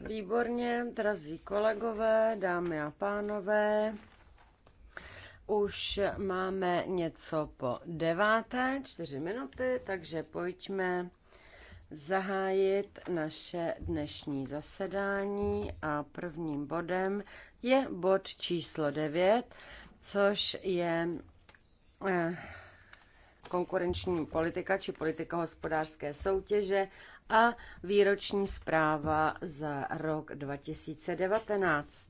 Výborně, drazí kolegové, dámy a pánové. Už máme něco po deváté, čtyři minuty, takže pojďme zahájit naše dnešní zasedání a prvním bodem je bod číslo 9, což je eh, konkurenční politika či politika hospodářské soutěže a výroční zpráva za rok 2019.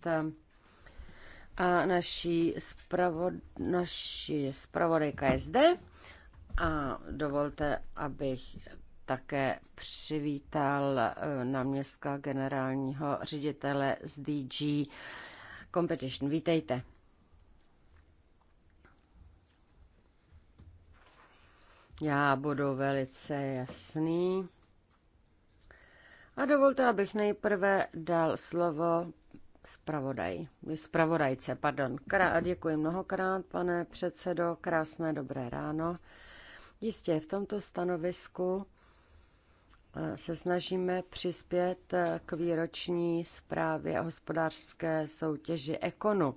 A naší, spravod, naší spravodajka je zde a dovolte, abych také přivítal eh, náměstka generálního ředitele z DG Competition. Vítejte. Já budu velice jasný. A dovolte, abych nejprve dal slovo zpravodaj, zpravodajce. Pardon. Krá, děkuji mnohokrát, pane předsedo. Krásné dobré ráno. Jistě v tomto stanovisku eh, se snažíme přispět eh, k výroční zprávě o hospodářské soutěži Ekonu.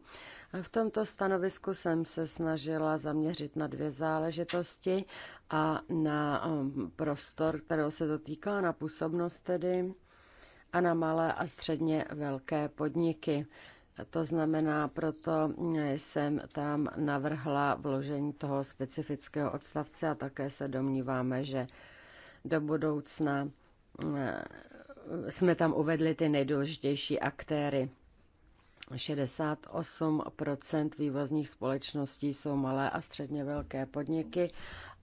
V tomto stanovisku jsem se snažila zaměřit na dvě záležitosti a na um, prostor, kterého se to týká, na působnost tedy a na malé a středně velké podniky. To znamená, proto jsem tam navrhla vložení toho specifického odstavce a také se domníváme, že do budoucna eh, jsme tam uvedli ty nejdůležitější aktéry. 68 vývozních společností jsou malé a středně velké podniky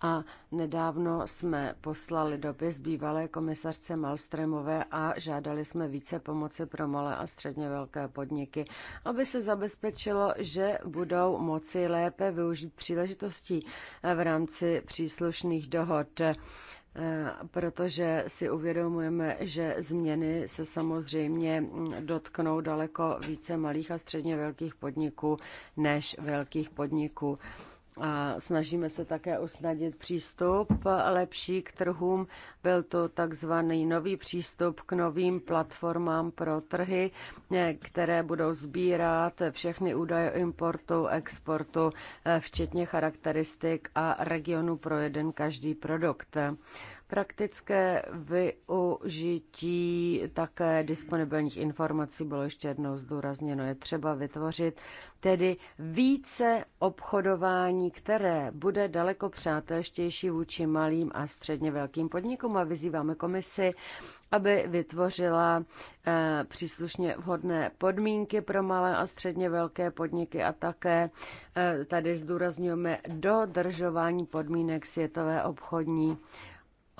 a nedávno jsme poslali dopis bývalé komisařce Malstremové a žádali jsme více pomoci pro malé a středně velké podniky, aby se zabezpečilo, že budou moci lépe využít příležitostí v rámci příslušných dohod. Eh, protože si uvědomujeme, že změny se samozřejmě hm, dotknou daleko více malých a středně velkých podniků než velkých podniků a snažíme se také usnadnit přístup lepší k trhům. Byl to takzvaný nový přístup k novým platformám pro trhy, které budou sbírat všechny údaje o importu, exportu, eh, včetně charakteristik a regionu pro jeden každý produkt. Praktické využití také disponibilních informací bylo ještě jednou zdůrazněno. Je třeba vytvořit tedy více obchodování, které bude daleko přátelštější vůči malým a středně velkým podnikům a vyzýváme komisi, aby vytvořila eh, příslušně vhodné podmínky pro malé a středně velké podniky a také eh, tady zdůrazňujeme dodržování podmínek Světové obchodní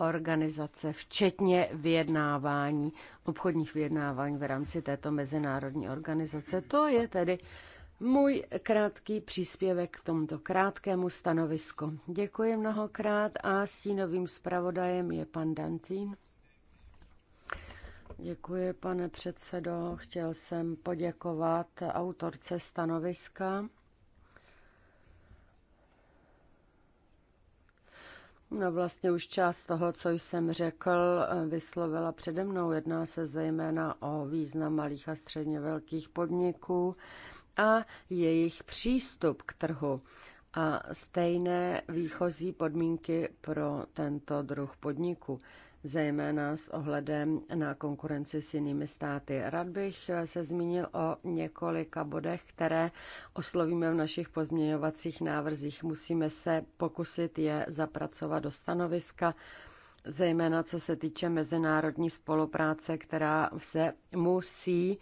organizace, včetně vyjednávání, obchodních vyjednávání v rámci této mezinárodní organizace. To je tedy můj krátký příspěvek k tomuto krátkému stanovisku. Děkuji mnohokrát a stínovým zpravodajem je pan Dantín. Děkuji, pane předsedo. Chtěl jsem poděkovat autorce stanoviska No vlastně už část toho, co jsem řekl, eh, vyslovila přede mnou. Jedná se zejména o význam malých a středně velkých podniků a jejich přístup k trhu a stejné výchozí podmínky pro tento druh podniku zejména s ohledem na konkurenci s jinými státy. Rád bych se zmínil o několika bodech, které oslovíme v našich pozměňovacích návrzích. Musíme se pokusit je zapracovat do stanoviska, zejména co se týče mezinárodní spolupráce, která se musí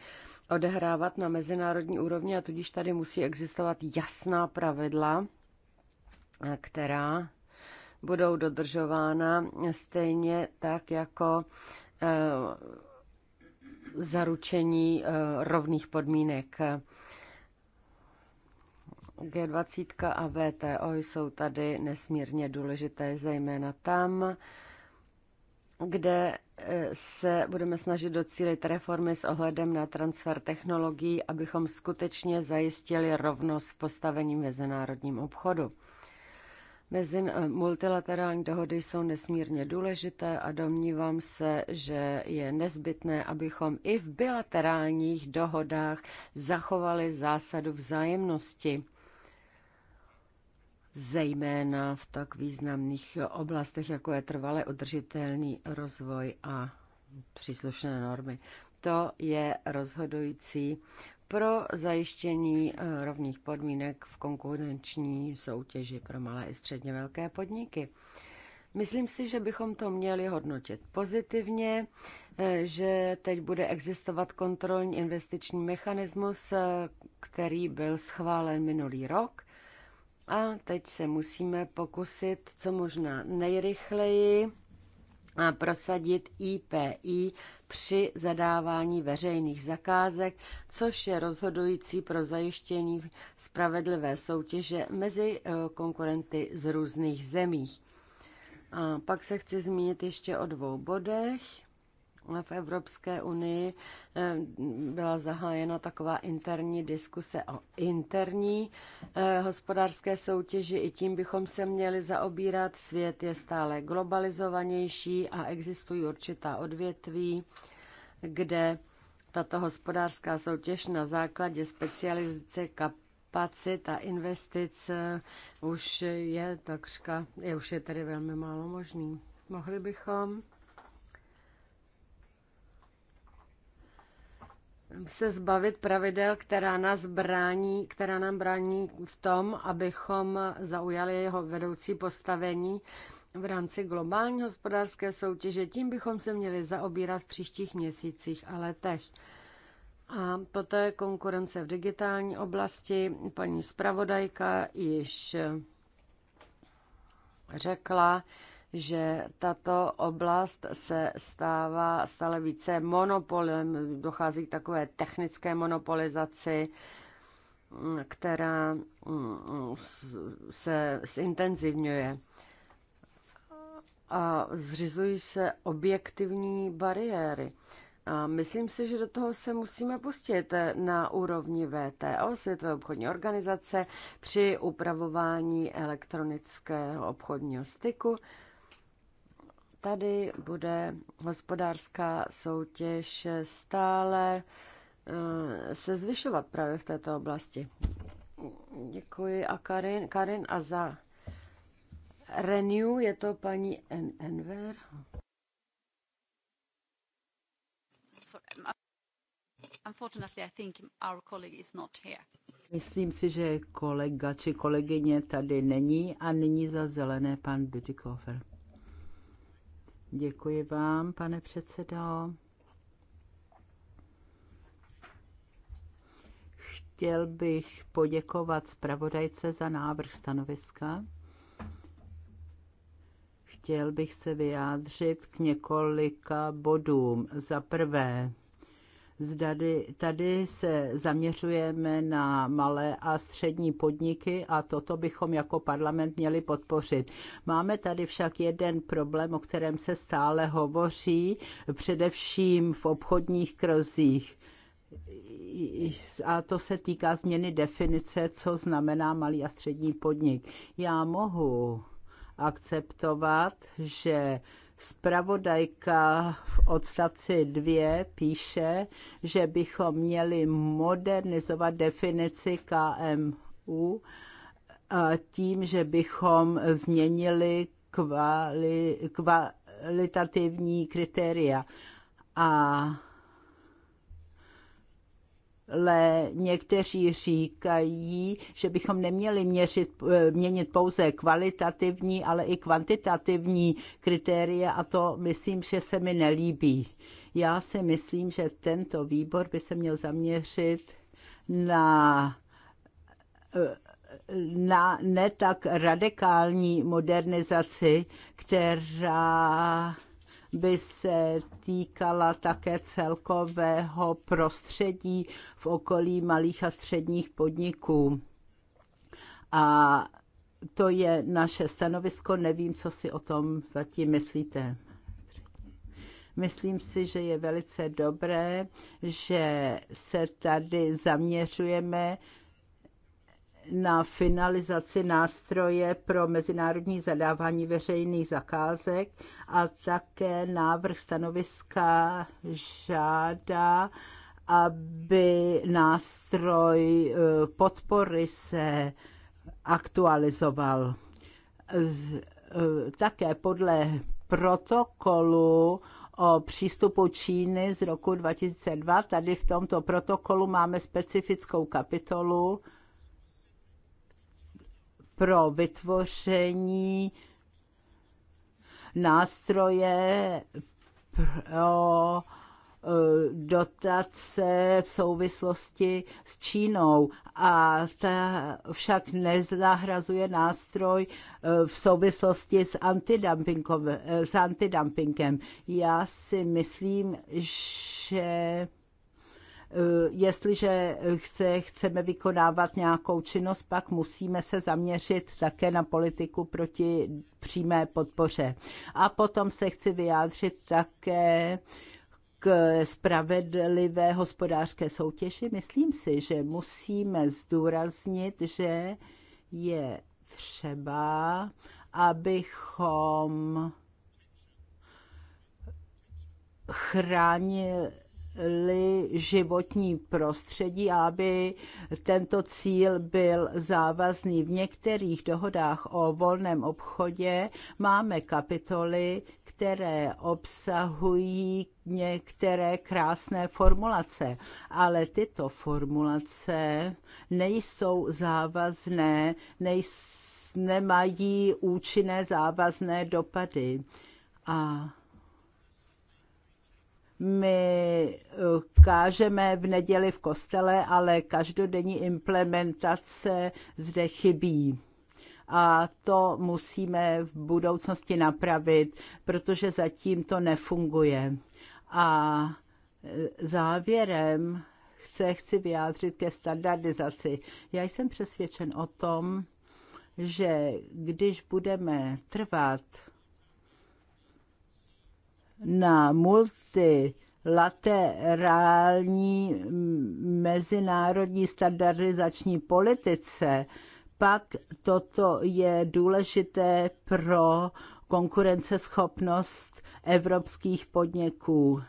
odehrávat na mezinárodní úrovni a tudíž tady musí existovat jasná pravidla, která budou dodržována stejně tak jako eh, zaručení eh, rovných podmínek. G20 a VTO jsou tady nesmírně důležité, zejména tam, kde eh, se budeme snažit docílit reformy s ohledem na transfer technologií, abychom skutečně zajistili rovnost v postavení mezinárodním obchodu. Mezi eh, multilaterální dohody jsou nesmírně důležité a domnívám se, že je nezbytné, abychom i v bilaterálních dohodách zachovali zásadu vzájemnosti zejména v tak významných oblastech, jako je trvale udržitelný rozvoj a příslušné normy. To je rozhodující pro zajištění eh, rovných podmínek v konkurenční soutěži pro malé i středně velké podniky. Myslím si, že bychom to měli hodnotit pozitivně, eh, že teď bude existovat kontrolní investiční mechanismus, eh, který byl schválen minulý rok. A teď se musíme pokusit co možná nejrychleji prosadit IPI při zadávání veřejných zakázek, což je rozhodující pro zajištění spravedlivé soutěže mezi eh, konkurenty z různých zemí. A pak se chci zmínit ještě o dvou bodech v Evropské unii eh, byla zahájena taková interní diskuse o interní eh, hospodářské soutěži. I tím bychom se měli zaobírat. Svět je stále globalizovanější a existují určitá odvětví, kde tato hospodářská soutěž na základě specializace kap ta a investic eh, už je takřka, je už je tedy velmi málo možný. Mohli bychom se zbavit pravidel, která, nás brání, která nám brání v tom, abychom zaujali jeho vedoucí postavení v rámci globální hospodářské soutěže. Tím bychom se měli zaobírat v příštích měsících a letech. A poté konkurence v digitální oblasti. Paní zpravodajka již řekla, že tato oblast se stává stále více monopolem, dochází k takové technické monopolizaci, která mm, se zintenzivňuje. A zřizují se objektivní bariéry. A myslím si, že do toho se musíme pustit na úrovni VTO, Světové obchodní organizace, při upravování elektronického obchodního styku. Tady bude hospodářská soutěž stále eh, se zvyšovat právě v této oblasti. Děkuji a Karin, Karin a za Renew je to paní en- Enver. Myslím si, že kolega či kolegyně tady není a není za zelené pan Bütikofer. Děkuji vám, pane předsedo. Chtěl bych poděkovat zpravodajce za návrh stanoviska. Chtěl bych se vyjádřit k několika bodům. Za prvé, Zdady, tady se zaměřujeme na malé a střední podniky a toto bychom jako parlament měli podpořit. Máme tady však jeden problém, o kterém se stále hovoří, především v obchodních krozích. A to se týká změny definice, co znamená malý a střední podnik. Já mohu akceptovat, že Spravodajka v odstavci 2 píše, že bychom měli modernizovat definici KMU tím, že bychom změnili kvali, kvalitativní kritéria. A ale někteří říkají, že bychom neměli měřit, eh, měnit pouze kvalitativní, ale i kvantitativní kritéria a to myslím, že se mi nelíbí. Já si myslím, že tento výbor by se měl zaměřit na eh, na ne tak radikální modernizaci, která by se týkala také celkového prostředí v okolí malých a středních podniků. A to je naše stanovisko, nevím, co si o tom zatím myslíte. Myslím si, že je velice dobré, že se tady zaměřujeme na finalizaci nástroje pro mezinárodní zadávání veřejných zakázek a také návrh stanoviska žádá, aby nástroj eh, podpory se aktualizoval. Eh, také podle protokolu o přístupu Číny z roku 2002. Tady v tomto protokolu máme specifickou kapitolu pro vytvoření nástroje pro eh, dotace v souvislosti s Čínou a ta však nezahrazuje nástroj eh, v souvislosti s, eh, s antidumpingem. Já si myslím, že Eh, jestliže chce, chceme vykonávat nějakou činnost, pak musíme se zaměřit také na politiku proti přímé podpoře. A potom se chci vyjádřit také k spravedlivé hospodářské soutěži. Myslím si, že musíme zdůraznit, že je třeba, abychom chránili životní prostředí, aby tento cíl byl závazný. V některých dohodách o volném obchodě máme kapitoly, které obsahují některé krásné formulace, ale tyto formulace nejsou závazné, nejs- nemají účinné závazné dopady. A my eh, kážeme v neděli v kostele, ale každodenní implementace zde chybí. A to musíme v budoucnosti napravit, protože zatím to nefunguje. A eh, závěrem chce, chci vyjádřit ke standardizaci. Já jsem přesvědčen o tom, že když budeme trvat na multilaterální mm, mezinárodní standardizační politice, pak toto je důležité pro konkurenceschopnost evropských podniků.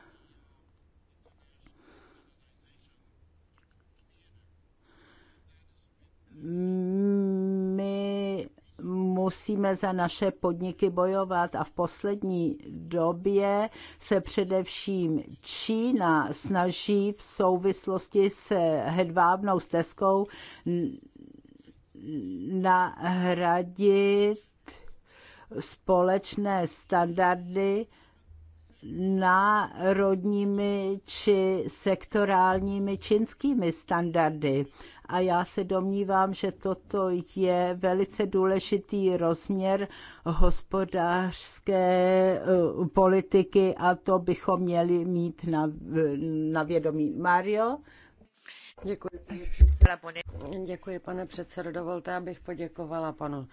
musíme za naše podniky bojovat a v poslední době se především Čína snaží v souvislosti se hedvábnou stezkou nahradit společné standardy národními či sektorálními čínskými standardy a já se domnívám, že toto je velice důležitý rozměr hospodářské eh, politiky a to bychom měli mít na, eh, na vědomí. Mario? Děkuji, Děkuji, pane předsedo. Dovolte, abych poděkovala panu,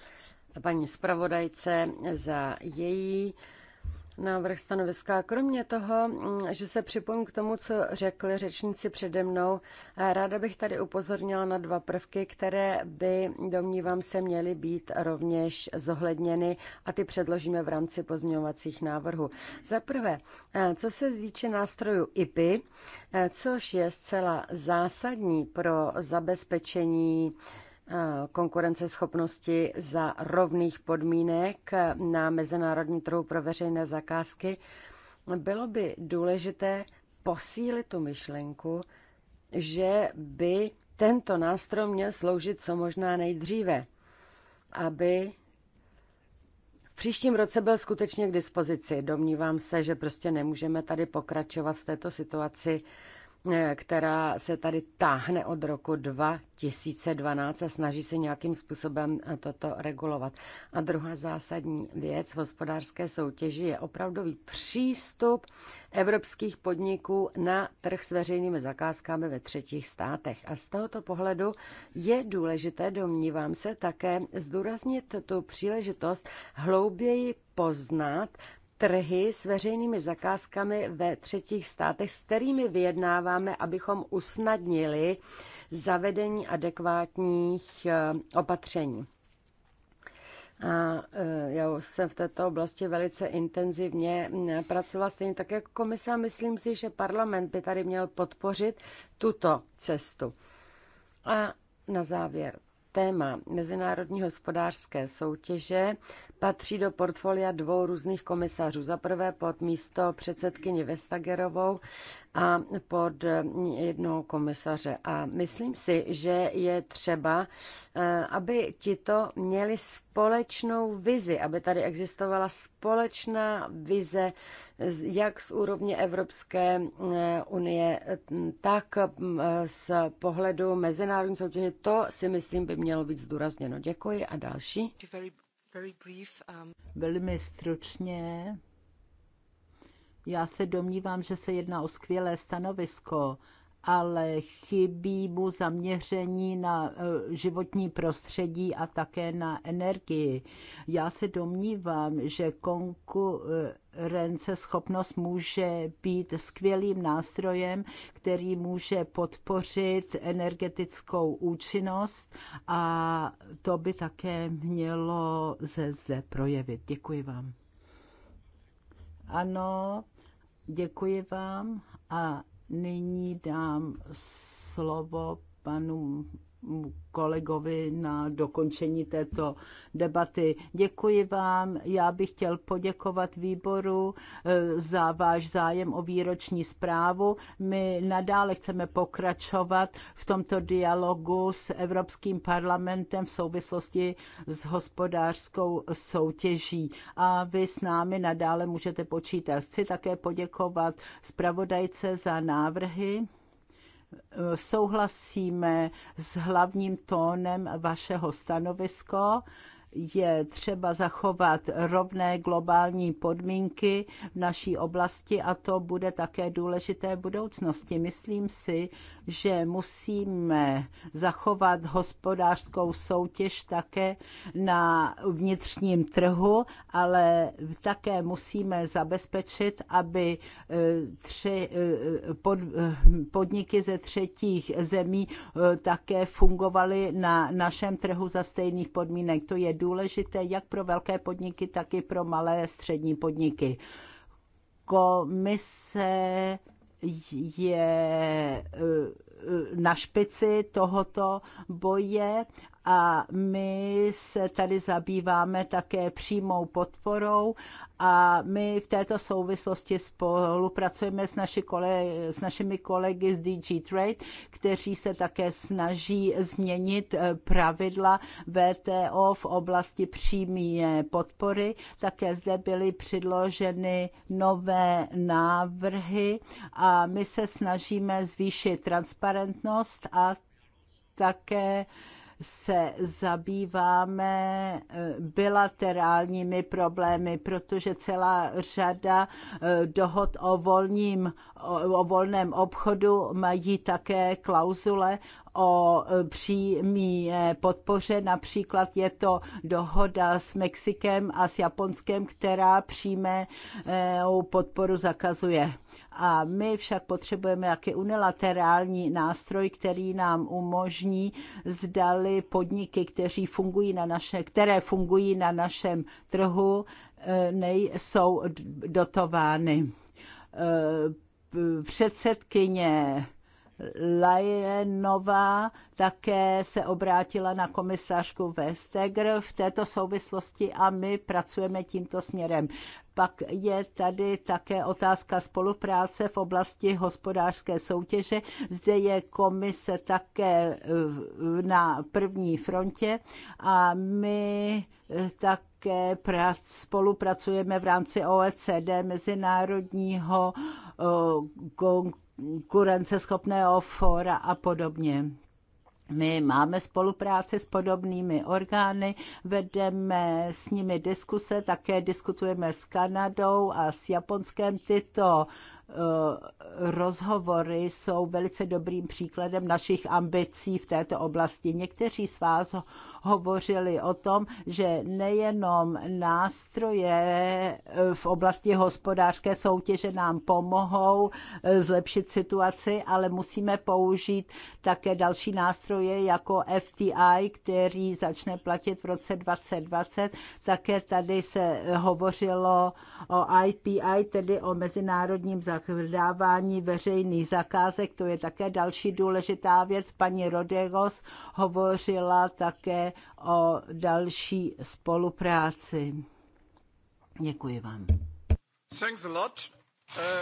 paní zpravodajce za její návrh stanoviska. Kromě toho, mm, že se připojím k tomu, co řekli řečníci přede mnou, eh, ráda bych tady upozornila na dva prvky, které by, domnívám se, měly být rovněž zohledněny a ty předložíme v rámci pozměňovacích návrhů. Za prvé, eh, co se týče nástrojů IPI, eh, což je zcela zásadní pro zabezpečení Eh, konkurenceschopnosti za rovných podmínek na mezinárodní trhu pro veřejné zakázky, bylo by důležité posílit tu myšlenku, že by tento nástroj měl sloužit co možná nejdříve, aby v příštím roce byl skutečně k dispozici. Domnívám se, že prostě nemůžeme tady pokračovat v této situaci, Eh, která se tady táhne od roku 2012 a snaží se nějakým způsobem eh, toto regulovat. A druhá zásadní věc v hospodářské soutěži je opravdový přístup evropských podniků na trh s veřejnými zakázkami ve třetích státech. A z tohoto pohledu je důležité, domnívám se, také zdůraznit tu příležitost hlouběji poznat trhy s veřejnými zakázkami ve třetích státech, s kterými vyjednáváme, abychom usnadnili zavedení adekvátních eh, opatření. A eh, já už jsem v této oblasti velice intenzivně eh, pracovala, stejně tak jako komise, a myslím si, že parlament by tady měl podpořit tuto cestu. A na závěr téma mezinárodní hospodářské soutěže patří do portfolia dvou různých komisařů. Za prvé pod místo předsedkyni Vestagerovou a pod jednoho komisaře. A myslím si, že je třeba, eh, aby tito měli společnou vizi, aby tady existovala společná vize jak z úrovně Evropské eh, unie, mm, tak mm, eh, z pohledu mezinárodní soutěže. To si myslím by mělo být zdůrazněno. Děkuji a další. Um, Velmi stručně. Já se domnívám, že se jedná o skvělé stanovisko ale chybí mu zaměření na eh, životní prostředí a také na energii. Já se domnívám, že konkurenceschopnost může být skvělým nástrojem, který může podpořit energetickou účinnost a to by také mělo se zde projevit. Děkuji vám. Ano, děkuji vám a Nyní dám slovo panu kolegovi na dokončení této debaty. Děkuji vám. Já bych chtěl poděkovat výboru eh, za váš zájem o výroční zprávu. My nadále chceme pokračovat v tomto dialogu s Evropským parlamentem v souvislosti s hospodářskou soutěží. A vy s námi nadále můžete počítat. Chci také poděkovat zpravodajce za návrhy souhlasíme s hlavním tónem vašeho stanovisko je třeba zachovat rovné globální podmínky v naší oblasti a to bude také důležité v budoucnosti. Myslím si, že musíme zachovat hospodářskou soutěž také na vnitřním trhu, ale také musíme zabezpečit, aby eh, tři, eh, pod, eh, podniky ze třetích zemí také fungovaly na našem trhu za stejných podmínek. To je důležité jak pro velké podniky, tak i pro malé střední podniky. Komise je eh, eh, na špici tohoto boje a my se tady zabýváme také přímou podporou a my v této souvislosti spolupracujeme s, naši kole, s našimi kolegy z DG Trade, kteří se také snaží změnit eh, pravidla VTO v oblasti přímé podpory. Také zde byly předloženy nové návrhy a my se snažíme zvýšit transparentnost a také uh, se zabýváme eh, bilaterálními problémy, protože celá řada eh, dohod o, volním, o volném obchodu mají také klauzule o eh, přímý podpoře. Například je to dohoda s Mexikem a s Japonskem, která přímé podporu zakazuje. A my však potřebujeme jaký unilaterální nástroj, který nám umožní, zdali podniky, kteří fungují na naše, které fungují na našem trhu, eh, nejsou dotovány. Eh, předsedkyně Lajenová také se obrátila na komisařku Vestegr v této souvislosti a my pracujeme tímto směrem. Pak je tady také otázka spolupráce v oblasti hospodářské soutěže. Zde je komise také eh, na první frontě a my tak eh, také spolupracujeme v rámci OECD, Mezinárodního eh, konkurenceschopného fóra a podobně. My máme spolupráci s podobnými orgány, vedeme s nimi diskuse, také diskutujeme s Kanadou a s Japonskem. Tyto Eh, rozhovory jsou velice dobrým příkladem našich ambicí v této oblasti. Někteří z vás hovořili o tom, že nejenom nástroje eh, v oblasti hospodářské soutěže nám pomohou eh, zlepšit situaci, ale musíme použít také další nástroje jako FTI, který začne platit v roce 2020. Také tady se hovořilo o IPI, tedy o mezinárodním zahraničí Vydávání veřejných zakázek, to je také další důležitá věc. Paní Rodegos hovořila také o další spolupráci. Děkuji vám.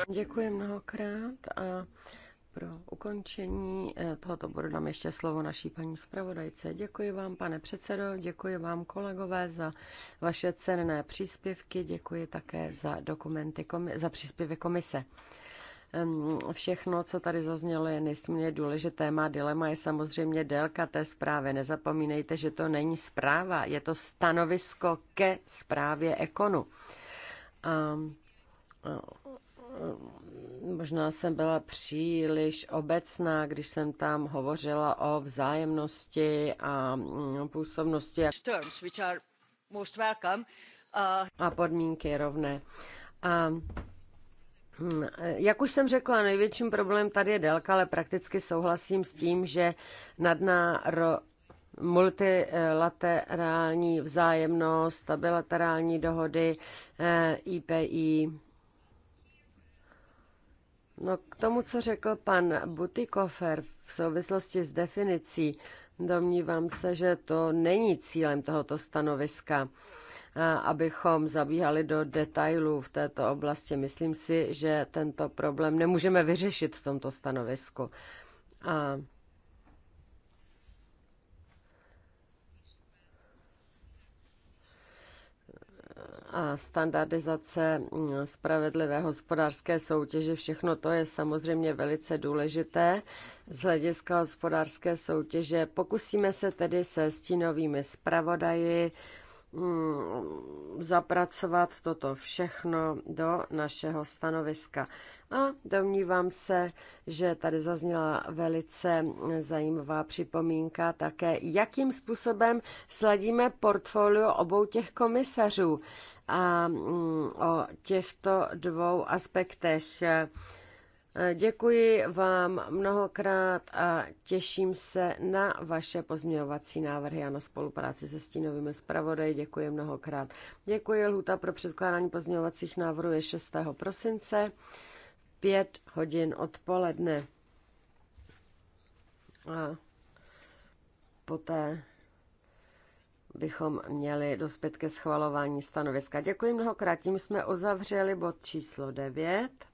Děkuji mnohokrát a pro ukončení eh, tohoto bodu dám ještě slovo naší paní zpravodajce. Děkuji vám, pane předsedo, děkuji vám, kolegové, za vaše cenné příspěvky, děkuji také za, dokumenty, za příspěvy komise. Ehm, všechno, co tady zaznělo, je nesmírně důležité. Má dilema je samozřejmě délka té zprávy. Nezapomínejte, že to není zpráva, je to stanovisko ke zprávě Ekonu. A možná jsem byla příliš obecná, když jsem tam hovořila o vzájemnosti a mm, působnosti uh- a podmínky rovné. A mm, jak už jsem řekla, největším problém tady je délka, ale prakticky souhlasím s tím, že nadnáro, multilaterální vzájemnost, bilaterální dohody, IPI, eh, No k tomu, co řekl pan Butikofer v souvislosti s definicí, domnívám se, že to není cílem tohoto stanoviska, abychom zabíhali do detailů v této oblasti. Myslím si, že tento problém nemůžeme vyřešit v tomto stanovisku. A standardizace mm, spravedlivé hospodářské soutěže, všechno to je samozřejmě velice důležité z hlediska hospodářské soutěže. Pokusíme se tedy se stínovými zpravodaji Mm, zapracovat toto všechno do našeho stanoviska. A domnívám se, že tady zazněla velice zajímavá připomínka také, jakým způsobem sladíme portfolio obou těch komisařů. A mm, o těchto dvou aspektech Děkuji vám mnohokrát a těším se na vaše pozměňovací návrhy a na spolupráci se stínovými zpravodaji. Děkuji mnohokrát. Děkuji. Lhuta pro předkládání pozměňovacích návrhů je 6. prosince 5 hodin odpoledne. A poté bychom měli dospět ke schvalování stanoviska. Děkuji mnohokrát. Tím jsme uzavřeli bod číslo 9.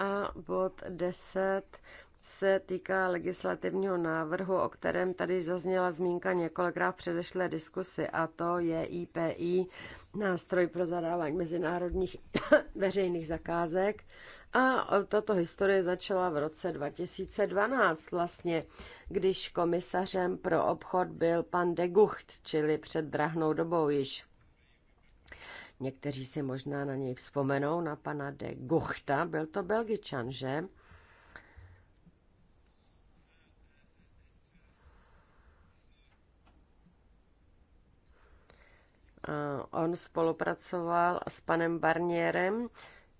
A bod 10 se týká legislativního návrhu, o kterém tady zazněla zmínka několikrát v předešlé diskusi, a to je IPI, nástroj pro zadávání mezinárodních veřejných zakázek. A tato historie začala v roce 2012 vlastně, když komisařem pro obchod byl pan Degucht, čili před drahnou dobou již. Někteří si možná na něj vzpomenou, na pana de Guchta, byl to belgičan, že? On spolupracoval s panem Barnierem,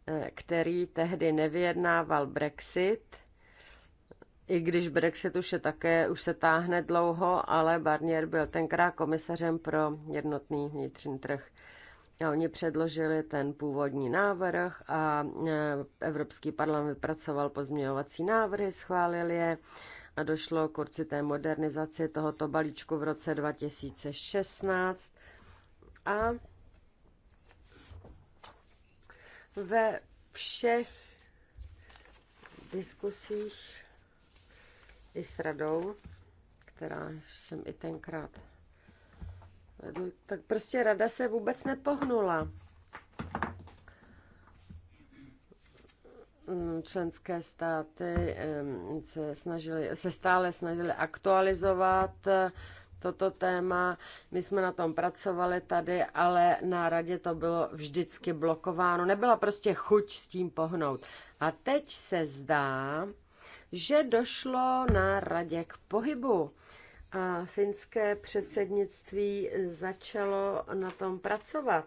eh, který tehdy nevyjednával Brexit, i když Brexit už, je také, už se táhne dlouho, ale Barnier byl tenkrát komisařem pro jednotný vnitřní trh. A oni předložili ten původní návrh a e, Evropský parlament vypracoval pozměňovací návrhy, schválil je a došlo k určité modernizaci tohoto balíčku v roce 2016. A ve všech diskusích i s radou, která jsem i tenkrát tak prostě rada se vůbec nepohnula. Členské státy se, snažili, se stále snažili aktualizovat eh, toto téma. My jsme na tom pracovali tady, ale na radě to bylo vždycky blokováno. Nebyla prostě chuť s tím pohnout. A teď se zdá, že došlo na radě k pohybu. A finské předsednictví začalo na tom pracovat.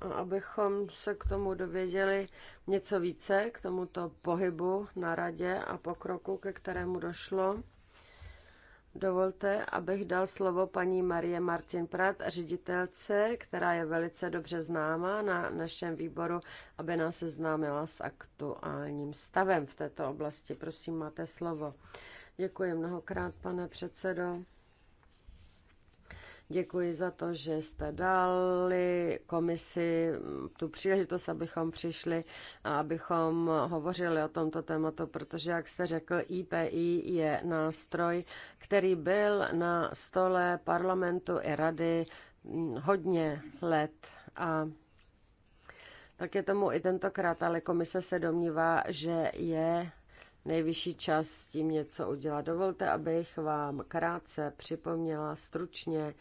A abychom se k tomu dověděli něco více, k tomuto pohybu na radě a pokroku, ke kterému došlo, dovolte, abych dal slovo paní Marie Martin Prat, ředitelce, která je velice dobře známa na našem výboru, aby nás seznámila s aktuálním stavem v této oblasti. Prosím, máte slovo. Děkuji mnohokrát, pane předsedo. Děkuji za to, že jste dali komisi tu příležitost, abychom přišli a abychom hovořili o tomto tématu, protože, jak jste řekl, IPI je nástroj, který byl na stole parlamentu i rady hodně let a tak je tomu i tentokrát, ale komise se domnívá, že je nejvyšší čas s tím něco udělat. Dovolte, abych vám krátce připomněla stručně,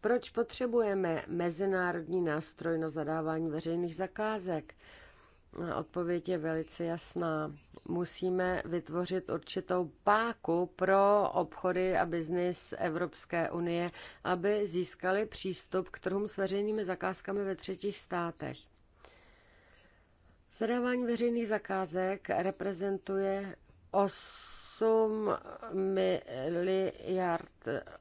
proč potřebujeme mezinárodní nástroj na zadávání veřejných zakázek. Odpověď je velice jasná. Musíme vytvořit určitou páku pro obchody a biznis Evropské unie, aby získali přístup k trhům s veřejnými zakázkami ve třetích státech. Zadávání veřejných zakázek reprezentuje os 8 miliard,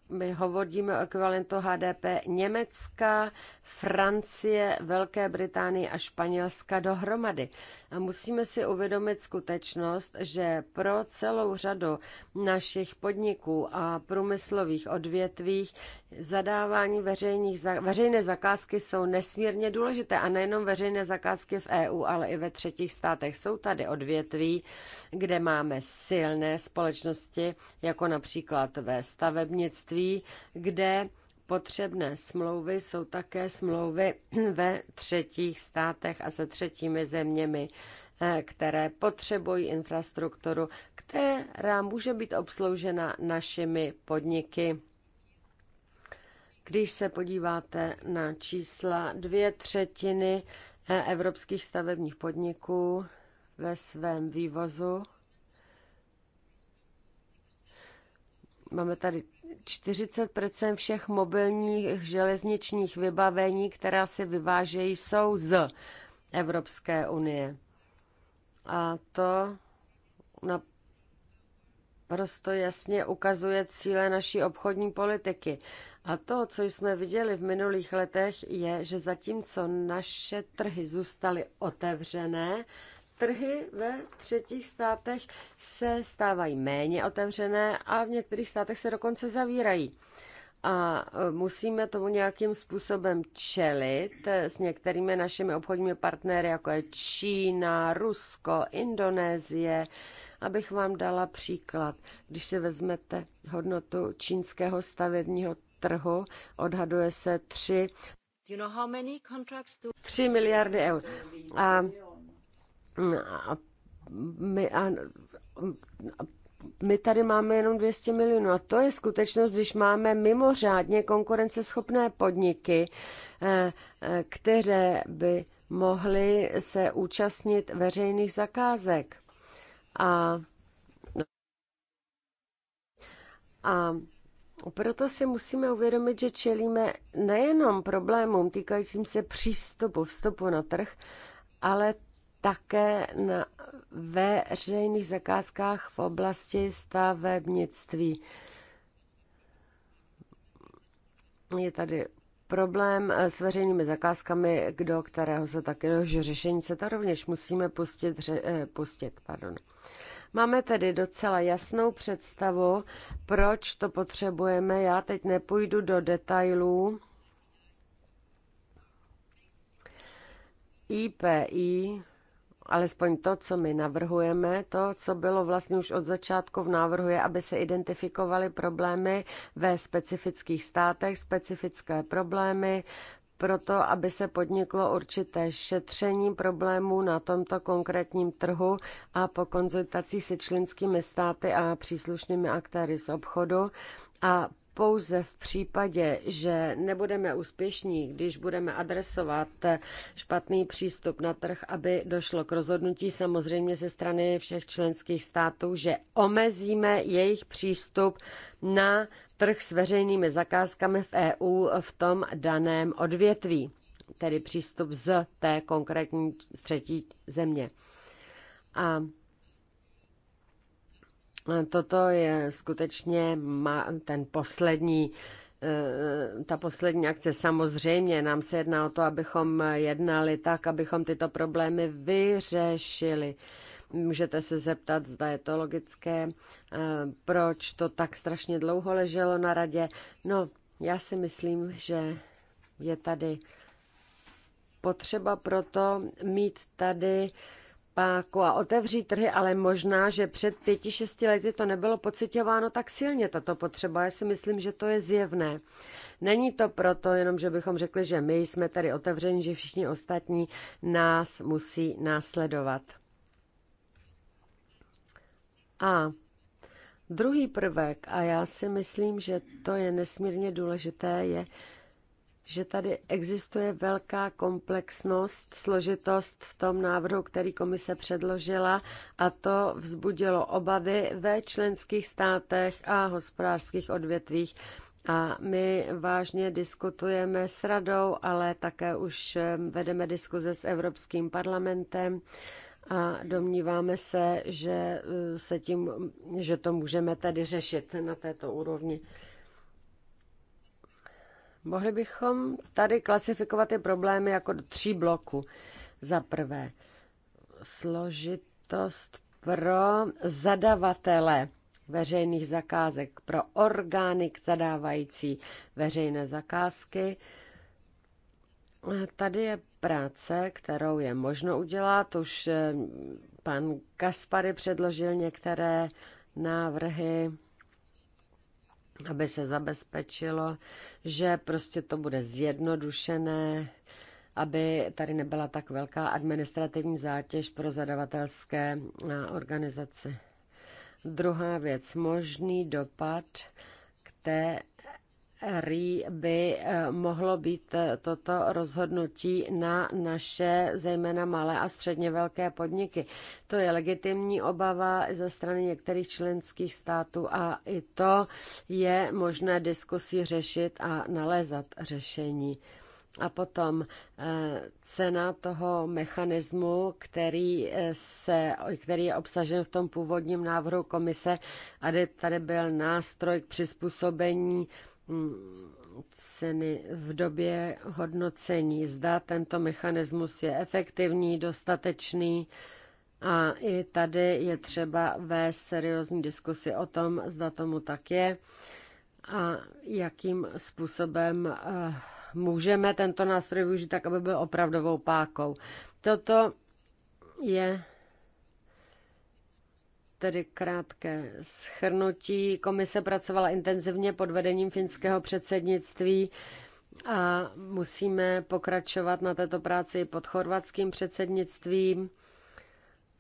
my hovoríme o ekvivalentu HDP Německa, Francie, Velké Británie a Španělska dohromady. A musíme si uvědomit skutečnost, že pro celou řadu našich podniků a průmyslových odvětvích zadávání veřejných, veřejné zakázky jsou nesmírně důležité. A nejenom veřejné zakázky v EU, ale i ve třetích státech. Jsou tady odvětví, kde máme silné společnosti, jako například ve stavebnictví, kde potřebné smlouvy jsou také smlouvy ve třetích státech a se třetími zeměmi, eh, které potřebují infrastrukturu, která může být obsloužena našimi podniky. Když se podíváte na čísla, dvě třetiny eh, evropských stavebních podniků ve svém vývozu Máme tady 40 všech mobilních železničních vybavení, která se vyvážejí, jsou z Evropské unie. A to na prosto jasně ukazuje cíle naší obchodní politiky. A to, co jsme viděli v minulých letech, je, že zatímco naše trhy zůstaly otevřené, trhy ve třetích státech se stávají méně otevřené a v některých státech se dokonce zavírají. A e, musíme tomu nějakým způsobem čelit e, s některými našimi obchodními partnery, jako je Čína, Rusko, Indonésie. Abych vám dala příklad, když si vezmete hodnotu čínského stavebního trhu, odhaduje se 3 3 miliardy eur. A a my, a, a my tady máme jenom 200 milionů a to je skutečnost, když máme mimořádně konkurenceschopné podniky, eh, eh, které by mohly se účastnit veřejných zakázek. A, a proto si musíme uvědomit, že čelíme nejenom problémům týkajícím se přístupu, vstupu na trh, ale také na veřejných zakázkách v oblasti stavebnictví. Je tady problém s veřejnými zakázkami, do kterého se také že řešení se to rovněž musíme pustit. Ře, eh, pustit pardon. Máme tedy docela jasnou představu, proč to potřebujeme. Já teď nepůjdu do detailů. IPI alespoň to, co my navrhujeme, to, co bylo vlastně už od začátku v návrhu, je, aby se identifikovaly problémy ve specifických státech, specifické problémy, proto, aby se podniklo určité šetření problémů na tomto konkrétním trhu a po konzultaci se členskými státy a příslušnými aktéry z obchodu a pouze v případě, že nebudeme úspěšní, když budeme adresovat špatný přístup na trh, aby došlo k rozhodnutí samozřejmě ze strany všech členských států, že omezíme jejich přístup na trh s veřejnými zakázkami v EU v tom daném odvětví, tedy přístup z té konkrétní třetí země. A Toto je skutečně ten poslední eh, ta poslední akce. Samozřejmě nám se jedná o to, abychom jednali tak, abychom tyto problémy vyřešili. Můžete se zeptat, zda je to logické, eh, proč to tak strašně dlouho leželo na radě. No, já si myslím, že je tady potřeba proto mít tady uh, páku a otevřít trhy, ale možná, že před pěti, šesti lety to nebylo pocitováno tak silně, tato potřeba. Já si myslím, že to je zjevné. Není to proto jenom, že bychom řekli, že my jsme tady otevřeni, že všichni ostatní nás musí následovat. A druhý prvek, a já si myslím, že to je nesmírně důležité, je, že tady existuje velká komplexnost, složitost v tom návrhu, který komise předložila a to vzbudilo obavy ve členských státech a hospodářských odvětvích. A my vážně diskutujeme s radou, ale také už eh, vedeme diskuze s Evropským parlamentem a domníváme se, že, eh, se tím, že to můžeme tady řešit na této úrovni. Mohli bychom tady klasifikovat ty problémy jako do tří bloků. Za prvé, složitost pro zadavatele veřejných zakázek, pro orgány zadávající veřejné zakázky. Tady je práce, kterou je možno udělat. Už eh, pan Kaspary předložil některé návrhy aby se zabezpečilo, že prostě to bude zjednodušené, aby tady nebyla tak velká administrativní zátěž pro zadavatelské eh, organizace. Druhá věc, možný dopad, té Rý by eh, mohlo být eh, toto rozhodnutí na naše zejména malé a středně velké podniky. To je legitimní obava ze strany některých členských států a i to je možné diskusí řešit a nalézat řešení. A potom eh, cena toho mechanismu, který, se, který je obsažen v tom původním návrhu komise, a tady byl nástroj k přizpůsobení ceny v době hodnocení. Zda tento mechanismus je efektivní, dostatečný a i tady je třeba vést seriózní diskusi o tom, zda tomu tak je a jakým způsobem eh, můžeme tento nástroj využít tak, aby byl opravdovou pákou. Toto je Tedy krátké schrnutí. Komise pracovala intenzivně pod vedením finského předsednictví a musíme pokračovat na této práci pod chorvatským předsednictvím.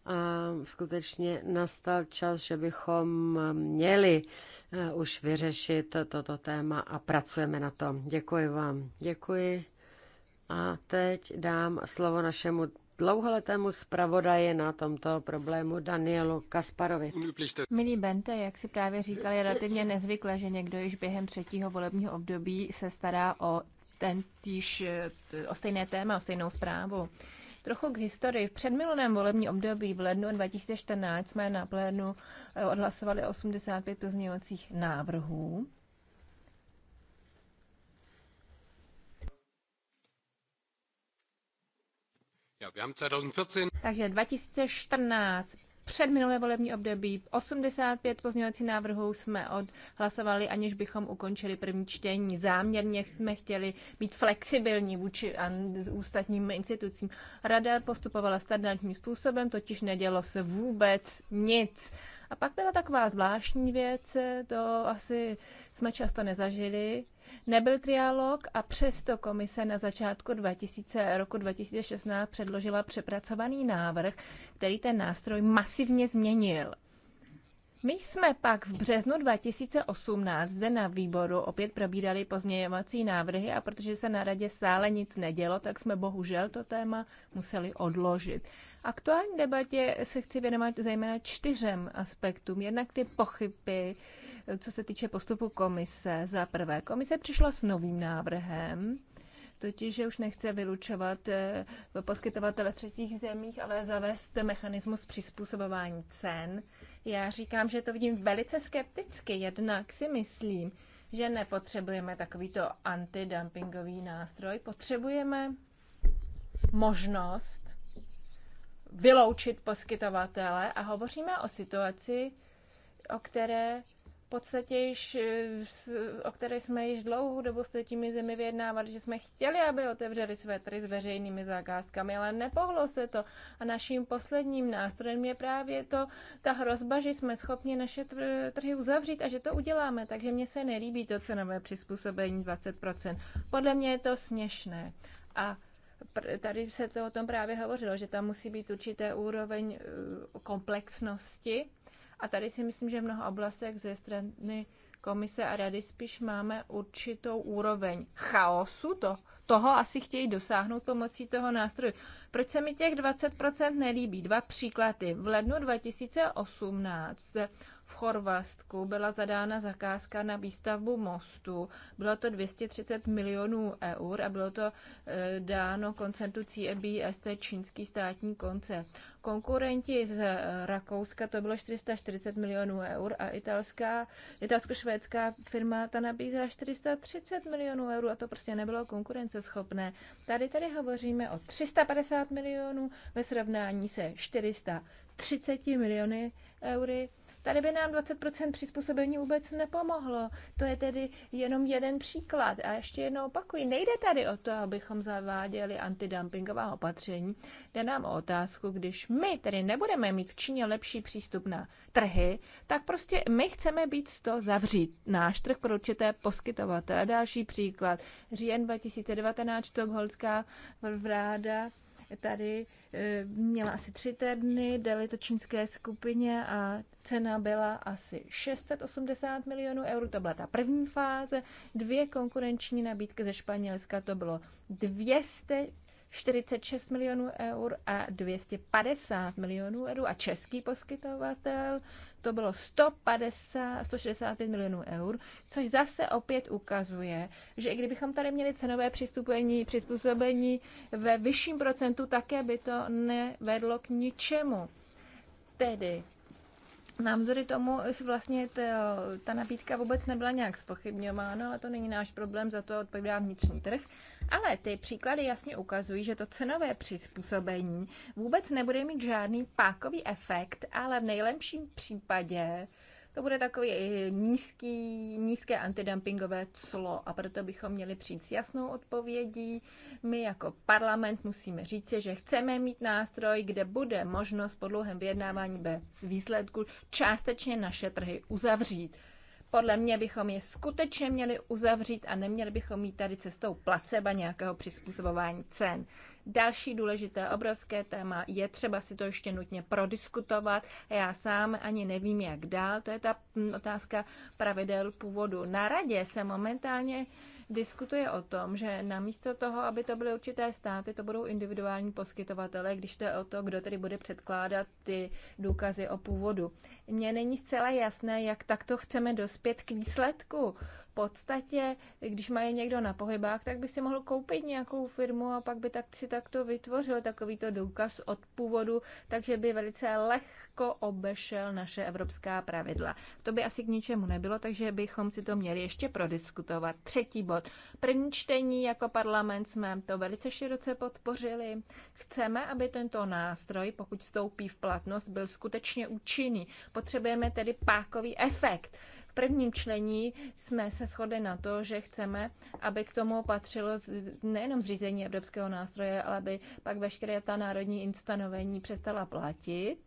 A skutečně nastal čas, že bychom měli eh, už vyřešit toto téma a pracujeme na tom. Děkuji vám. Děkuji. A teď dám slovo našemu dlouholetému zpravodaji na tomto problému Danielu Kasparovi. Milý Bente, jak si právě říkal, je relativně nezvyklé, že někdo již během třetího volebního období se stará o ten týž, o stejné téma, o stejnou zprávu. Trochu k historii. V předminulém volební období v lednu 2014 jsme na plénu odhlasovali 85 pozměňovacích návrhů Takže 2014, před minulé volební období, 85 pozměňovací návrhů jsme odhlasovali, aniž bychom ukončili první čtení. Záměrně jsme chtěli být flexibilní vůči ústatním institucím. Rada postupovala standardním způsobem, totiž nedělo se vůbec nic. A pak byla taková zvláštní věc, to asi jsme často nezažili, Nebyl trialog a přesto komise na začátku 2000, roku 2016 předložila přepracovaný návrh, který ten nástroj masivně změnil. My jsme pak v březnu 2018 zde na výboru opět probírali pozměňovací návrhy a protože se na radě stále nic nedělo, tak jsme bohužel to téma museli odložit aktuální debatě se chci věnovat zejména čtyřem aspektům. Jednak ty pochyby, co se týče postupu komise. Za prvé, komise přišla s novým návrhem, totiž že už nechce vylučovat eh, poskytovatele třetích zemích, ale zavést mechanismus přizpůsobování cen. Já říkám, že to vidím velice skepticky, jednak si myslím, že nepotřebujeme takovýto antidumpingový nástroj, potřebujeme možnost vyloučit poskytovatele a hovoříme o situaci, o které v podstatě již, eh, o které jsme již dlouhou dobu s těmi zemi vyjednávali, že jsme chtěli, aby otevřeli své trhy s veřejnými zakázkami, ale nepohlo se to. A naším posledním nástrojem je právě to, ta hrozba, že jsme schopni naše trhy uzavřít a že to uděláme. Takže mně se nelíbí to cenové přizpůsobení 20%. Podle mě je to směšné. A tady se to o tom právě hovořilo, že tam musí být určité úroveň e, komplexnosti. A tady si myslím, že v mnoha oblastech ze strany komise a rady spíš máme určitou úroveň chaosu, to, toho asi chtějí dosáhnout pomocí toho nástroje. Proč se mi těch 20% nelíbí? Dva příklady. V lednu 2018 v Chorvatsku byla zadána zakázka na výstavbu mostu. Bylo to 230 milionů eur a bylo to e, dáno koncertu CEBST, čínský státní koncert. Konkurenti z e, Rakouska to bylo 440 milionů eur a italská, italsko-švédská firma ta nabízela 430 milionů eur a to prostě nebylo konkurenceschopné. Tady tady hovoříme o 350 milionů ve srovnání se 430 miliony eury Tady by nám 20% přizpůsobení vůbec nepomohlo. To je tedy jenom jeden příklad. A ještě jednou opakuji, nejde tady o to, abychom zaváděli antidumpingová opatření. Jde nám o otázku, když my tedy nebudeme mít v Číně lepší přístup na trhy, tak prostě my chceme být z toho zavřít náš trh pro určité poskytovatele. Další příklad. Říjen 2019, Tokholská vráda tady Eh, měla asi tři týdny, dali to čínské skupině a cena byla asi 680 milionů eur, to byla ta první fáze, dvě konkurenční nabídky ze Španělska, to bylo 200 46 milionů eur a 250 milionů eur a český poskytovatel to bylo 150, 165 milionů eur, což zase opět ukazuje, že i kdybychom tady měli cenové přistupení, přizpůsobení ve vyšším procentu, také by to nevedlo k ničemu. Tedy Navzory tomu vlastně ta, ta nabídka vůbec nebyla nějak spochybňována, ale to není náš problém, za to odpovídá vnitřní trh. Ale ty příklady jasně ukazují, že to cenové přizpůsobení vůbec nebude mít žádný pákový efekt, ale v nejlepším případě to bude takové eh, nízký, nízké antidumpingové clo a proto bychom měli přijít s jasnou odpovědí. My jako parlament musíme říct, že chceme mít nástroj, kde bude možnost po dlouhém vyjednávání bez výsledku částečně naše trhy uzavřít. Podle mě bychom je skutečně měli uzavřít a neměli bychom mít tady cestou placeba nějakého přizpůsobování cen. Další důležité obrovské téma je třeba si to ještě nutně prodiskutovat. Já sám ani nevím, jak dál. To je ta mm, otázka pravidel původu. Na radě se momentálně uh, diskutuje o tom, že namísto toho, aby to byly určité státy, to budou individuální poskytovatele, když to je o to, kdo tedy bude předkládat ty důkazy o původu. Mně není zcela jasné, jak takto chceme dospět k výsledku, podstatě, když má je někdo na pohybách, tak by si mohl koupit nějakou firmu a pak by tak si takto vytvořil takovýto důkaz od původu, takže by velice lehko obešel naše evropská pravidla. To by asi k ničemu nebylo, takže bychom si to měli ještě prodiskutovat. Třetí bod. První čtení jako parlament jsme to velice široce podpořili. Chceme, aby tento nástroj, pokud stoupí v platnost, byl skutečně účinný. Potřebujeme tedy pákový efekt prvním člení jsme se shodli na to, že chceme, aby k tomu patřilo nejenom zřízení evropského nástroje, ale aby pak veškeré ta národní instanovení přestala platit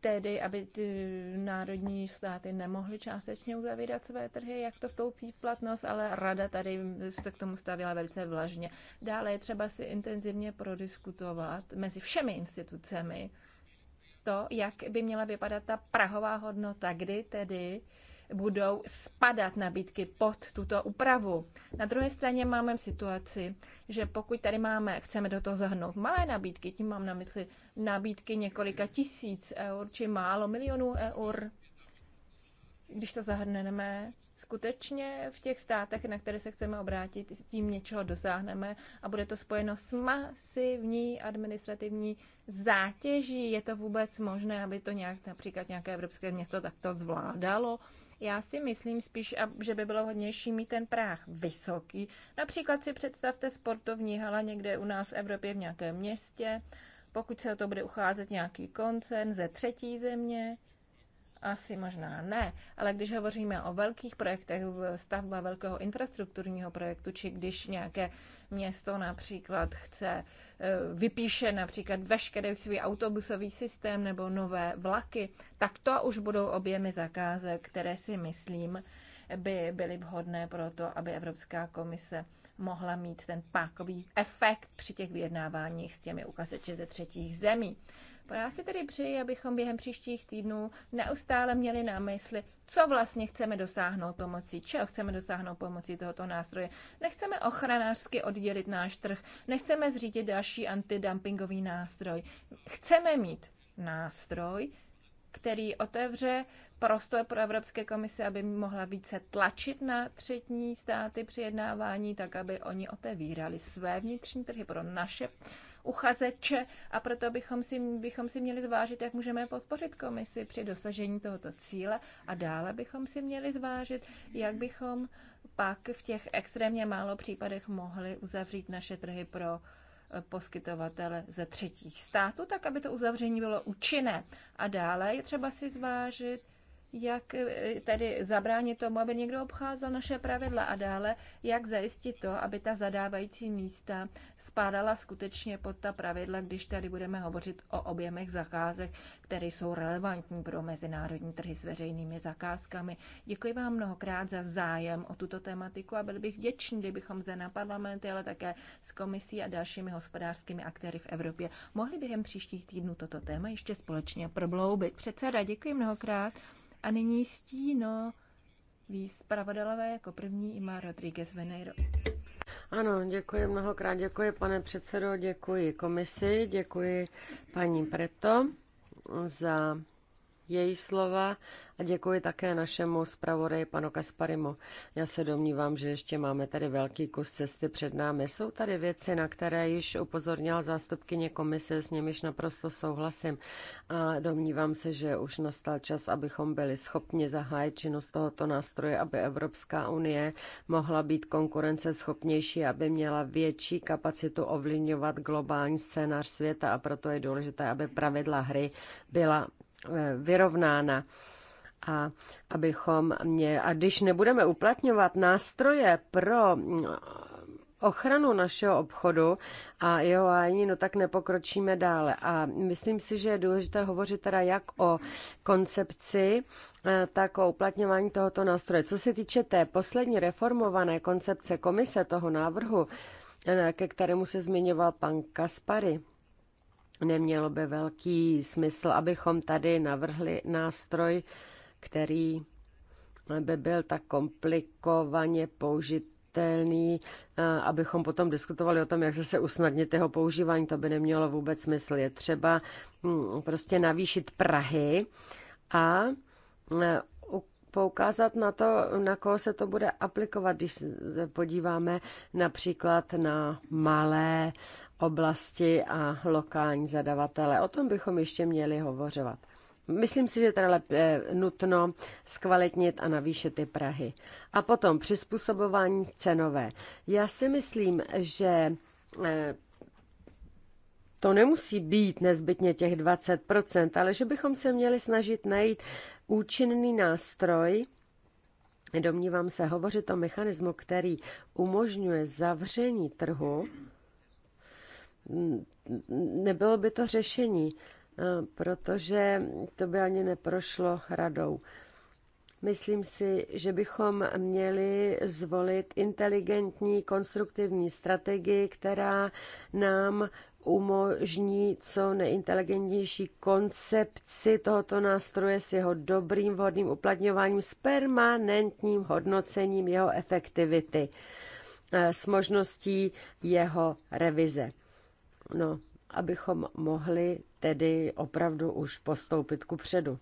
tedy, aby ty národní státy nemohly částečně uzavírat své trhy, jak to vstoupí v platnost, ale rada tady se k tomu stavila velice vlažně. Dále je třeba si intenzivně prodiskutovat mezi všemi institucemi, to, jak by měla vypadat ta prahová hodnota, kdy tedy budou spadat nabídky pod tuto úpravu. Na druhé straně máme situaci, že pokud tady máme, chceme do toho zahrnout malé nabídky, tím mám na mysli nabídky několika tisíc eur či málo milionů eur, když to zahrneme, skutečně v těch státech, na které se chceme obrátit, tím něčeho dosáhneme a bude to spojeno s masivní administrativní zátěží. Je to vůbec možné, aby to nějak, například nějaké evropské město takto zvládalo? Já si myslím spíš, že by bylo hodnější mít ten práh vysoký. Například si představte sportovní hala někde u nás v Evropě v nějakém městě, pokud se o to bude ucházet nějaký koncern ze třetí země, asi možná ne, ale když hovoříme o velkých projektech, stavba velkého infrastrukturního projektu, či když nějaké město například chce, e, vypíše například veškerý svůj autobusový systém nebo nové vlaky, tak to už budou objemy zakázek, které si myslím, by byly vhodné pro to, aby Evropská komise mohla mít ten pákový efekt při těch vyjednáváních s těmi ukazeči ze třetích zemí. A Já si tedy přeji, abychom během příštích týdnů neustále měli na mysli, co vlastně chceme dosáhnout pomocí, čeho chceme dosáhnout pomocí tohoto nástroje. Nechceme ochranářsky oddělit náš trh, nechceme zřídit další antidumpingový nástroj. Chceme mít nástroj, který otevře prostor pro Evropské komise, aby mohla více tlačit na třetní státy při jednávání, tak aby oni otevírali své vnitřní trhy pro naše uchazeče a proto bychom si, bychom si měli zvážit, jak můžeme podpořit komisi při dosažení tohoto cíle a dále bychom si měli zvážit, jak bychom pak v těch extrémně málo případech mohli uzavřít naše trhy pro eh, poskytovatele ze třetích států, tak aby to uzavření bylo účinné. A dále je třeba si zvážit, jak eh, tedy zabránit tomu, aby někdo obcházel naše pravidla a dále, jak zajistit to, aby ta zadávající místa spádala skutečně pod ta pravidla, když tady budeme hovořit o objemech zakázek, které jsou relevantní pro mezinárodní trhy s veřejnými zakázkami. Děkuji vám mnohokrát za zájem o tuto tematiku a byl bych vděčný, kdybychom zde na parlamenty, ale také s komisí a dalšími hospodářskými aktéry v Evropě mohli během příštích týdnů toto téma ještě společně probloubit. Předseda, děkuji mnohokrát. A nyní stíno víc pravodalové jako první má Rodríguez Veneiro. Ano, děkuji mnohokrát, děkuji pane předsedo, děkuji komisi, děkuji paní Preto za její slova a děkuji také našemu zpravodaji panu Kasparimu. Já se domnívám, že ještě máme tady velký kus cesty před námi. Jsou tady věci, na které již upozornil zástupkyně komise, s nimiž naprosto souhlasím a domnívám se, že už nastal čas, abychom byli schopni zahájit činnost tohoto nástroje, aby Evropská unie mohla být konkurenceschopnější, aby měla větší kapacitu ovlivňovat globální scénář světa a proto je důležité, aby pravidla hry byla Eh, vyrovnána. A, abychom mě, a když nebudeme uplatňovat nástroje pro mm, ochranu našeho obchodu a jeho ani, no tak nepokročíme dále. A myslím si, že je důležité hovořit teda jak o koncepci, eh, tak o uplatňování tohoto nástroje. Co se týče té poslední reformované koncepce komise toho návrhu, eh, ke kterému se zmiňoval pan Kaspary, nemělo by velký smysl, abychom tady navrhli nástroj, který by byl tak komplikovaně použitelný, eh, abychom potom diskutovali o tom, jak zase usnadnit jeho používání. To by nemělo vůbec smysl. Je třeba hm, prostě navýšit Prahy a eh, poukázat na to, na koho se to bude aplikovat, když podíváme například na malé oblasti a lokální zadavatele. O tom bychom ještě měli hovořovat. Myslím si, že teda eh, nutno zkvalitnit a navýšit ty Prahy. A potom přizpůsobování cenové. Já si myslím, že eh, to nemusí být nezbytně těch 20%, ale že bychom se měli snažit najít účinný nástroj, domnívám se, hovořit o mechanismu, který umožňuje zavření trhu, nebylo by to řešení, eh, protože to by ani neprošlo radou. Myslím si, že bychom měli zvolit inteligentní konstruktivní strategii, která nám umožní co neinteligentnější koncepci tohoto nástroje s jeho dobrým vhodným uplatňováním, s permanentním hodnocením jeho efektivity, eh, s možností jeho revize. No, abychom mohli tedy opravdu už postoupit ku předu.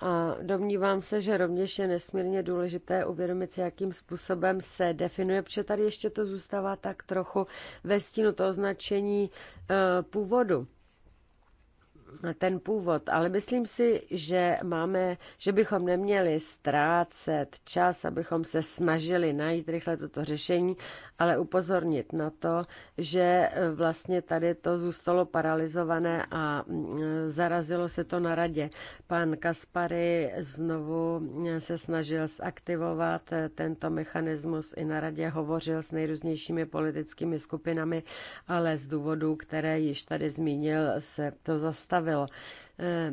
A domnívám se, že rovněž je nesmírně důležité uvědomit si, jakým způsobem se definuje, protože tady ještě to zůstává tak trochu ve stínu toho značení e, eh, původu ten původ, ale myslím si, že máme, že bychom neměli ztrácet čas, abychom se snažili najít rychle toto řešení, ale upozornit na to, že e, vlastně tady to zůstalo paralizované a mm, zarazilo se to na radě. Pan Kaspary znovu mm, se snažil zaktivovat e, tento mechanismus i na radě, hovořil s nejrůznějšími politickými skupinami, ale z důvodů, které již tady zmínil, se to zastavilo zastavilo. Eh,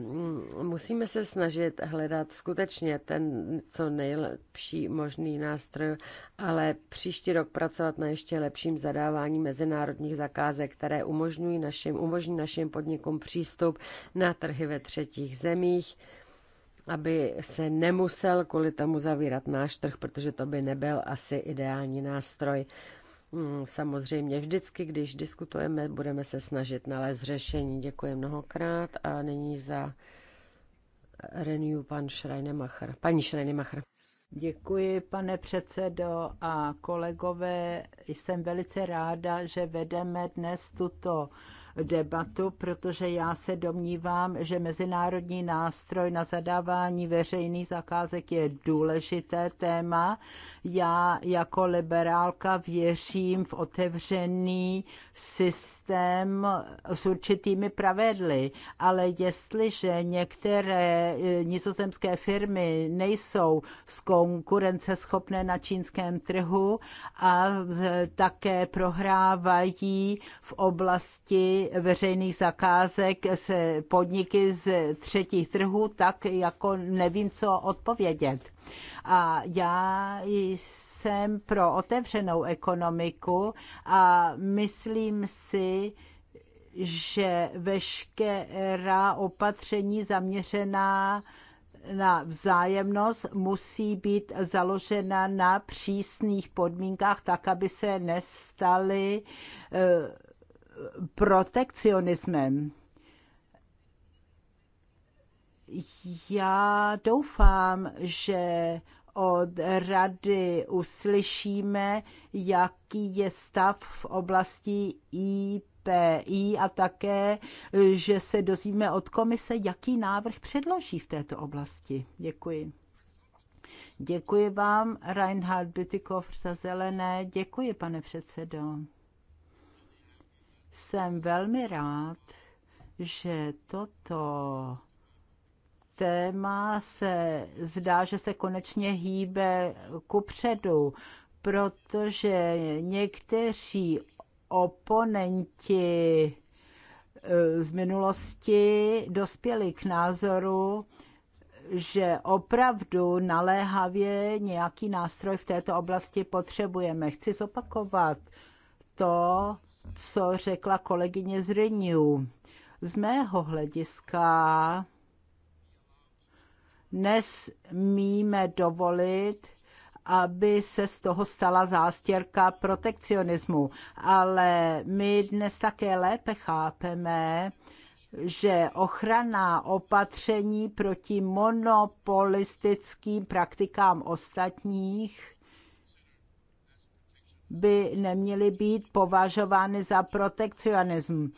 musíme se snažit hledat skutečně ten co nejlepší možný nástroj, ale příští rok pracovat na ještě lepším zadávání mezinárodních zakázek, které umožňují našim, umožní našim podnikům přístup na trhy ve třetích zemích aby se nemusel kvůli tomu zavírat náš trh, protože to by nebyl asi ideální nástroj. Mm, samozřejmě vždycky, když diskutujeme, budeme se snažit nalézt řešení. Děkuji mnohokrát a nyní za Renew pan Schreinemacher. Paní Schreinemacher. Děkuji, pane předsedo a kolegové. Jsem velice ráda, že vedeme dnes tuto debatu, protože já se domnívám, že mezinárodní nástroj na zadávání veřejných zakázek je důležité téma. Já jako liberálka věřím v otevřený systém s určitými pravidly, ale jestliže některé eh, nizozemské firmy nejsou konkurenceschopné na čínském trhu a také prohrávají v oblasti veřejných zakázek se podniky z třetích trhů, tak jako nevím, co odpovědět. A já jsem jsem pro otevřenou ekonomiku a myslím si, že veškerá opatření zaměřená na vzájemnost musí být založena na přísných podmínkách, tak aby se nestaly eh, protekcionismem. Já doufám, že od rady uslyšíme, jaký je stav v oblasti IPI a také, že se dozvíme od komise, jaký návrh předloží v této oblasti. Děkuji. Děkuji vám, Reinhard Bütikov za zelené. Děkuji, pane předsedo. Jsem velmi rád, že toto téma se zdá, že se konečně hýbe ku předu, protože někteří oponenti eh, z minulosti dospěli k názoru, že opravdu naléhavě nějaký nástroj v této oblasti potřebujeme. Chci zopakovat to, co řekla kolegyně z Renew. Z mého hlediska nesmíme dovolit, aby se z toho stala zástěrka protekcionismu. Ale my dnes také lépe chápeme, že ochrana opatření proti monopolistickým praktikám ostatních by neměly být považovány za protekcionismus.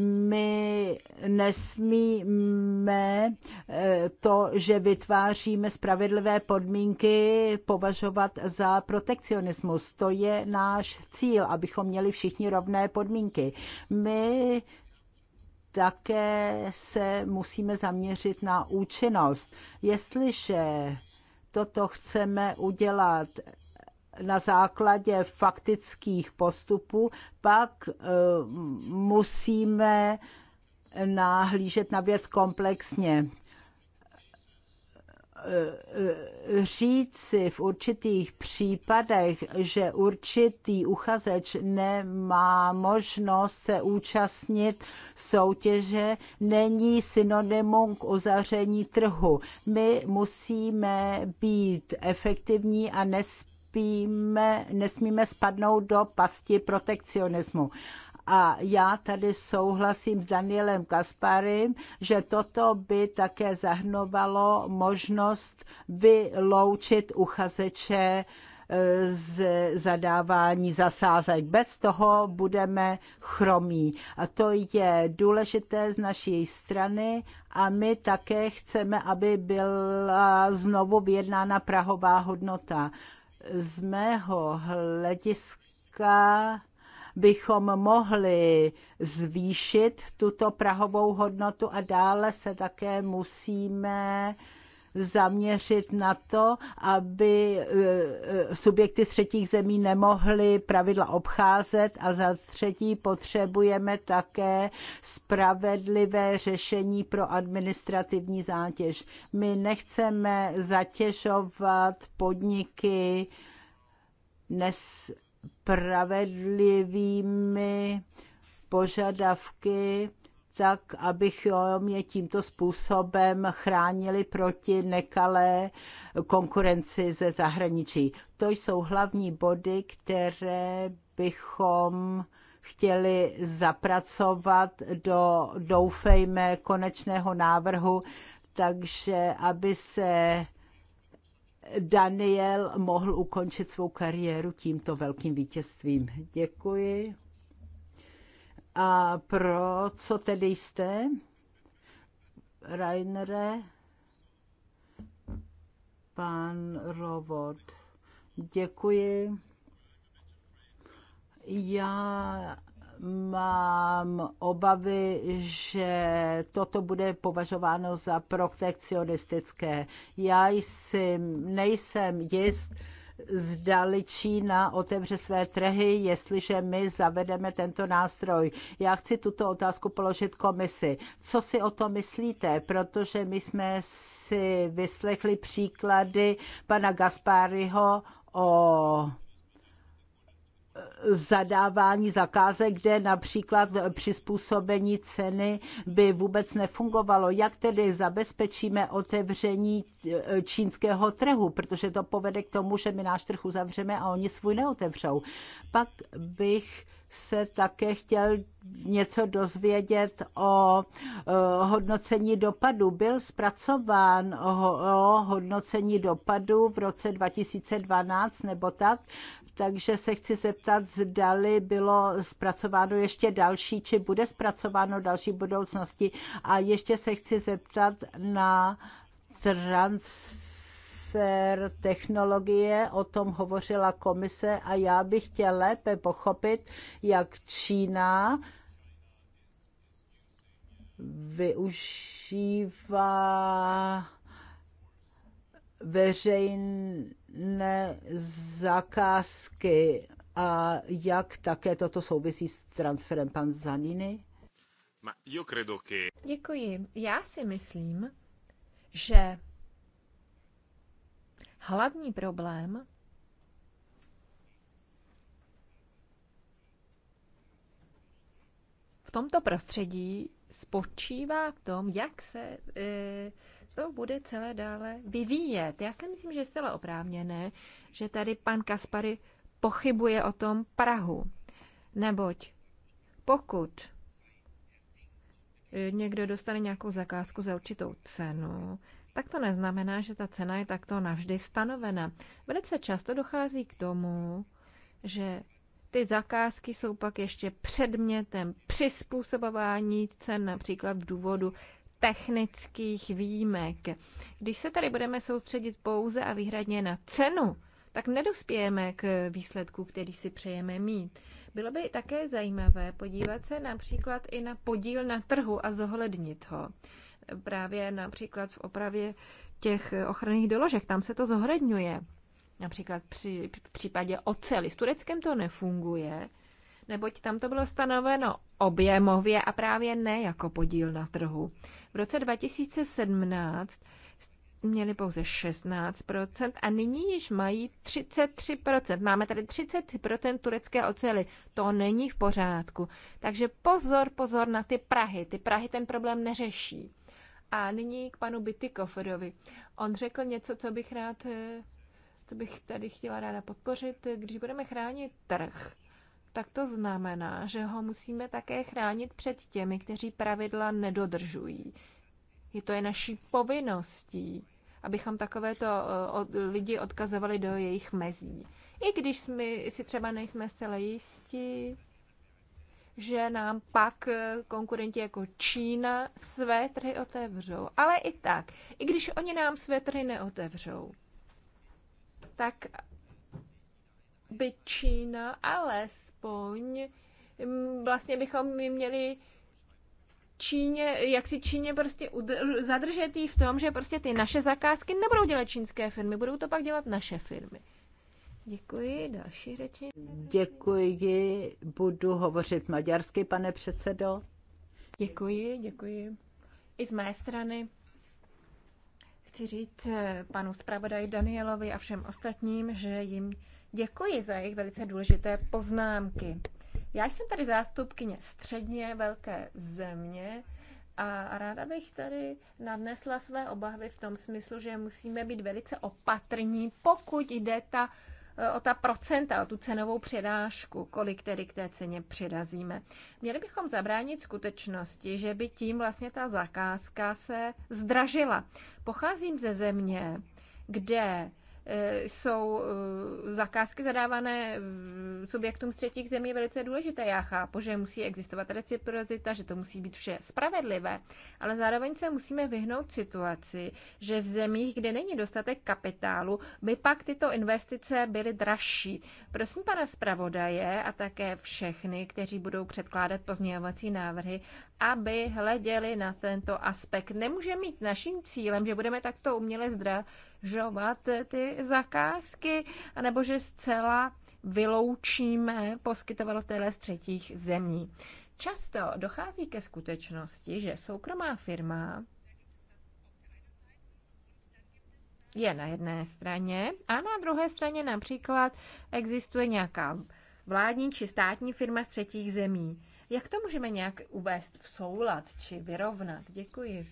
My nesmíme eh, to, že vytváříme spravedlivé podmínky, považovat za protekcionismus. To je náš cíl, abychom měli všichni rovné podmínky. My také se musíme zaměřit na účinnost. Jestliže toto chceme udělat na základě faktických postupů, pak eh, musíme nahlížet na věc komplexně. Eh, eh, říci v určitých případech, že určitý uchazeč nemá možnost se účastnit soutěže, není synonymum k uzavření trhu. My musíme být efektivní a nespěšní nesmíme, nesmíme spadnout do pasti protekcionismu. A já tady souhlasím s Danielem Kasparym, že toto by také zahrnovalo možnost vyloučit uchazeče e, z zadávání zasázek. Bez toho budeme chromí. A to je důležité z naší strany a my také chceme, aby byla znovu vyjednána prahová hodnota. Z mého hlediska bychom mohli zvýšit tuto prahovou hodnotu a dále se také musíme zaměřit na to, aby eh, subjekty z třetích zemí nemohly pravidla obcházet a za třetí potřebujeme také spravedlivé řešení pro administrativní zátěž. My nechceme zatěžovat podniky nespravedlivými požadavky, tak abychom je tímto způsobem chránili proti nekalé konkurenci ze zahraničí. To jsou hlavní body, které bychom chtěli zapracovat do, doufejme, konečného návrhu, takže aby se Daniel mohl ukončit svou kariéru tímto velkým vítězstvím. Děkuji. A pro co tedy jste, Rainere? Pan Rovod. Děkuji. Já mám obavy, že toto bude považováno za protekcionistické. Já jsem, nejsem jist, zdali Čína otevře své trhy, jestliže my zavedeme tento nástroj. Já chci tuto otázku položit komisi. Co si o to myslíte? Protože my jsme si vyslechli příklady pana Gaspáriho o zadávání zakázek, kde například přizpůsobení ceny by vůbec nefungovalo. Jak tedy zabezpečíme otevření e, čínského trhu, protože to povede k tomu, že my náš trh uzavřeme a oni svůj neotevřou. Pak bych se také chtěl něco dozvědět o e, hodnocení dopadu. Byl zpracován o hodnocení dopadu v roce 2012 nebo tak takže se chci zeptat, zdali bylo zpracováno ještě další, či bude zpracováno další budoucnosti. A ještě se chci zeptat na transfer technologie, o tom hovořila komise a já bych chtěl lépe pochopit, jak Čína využívá veřejný ne zakázky a jak také toto souvisí s transferem pan Zaniny? Děkuji. Já si myslím, že hlavní problém v tomto prostředí spočívá v tom, jak se e, to bude celé dále vyvíjet. Já si myslím, že je zcela oprávněné, že tady pan Kaspary pochybuje o tom Prahu. Neboť pokud eh, někdo dostane nějakou zakázku za určitou cenu, tak to neznamená, že ta cena je takto navždy stanovena. Velice často dochází k tomu, že ty zakázky jsou pak ještě předmětem přizpůsobování cen, například v důvodu technických výjimek. Když se tady budeme soustředit pouze a výhradně na cenu, tak nedospějeme k výsledku, který si přejeme mít. Bylo by také zajímavé podívat se například i na podíl na trhu a zohlednit ho. Právě například v opravě těch ochranných doložek, tam se to zohledňuje. Například při, v případě oceli. S Tureckem to nefunguje, neboť tam to bylo stanoveno objemově a právě ne jako podíl na trhu. V roce 2017 měli pouze 16% a nyní již mají 33%. Máme tady 33% turecké ocely. To není v pořádku. Takže pozor, pozor na ty Prahy. Ty Prahy ten problém neřeší. A nyní k panu Bytykoferovi. On řekl něco, co bych rád, eh, co bych tady chtěla ráda podpořit. Eh, když budeme chránit trh, tak to znamená, že ho musíme také chránit před těmi, kteří pravidla nedodržují. Je to je naší povinností, abychom takovéto eh, lidi odkazovali do jejich mezí. I když jsme, si třeba nejsme zcela jistí, že nám pak eh, konkurenti jako Čína své trhy otevřou. Ale i tak, i když oni nám své trhy neotevřou, tak by alespoň mm, vlastně bychom my měli Číně, jak si Číně prostě zadržet zadržetý v tom, že prostě ty naše zakázky nebudou dělat čínské firmy, budou to pak dělat naše firmy. Děkuji, další řeči. Děkuji, budu hovořit maďarsky, pane předsedo. Děkuji, děkuji. I z mé strany chci říct eh, panu zpravodaji Danielovi a všem ostatním, že jim Děkuji za jejich velice důležité poznámky. Já jsem tady zástupkyně středně velké země a ráda bych tady nadnesla své obavy v tom smyslu, že musíme být velice opatrní, pokud jde ta, e, o ta procenta, o tu cenovou předážku, kolik tedy k té ceně přirazíme. Měli bychom zabránit skutečnosti, že by tím vlastně ta zakázka se zdražila. Pocházím ze země, kde E, jsou e, zakázky zadávané subjektům z třetích zemí velice důležité. Já chápu, že musí existovat reciprocita, že to musí být vše spravedlivé, ale zároveň se musíme vyhnout situaci, že v zemích, kde není dostatek kapitálu, by pak tyto investice byly dražší. Prosím pana zpravodaje a také všechny, kteří budou předkládat pozměňovací návrhy, aby hleděli na tento aspekt. Nemůže mít naším cílem, že budeme takto uměle zdražovat žovat ty zakázky, anebo že zcela vyloučíme poskytovatele z třetích zemí. Často dochází ke skutečnosti, že soukromá firma je na jedné straně a na druhé straně například existuje nějaká vládní či státní firma z třetích zemí. Jak to můžeme nějak uvést v soulad či vyrovnat? Děkuji.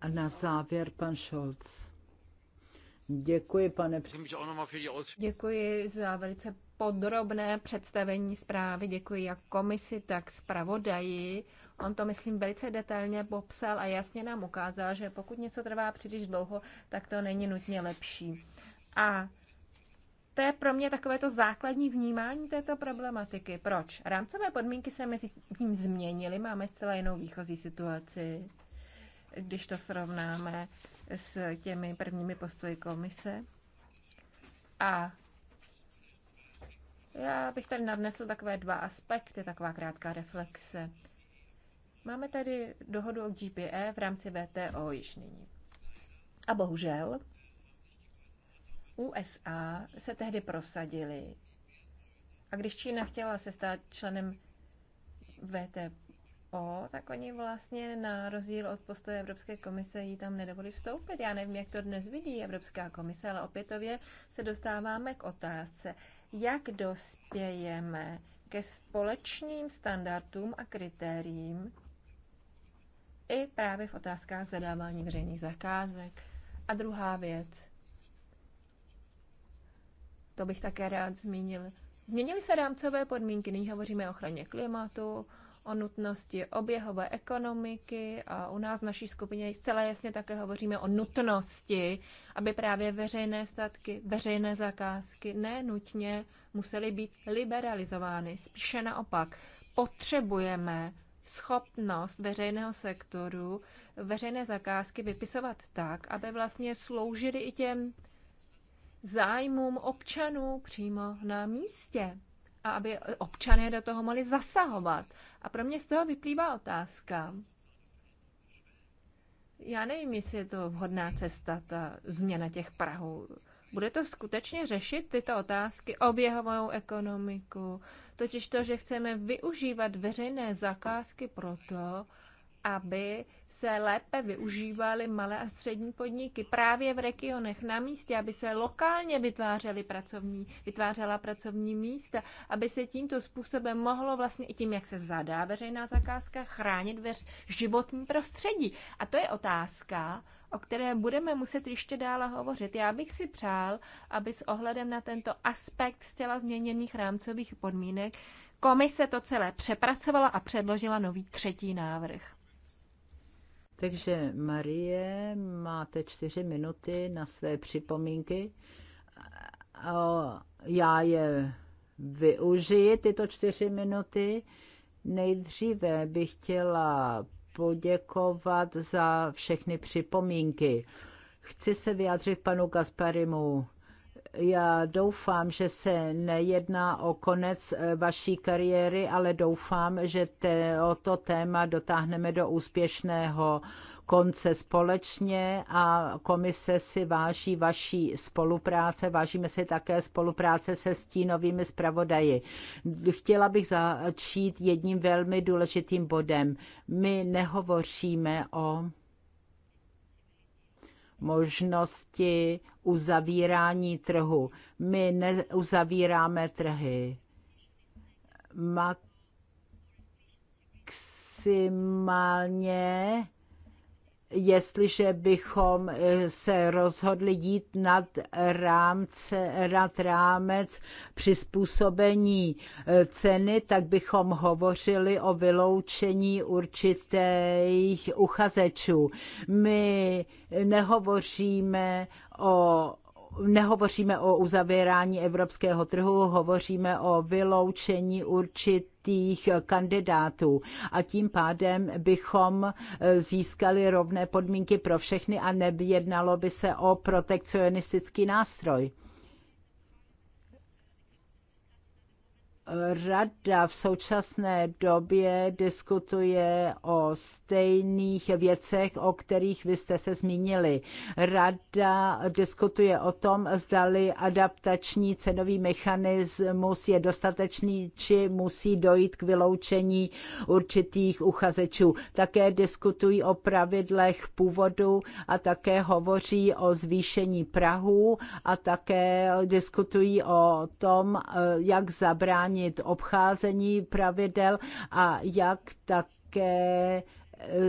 A na závěr pan Scholz. Děkuji, pane Děkuji za velice podrobné představení zprávy. Děkuji jak komisi, tak zpravodaji. On to, myslím, velice detailně popsal a jasně nám ukázal, že pokud něco trvá příliš dlouho, tak to není nutně lepší. A to je pro mě takové to základní vnímání této problematiky. Proč? Rámcové podmínky se mezi tím změnily, máme zcela jinou výchozí situaci, když to srovnáme s těmi prvními postoji komise. A já bych tady nadnesl takové dva aspekty, taková krátká reflexe. Máme tady dohodu o GPE v rámci VTO již nyní. A bohužel USA se tehdy prosadili. A když Čína chtěla se stát členem VT, o, tak oni vlastně na rozdíl od postoje Evropské komise jí tam nedovolí vstoupit. Já nevím, jak to dnes vidí Evropská komise, ale opětově se dostáváme k otázce, jak dospějeme ke společným standardům a kritériím i právě v otázkách zadávání veřejných zakázek. A druhá věc, to bych také rád zmínil. Změnily se rámcové podmínky, nyní hovoříme o ochraně klimatu, o nutnosti oběhové ekonomiky a u nás v naší skupině zcela jasně také hovoříme o nutnosti, aby právě veřejné statky, veřejné zakázky nenutně musely být liberalizovány. Spíše naopak, potřebujeme schopnost veřejného sektoru veřejné zakázky vypisovat tak, aby vlastně sloužily i těm zájmům občanů přímo na místě a aby občané do toho mohli zasahovat. A pro mě z toho vyplývá otázka. Já nevím, jestli je to vhodná cesta, ta změna těch Prahů. Bude to skutečně řešit tyto otázky, oběhovou ekonomiku, totiž to, že chceme využívat veřejné zakázky proto, aby se lépe využívaly malé a střední podniky právě v regionech na místě, aby se lokálně vytvářely pracovní, vytvářela pracovní místa, aby se tímto způsobem mohlo vlastně i tím, jak se zadá veřejná zakázka, chránit veř, životní prostředí. A to je otázka, o které budeme muset ještě dále hovořit. Já bych si přál, aby s ohledem na tento aspekt zcela změněných rámcových podmínek komise to celé přepracovala a předložila nový třetí návrh. Takže Marie, máte čtyři minuty na své připomínky. Já je využiji, tyto čtyři minuty. Nejdříve bych chtěla poděkovat za všechny připomínky. Chci se vyjádřit panu Gasparimu já doufám, že se nejedná o konec eh, vaší kariéry, ale doufám, že te, o to téma dotáhneme do úspěšného konce společně a komise si váží vaší spolupráce, vážíme si také spolupráce se stínovými zpravodaji. Chtěla bych začít jedním velmi důležitým bodem. My nehovoříme o možnosti uzavírání trhu. My neuzavíráme trhy. Maximálně jestliže bychom eh, se rozhodli jít nad, rámce, nad rámec přizpůsobení eh, ceny, tak bychom hovořili o vyloučení určitých uchazečů. My nehovoříme o nehovoříme o uzavírání evropského trhu, hovoříme o vyloučení určit určitých kandidátů a tím pádem bychom eh, získali rovné podmínky pro všechny a nejednalo by se o protekcionistický nástroj. Rada v současné době diskutuje o stejných věcech, o kterých vy jste se zmínili. Rada diskutuje o tom, zdali adaptační cenový mechanismus je dostatečný, či musí dojít k vyloučení určitých uchazečů. Také diskutují o pravidlech původu a také hovoří o zvýšení Prahu a také diskutují o tom, jak zabránit zabránit obcházení pravidel a jak také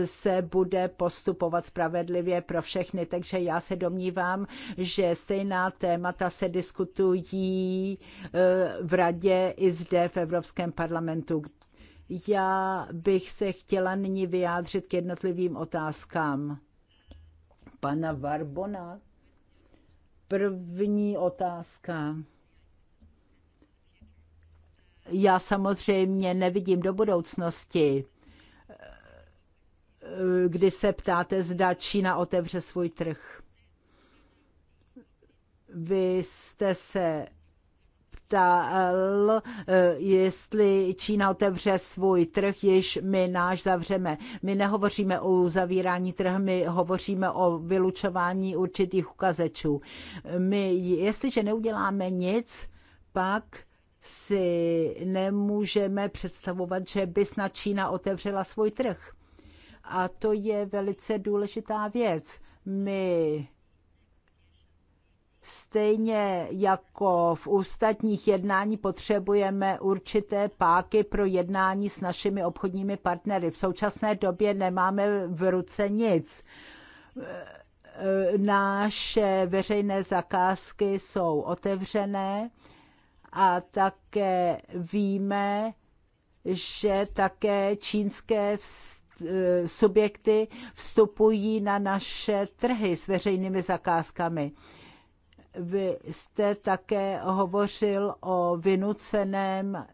se bude postupovat spravedlivě pro všechny. Takže já se domnívám, že stejná témata se diskutují eh, v radě i zde v Evropském parlamentu. Já bych se chtěla nyní vyjádřit k jednotlivým otázkám. Pana Varbona. První otázka. Já samozřejmě nevidím do budoucnosti, kdy se ptáte, zda Čína otevře svůj trh. Vy jste se ptal, jestli Čína otevře svůj trh, již my náš zavřeme. My nehovoříme o uzavírání trhu, my hovoříme o vylučování určitých ukazečů. My, jestliže neuděláme nic, pak si nemůžeme představovat, že by snad Čína otevřela svůj trh. A to je velice důležitá věc. My stejně jako v ústatních jednání potřebujeme určité páky pro jednání s našimi obchodními partnery. V současné době nemáme v ruce nic. Naše veřejné zakázky jsou otevřené a také víme, že také čínské eh, subjekty vstupují na naše trhy s veřejnými zakázkami. Vy jste také hovořil o vynuceném eh,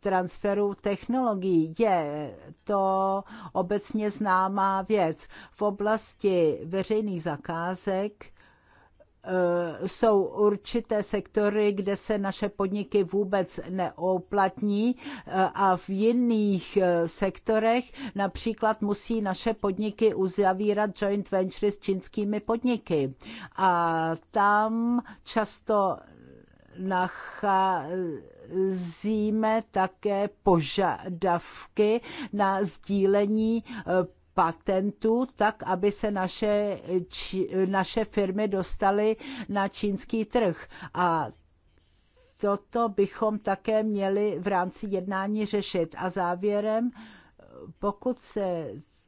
transferu technologií. Je to obecně známá věc. V oblasti veřejných zakázek Eh, jsou určité sektory, kde se naše podniky vůbec neoplatní eh, a v jiných eh, sektorech například musí naše podniky uzavírat joint venture s čínskými podniky. A tam často nacházíme také požadavky na sdílení patentů, tak aby se naše, či, naše firmy dostaly na čínský trh. A toto bychom také měli v rámci jednání řešit. A závěrem, pokud se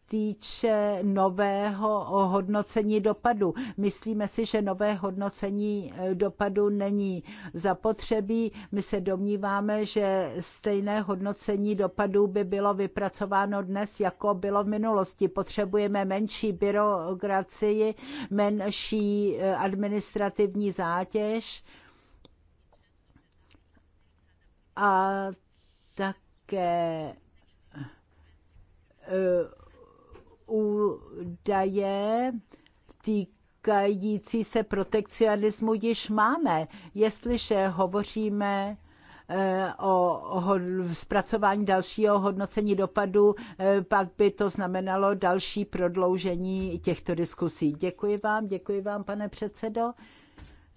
týče nového hodnocení dopadu. Myslíme si, že nové hodnocení eh, dopadu není zapotřebí. My se domníváme, že stejné hodnocení dopadu by bylo vypracováno dnes, jako bylo v minulosti. Potřebujeme menší byrokracii, menší eh, administrativní zátěž a také eh, údaje týkající týkající se protekcionismu již máme, jestliže hovoříme eh, o zpracování dalšího hodnocení dopadu, eh, pak by to znamenalo další prodloužení těchto diskusí. Děkuji vám, děkuji vám, pane předsedo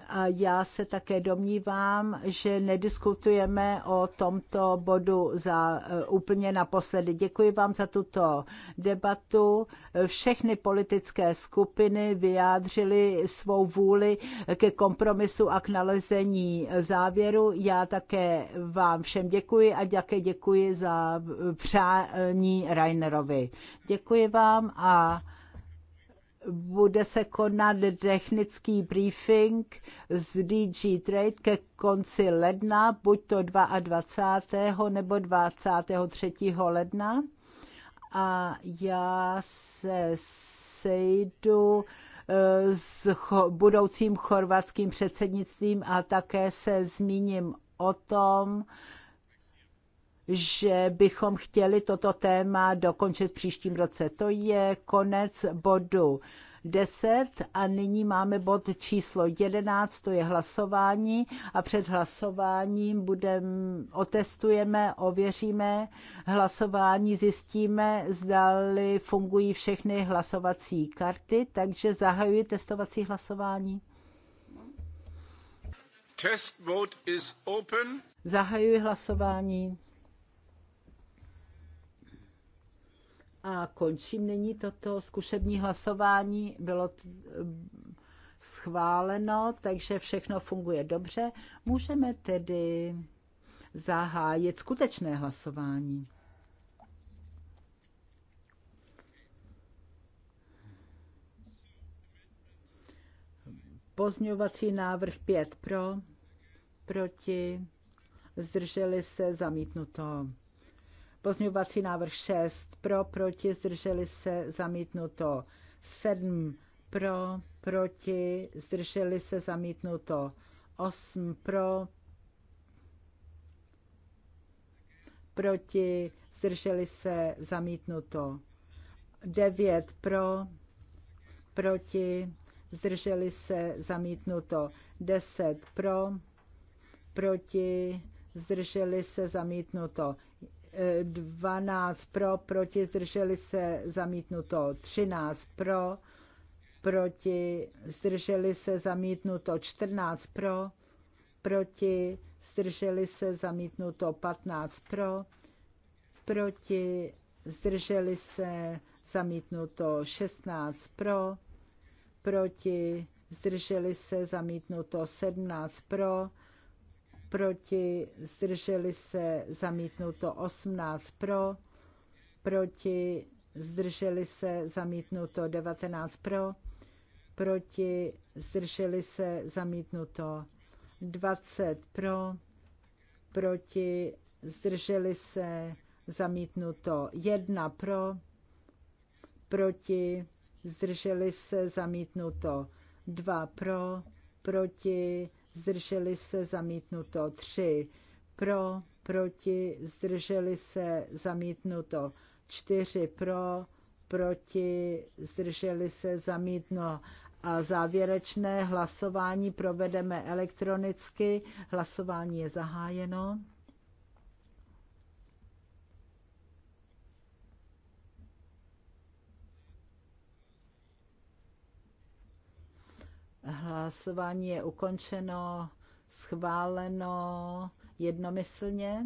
a já se také domnívám, že nediskutujeme o tomto bodu za eh, úplně naposledy. Děkuji vám za tuto debatu. Všechny politické skupiny vyjádřily svou vůli ke kompromisu a k nalezení závěru. Já také vám všem děkuji a také děkuji za eh, přání Rainerovi. Děkuji vám a bude se konat technický briefing z DG Trade ke konci ledna, buď to 22. nebo 23. ledna. A já se sejdu eh, s budoucím chorvatským předsednictvím a také se zmíním o tom, že bychom chtěli toto téma dokončit v příštím roce. To je konec bodu 10 a nyní máme bod číslo 11, to je hlasování a před hlasováním budem, otestujeme, ověříme hlasování, zjistíme, zdali fungují všechny hlasovací karty, takže zahajuji testovací hlasování. Test vote is open. Zahajuji hlasování. A končím nyní toto zkušební hlasování. Bylo schváleno, takže všechno funguje dobře. Můžeme tedy zahájit skutečné hlasování. Pozňovací návrh 5 pro, proti, zdrželi se, zamítnuto. Pozměňovací návrh 6 pro, proti, zdrželi se, zamítnuto. 7 pro, proti, zdrželi se, zamítnuto. 8 pro, proti, zdrželi se, zamítnuto. 9 pro, proti, zdrželi se, zamítnuto. 10 pro, proti, zdrželi se, zamítnuto. 12 pro, proti, zdrželi se, zamítnuto 13 pro, proti, zdrželi se, zamítnuto 14 pro, proti, zdrželi se, zamítnuto 15 pro, proti, zdrželi se, zamítnuto 16 pro, proti, zdrželi se, zamítnuto 17 pro, proti, zdrželi se, zamítnuto 18 pro, proti, zdrželi se, zamítnuto 19 pro, proti, zdrželi se, zamítnuto 20 pro, proti, zdrželi se, zamítnuto 1 pro, proti, zdrželi se, zamítnuto 2 pro, proti, zdrželi se zamítnuto 3 pro, proti, zdrželi se zamítnuto 4 pro, proti, zdrželi se zamítno a závěrečné hlasování provedeme elektronicky. Hlasování je zahájeno. Hlasování je ukončeno, schváleno jednomyslně.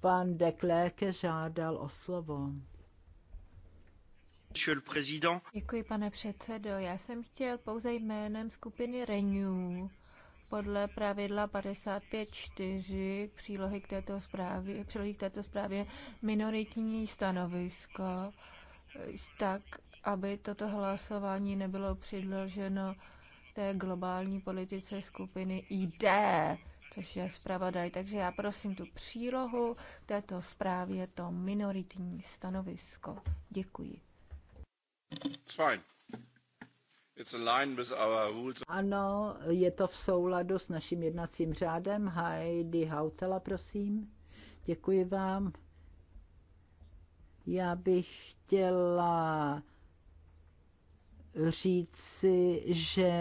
Pan Dekléke žádal o slovo. Děkuji, pane předsedo. Já jsem chtěl pouze jménem skupiny Renew podle pravidla 55.4 přílohy k této zprávě, přílohy k této zprávě minoritní stanovisko, tak aby toto hlasování nebylo předloženo té globální politice skupiny ID, což je zpravodaj. Takže já prosím tu přílohu této zprávě, to minoritní stanovisko. Děkuji. Fine. It's aligned with our rules. Ano, je to v souladu s naším jednacím řádem. Heidi Hautela, prosím. Děkuji vám. Já bych chtěla říci, že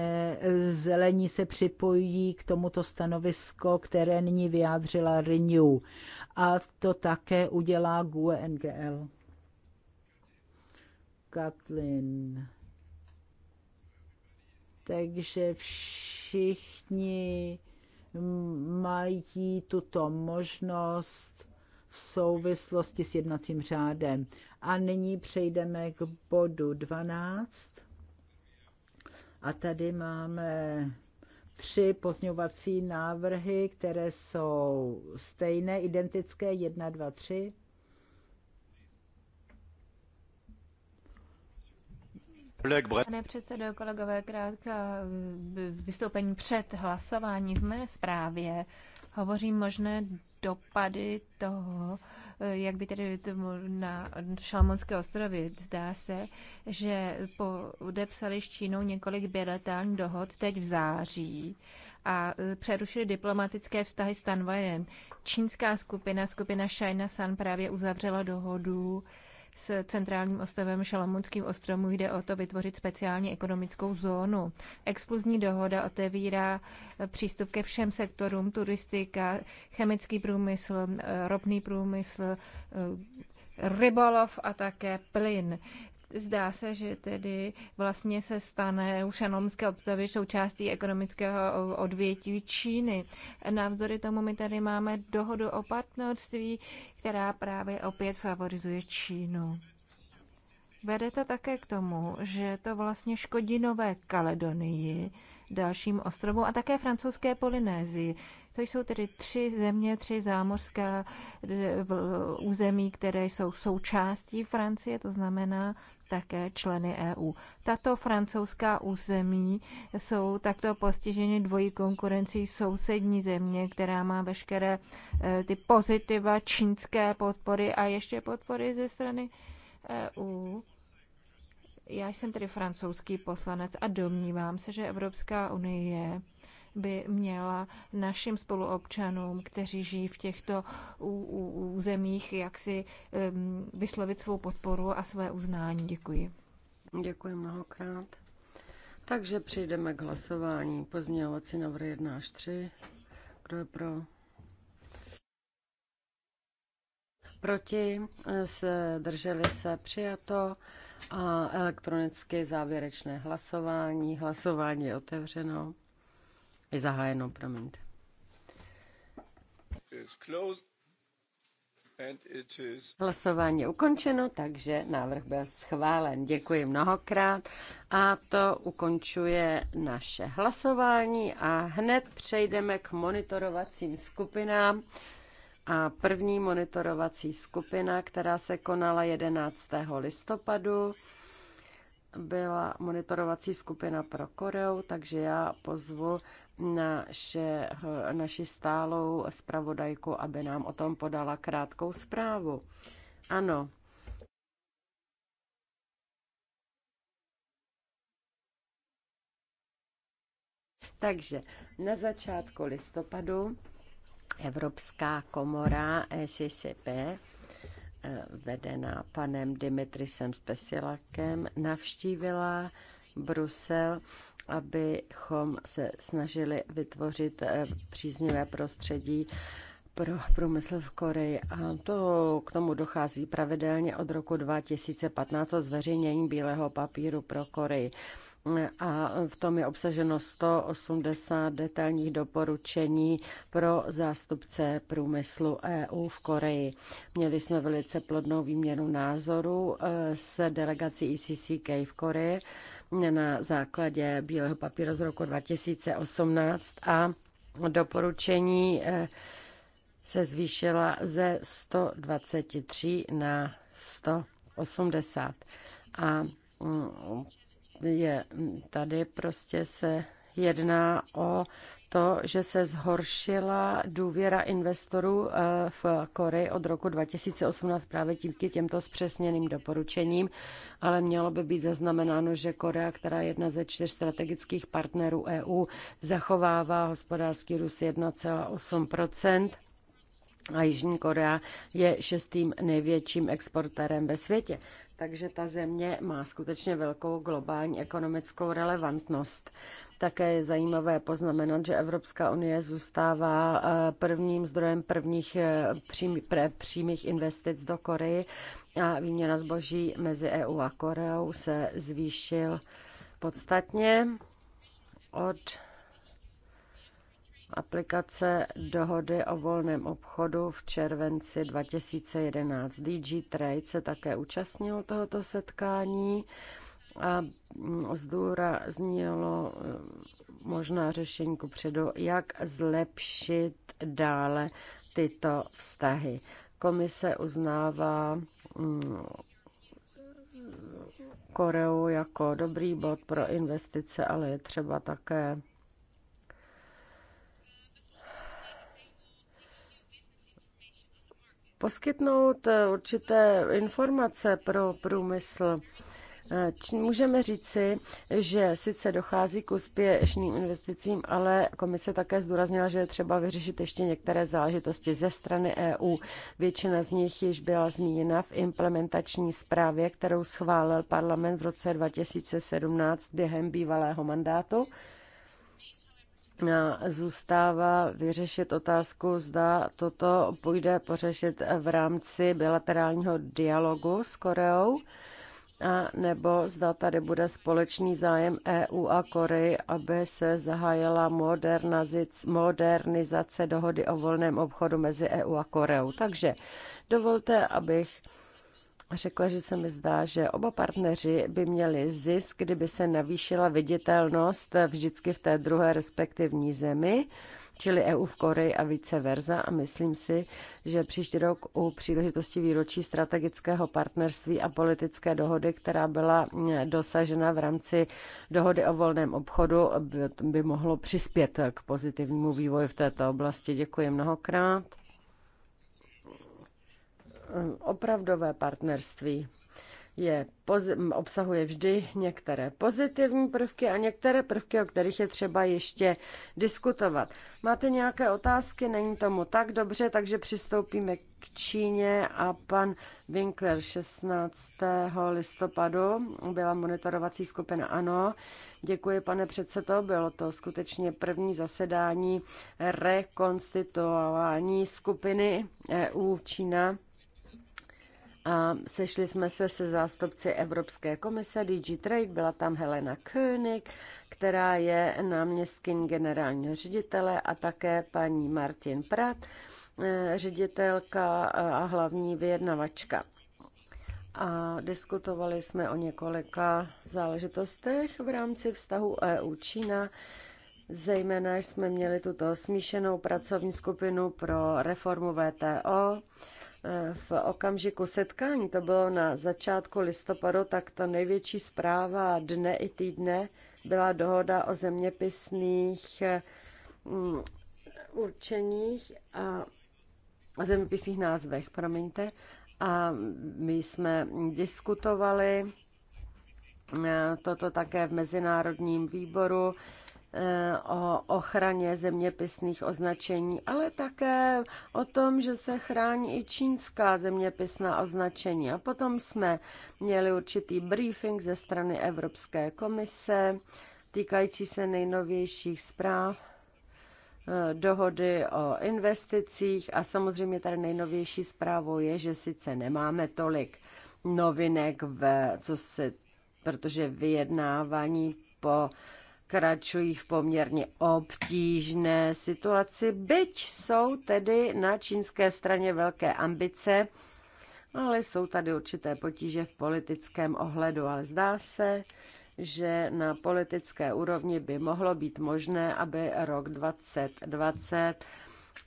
zelení se připojí k tomuto stanovisko, které nyní vyjádřila Renew. A to také udělá GUE NGL. Katlin. Takže všichni mají tuto možnost v souvislosti s jednacím řádem. A nyní přejdeme k bodu 12 a tady máme tři pozňovací návrhy, které jsou stejné, identické, jedna, dva, tři. Pane předsedo, kolegové, krátká eh, vystoupení před hlasování v mé zprávě Hovořím možné dopady toho, Eh, jak by tedy na Šalmonské ostrovy. Zdá se, že podepsali s Čínou několik bilaterálních dohod teď v září a eh, přerušili diplomatické vztahy s Tanvajem. Čínská skupina, skupina China San právě uzavřela dohodu s centrálním ostrovem Šalamunským ostrovem jde o to vytvořit speciální ekonomickou zónu. Exkluzní dohoda otevírá přístup ke všem sektorům, turistika, chemický průmysl, eh, ropný průmysl, eh, rybolov a také plyn. Zdá se, že tedy vlastně se stane už šanomské obstavy součástí ekonomického odvětví Číny. Navzory tomu my tady máme dohodu o partnerství, která právě opět favorizuje Čínu. Vede to také k tomu, že to vlastně škodí Nové Kaledonii, dalším ostrovům a také francouzské Polynézii. To jsou tedy tři země, tři zámořská e, území, které jsou součástí Francie, to znamená, také členy EU. Tato francouzská území jsou takto postiženy dvojí konkurencí sousední země, která má veškeré eh, ty pozitiva čínské podpory a ještě podpory ze strany EU. Já jsem tedy francouzský poslanec a domnívám se, že Evropská unie by měla našim spoluobčanům, kteří žijí v těchto územích, jak si um, vyslovit svou podporu a své uznání. Děkuji. Děkuji mnohokrát. Takže přejdeme k hlasování. Pozměňovací návrh 1 až 3. Kdo je pro? Proti se drželi se přijato a elektronické závěrečné hlasování. Hlasování je otevřeno. Je zahájeno, promiňte. Hlasování je ukončeno, takže návrh byl schválen. Děkuji mnohokrát a to ukončuje naše hlasování a hned přejdeme k monitorovacím skupinám. A první monitorovací skupina, která se konala 11. listopadu, byla monitorovací skupina pro Koreu, takže já pozvu naše, naši stálou zpravodajku, aby nám o tom podala krátkou zprávu. Ano, Takže na začátku listopadu Evropská komora SCP eh, vedená panem Dimitrisem Spesilakem navštívila Brusel abychom se snažili vytvořit eh, příznivé prostředí pro průmysl v Koreji a to k tomu dochází pravidelně od roku 2015 o zveřejnění bílého papíru pro Koreji a v tom je obsaženo 180 detailních doporučení pro zástupce průmyslu EU v Koreji. Měli jsme velice plodnou výměnu názorů eh, s delegací ECCK v Koreji na základě Bílého papíru z roku 2018 a doporučení eh, se zvýšila ze 123 na 180. A mm, je tady prostě se jedná o to, že se zhoršila důvěra investorů eh, v Koreji od roku 2018 právě díky těmto zpřesněným doporučením, ale mělo by být zaznamenáno, že Korea, která je jedna ze čtyř strategických partnerů EU, zachovává hospodářský růst 1,8 a Jižní Korea je šestým největším exportérem ve světě takže ta země má skutečně velkou globální ekonomickou relevantnost. Také je zajímavé poznamenat, že Evropská unie zůstává eh, prvním zdrojem prvních eh, přímých investic do Koreji a výměna zboží mezi EU a Koreou se zvýšil podstatně od aplikace dohody o volném obchodu v červenci 2011. DG Trade se také účastnil tohoto setkání a mm, zdůraznilo mm, možná řešení předu, jak zlepšit dále tyto vztahy. Komise uznává mm, Koreu jako dobrý bod pro investice, ale je třeba také poskytnout eh, určité informace pro průmysl. Eh, můžeme říci, že sice dochází k úspěšným investicím, ale komise také zdůraznila, že je třeba vyřešit ještě některé záležitosti ze strany EU. Většina z nich již byla zmíněna v implementační zprávě, kterou schválil parlament v roce 2017 během bývalého mandátu zůstává vyřešit otázku, zda toto půjde pořešit v rámci bilaterálního dialogu s Koreou, a nebo zda tady bude společný zájem EU a Koreji, aby se zahájila modernizace dohody o volném obchodu mezi EU a Koreou. Takže dovolte, abych řekla, že se mi zdá, že oba partneři by měli zisk, kdyby se navýšila viditelnost vždycky v té druhé respektivní zemi, čili EU v Koreji a vice versa. A myslím si, že příští rok u příležitosti výročí strategického partnerství a politické dohody, která byla mm, dosažena v rámci dohody o volném obchodu, by mohlo přispět k pozitivnímu vývoji v této oblasti. Děkuji mnohokrát. Eh, opravdové partnerství je, obsahuje vždy některé pozitivní prvky a některé prvky, o kterých je třeba ještě diskutovat. Máte nějaké otázky? Není tomu tak dobře, takže přistoupíme k Číně a pan Winkler 16. listopadu byla monitorovací skupina ANO. Děkuji, pane předsedo, bylo to skutečně první zasedání rekonstituování skupiny EU Čína a sešli jsme se se zástupci Evropské komise DG Trade, byla tam Helena König, která je náměstkyn generálního ředitele a také paní Martin Prat, eh, ředitelka eh, a hlavní vyjednavačka. A diskutovali jsme o několika záležitostech v rámci vztahu EU-Čína. Zejména jsme měli tuto smíšenou pracovní skupinu pro reformu VTO, v okamžiku setkání, to bylo na začátku listopadu, tak to největší zpráva dne i týdne byla dohoda o zeměpisných mm, určeních a o zeměpisných názvech, promiňte. A my jsme diskutovali e, toto také v Mezinárodním výboru o ochraně zeměpisných označení, ale také o tom, že se chrání i čínská zeměpisná označení. A potom jsme měli určitý briefing ze strany Evropské komise týkající se nejnovějších zpráv eh, dohody o investicích a samozřejmě tady nejnovější zprávou je, že sice nemáme tolik novinek, v, co se, protože vyjednávání po pokračují v poměrně obtížné situaci, byť jsou tedy na čínské straně velké ambice, ale jsou tady určité potíže v politickém ohledu, ale zdá se, že na politické úrovni by mohlo být možné, aby rok 2020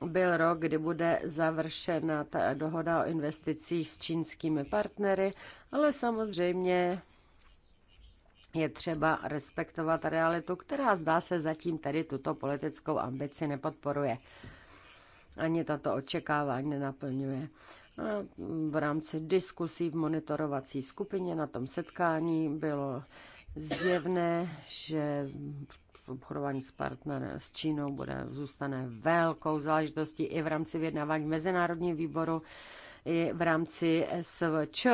byl rok, kdy bude završena ta dohoda o investicích s čínskými partnery, ale samozřejmě je třeba respektovat realitu, která zdá se zatím tedy tuto politickou ambici nepodporuje. Ani tato očekávání nenaplňuje. V rámci diskusí v monitorovací skupině na tom setkání bylo zjevné, že obchodování s partnerem s Čínou bude zůstane velkou záležitostí i v rámci vyjednávání v Mezinárodním výboru, i v rámci SVČ,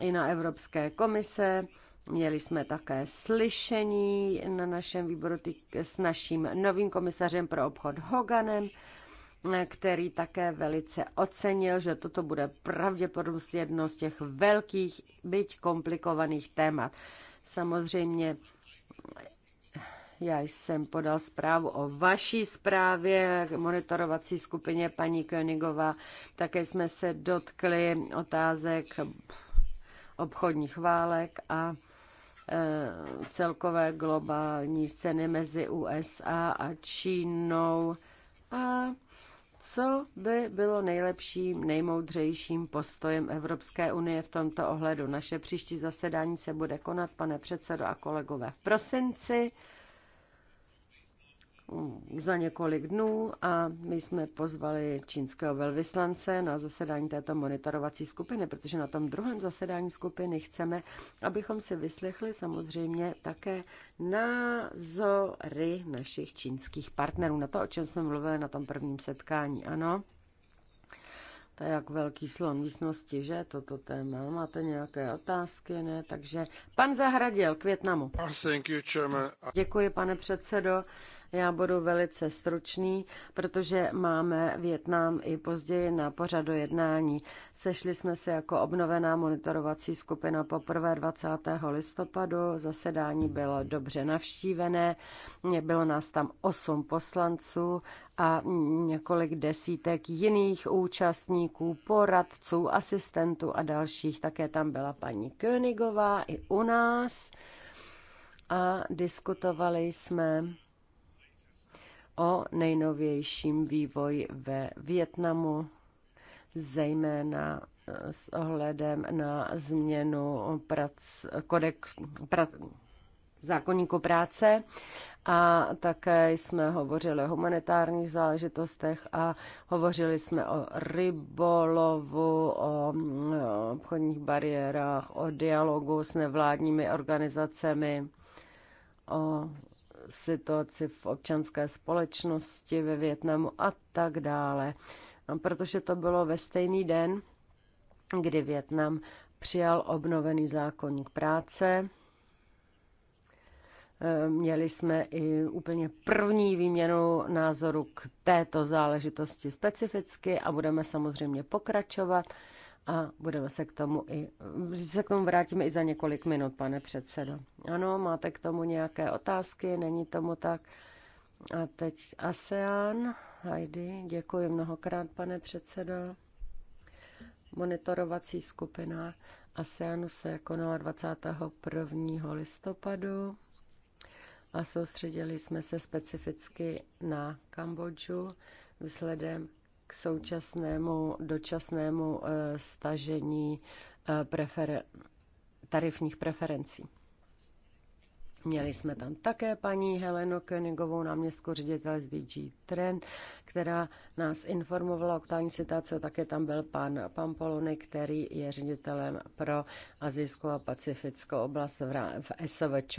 i na Evropské komise Měli jsme také slyšení na našem výboru s naším novým komisařem pro obchod Hoganem, který také velice ocenil, že toto bude pravděpodobně jedno z těch velkých, byť komplikovaných témat. Samozřejmě já jsem podal zprávu o vaší zprávě monitorovací skupině paní Königová. Také jsme se dotkli otázek obchodních válek a Eh, celkové globální ceny mezi USA a Čínou a co by bylo nejlepším, nejmoudřejším postojem Evropské unie v tomto ohledu. Naše příští zasedání se bude konat, pane předsedo a kolegové, v prosinci za několik dnů a my jsme pozvali čínského velvyslance na zasedání této monitorovací skupiny, protože na tom druhém zasedání skupiny chceme, abychom si vyslechli samozřejmě také názory našich čínských partnerů na to, o čem jsme mluvili na tom prvním setkání. Ano, to je jak velký slon místnosti, že? Toto téma. Máte nějaké otázky, ne? Takže pan Zahradil k Větnamu. Děkuji, pane předsedo. Já budu velice stručný, protože máme Větnam i později na pořadu jednání. Sešli jsme se jako obnovená monitorovací skupina poprvé 20. listopadu. Zasedání bylo dobře navštívené. Bylo nás tam 8 poslanců a několik desítek jiných účastníků, poradců, asistentů a dalších. Také tam byla paní Königová i u nás a diskutovali jsme o nejnovějším vývoji ve Větnamu, zejména s ohledem na změnu prac, kodex, pra, zákonníku práce a také jsme hovořili o humanitárních záležitostech a hovořili jsme o rybolovu, o obchodních bariérách, o dialogu s nevládními organizacemi, o situaci v občanské společnosti ve Větnamu a tak dále. A protože to bylo ve stejný den, kdy Větnam přijal obnovený zákonník práce, eh, Měli jsme i úplně první výměnu názoru k této záležitosti specificky a budeme samozřejmě pokračovat a budeme se k tomu i, se k tomu vrátíme i za několik minut, pane předsedo. Ano, máte k tomu nějaké otázky, není tomu tak. A teď ASEAN, Heidi, děkuji mnohokrát, pane předsedo. Monitorovací skupina ASEANu se konala 21. listopadu a soustředili jsme se specificky na Kambodžu vzhledem k současnému dočasnému eh, stažení eh, prefer- tarifních preferencí. Měli jsme tam také paní Helenu Königovou, náměstku ředitele z DG Trend, která nás informovala o aktuální situaci. Také tam byl pan Pampolony, který je ředitelem pro azijskou a pacifickou oblast v SVČ.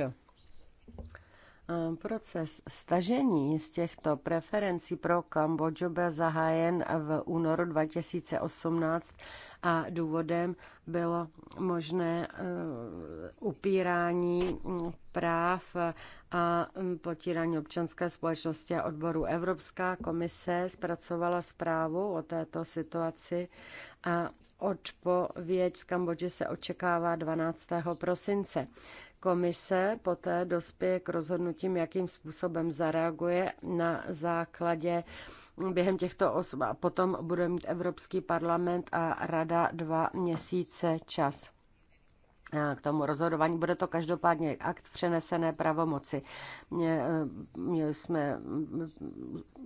Ehm, proces stažení z těchto preferencí pro Kambodžu byl zahájen v únoru 2018 a důvodem bylo možné ehm, upírání mm, práv a mm, potírání občanské společnosti a odboru. Evropská komise zpracovala zprávu o této situaci a odpověď z Kambodže se očekává 12. prosince. Komise poté dospěje k rozhodnutím, jakým způsobem zareaguje na základě během těchto osob. A potom bude mít Evropský parlament a rada dva měsíce čas eh, k tomu rozhodování. Bude to každopádně akt přenesené pravomoci. Mě, eh, mě jsme, mm,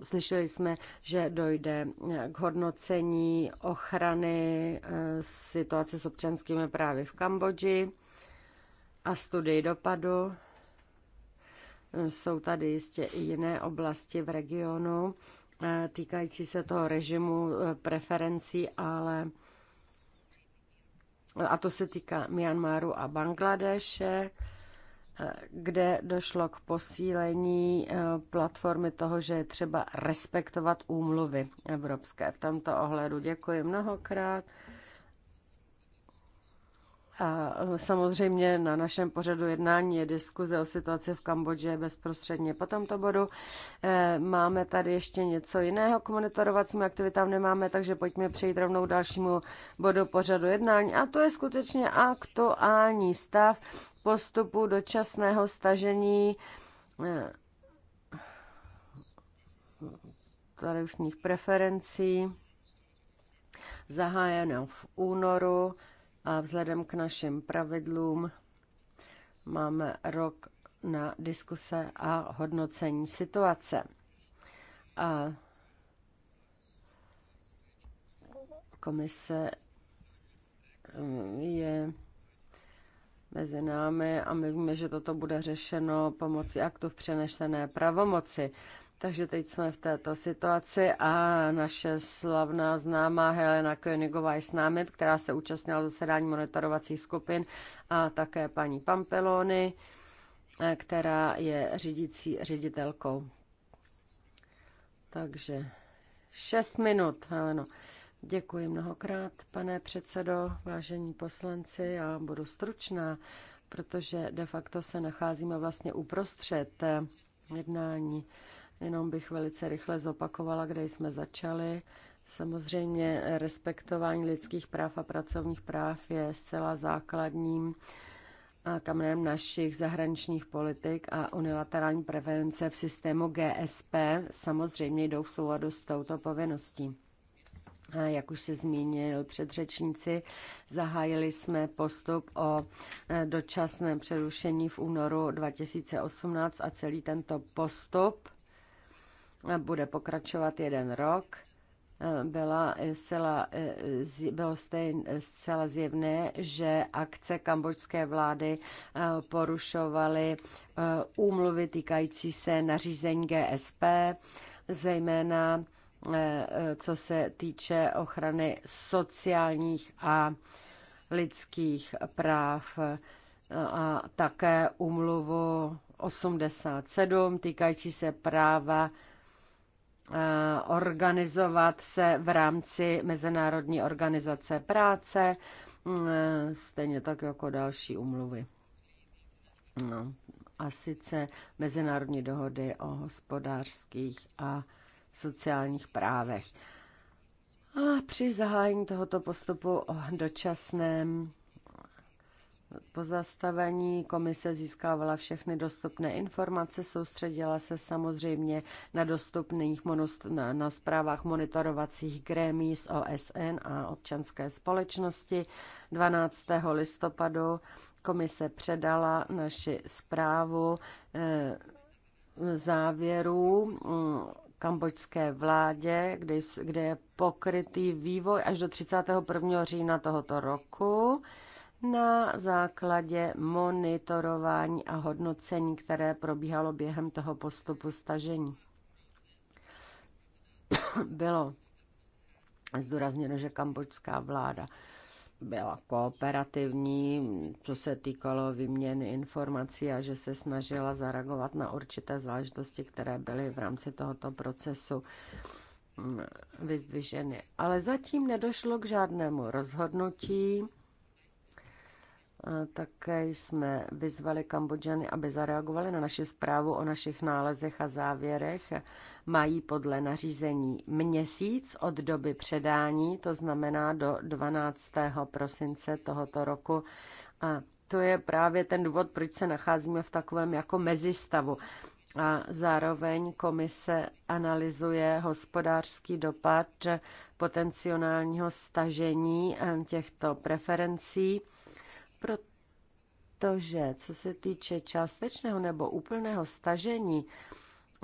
slyšeli jsme, že dojde eh, k hodnocení ochrany situace s občanskými právy v Kambodži a studii dopadu. Jsou tady jistě i jiné oblasti v regionu eh, týkající se toho režimu eh, preferencí, ale eh, a to se týká Myanmaru a Bangladeše, kde došlo k posílení platformy toho, že je třeba respektovat úmluvy evropské. V tomto ohledu děkuji mnohokrát. A eh, samozřejmě na našem pořadu jednání je diskuze o situaci v Kambodži bezprostředně po tomto bodu. Eh, máme tady ještě něco jiného k monitorovacím aktivitám nemáme, takže pojďme přejít rovnou k dalšímu bodu pořadu jednání. A to je skutečně aktuální stav postupu dočasného stažení eh, tarifních preferencí zahájeno v únoru a vzhledem k našim pravidlům máme rok na diskuse a hodnocení situace. A komise eh, je mezi námi a my víme, že toto bude řešeno pomocí aktu v přenešené pravomoci. Takže teď jsme v této situaci a naše slavná známá Helena Königová je s námi, která se účastnila zasedání monitorovacích skupin a také paní Pampelony, eh, která je řídící ředitelkou. Takže šest minut, Heleno. Děkuji mnohokrát, pane předsedo, vážení poslanci, já budu stručná, protože de facto se nacházíme vlastně uprostřed eh, jednání. Jenom bych velice rychle zopakovala, kde jsme začali. Samozřejmě respektování lidských práv a pracovních práv je zcela základním kamenem našich zahraničních politik a unilaterální prevence v systému GSP samozřejmě jdou v souladu s touto povinností. A jak už se zmínil předřečníci, zahájili jsme postup o e, dočasném přerušení v únoru 2018 a celý tento postup bude pokračovat jeden rok, byla zcela, bylo stejn, zcela zjevné, že akce kambočské vlády eh, porušovaly eh, úmluvy týkající se nařízení GSP, zejména eh, co se týče ochrany sociálních a lidských práv a také úmluvu 87 týkající se práva Eh, organizovat se v rámci Mezinárodní organizace práce, mm, eh, stejně tak jako další umluvy. No, a sice Mezinárodní dohody o hospodářských a sociálních právech. A při zahájení tohoto postupu o dočasném pozastavení komise získávala všechny dostupné informace, soustředila se samozřejmě na dostupných na, na zprávách monitorovacích grémí z OSN a občanské společnosti. 12. listopadu komise předala naši zprávu eh, závěrů mm, kambočské vládě, kde, kde je pokrytý vývoj až do 31. října tohoto roku na základě monitorování a hodnocení, které probíhalo během toho postupu stažení. Bylo zdůrazněno, že kambočská vláda byla kooperativní, co se týkalo výměny informací a že se snažila zareagovat na určité záležitosti, které byly v rámci tohoto procesu mm, vyzdviženy. Ale zatím nedošlo k žádnému rozhodnutí také jsme vyzvali Kambodžany, aby zareagovali na naši zprávu o našich nálezech a závěrech. Mají podle nařízení měsíc od doby předání, to znamená do 12. prosince tohoto roku. A to je právě ten důvod, proč se nacházíme v takovém jako mezistavu. A zároveň komise analyzuje hospodářský dopad potenciálního stažení eh, těchto preferencí protože co se týče částečného nebo úplného stažení,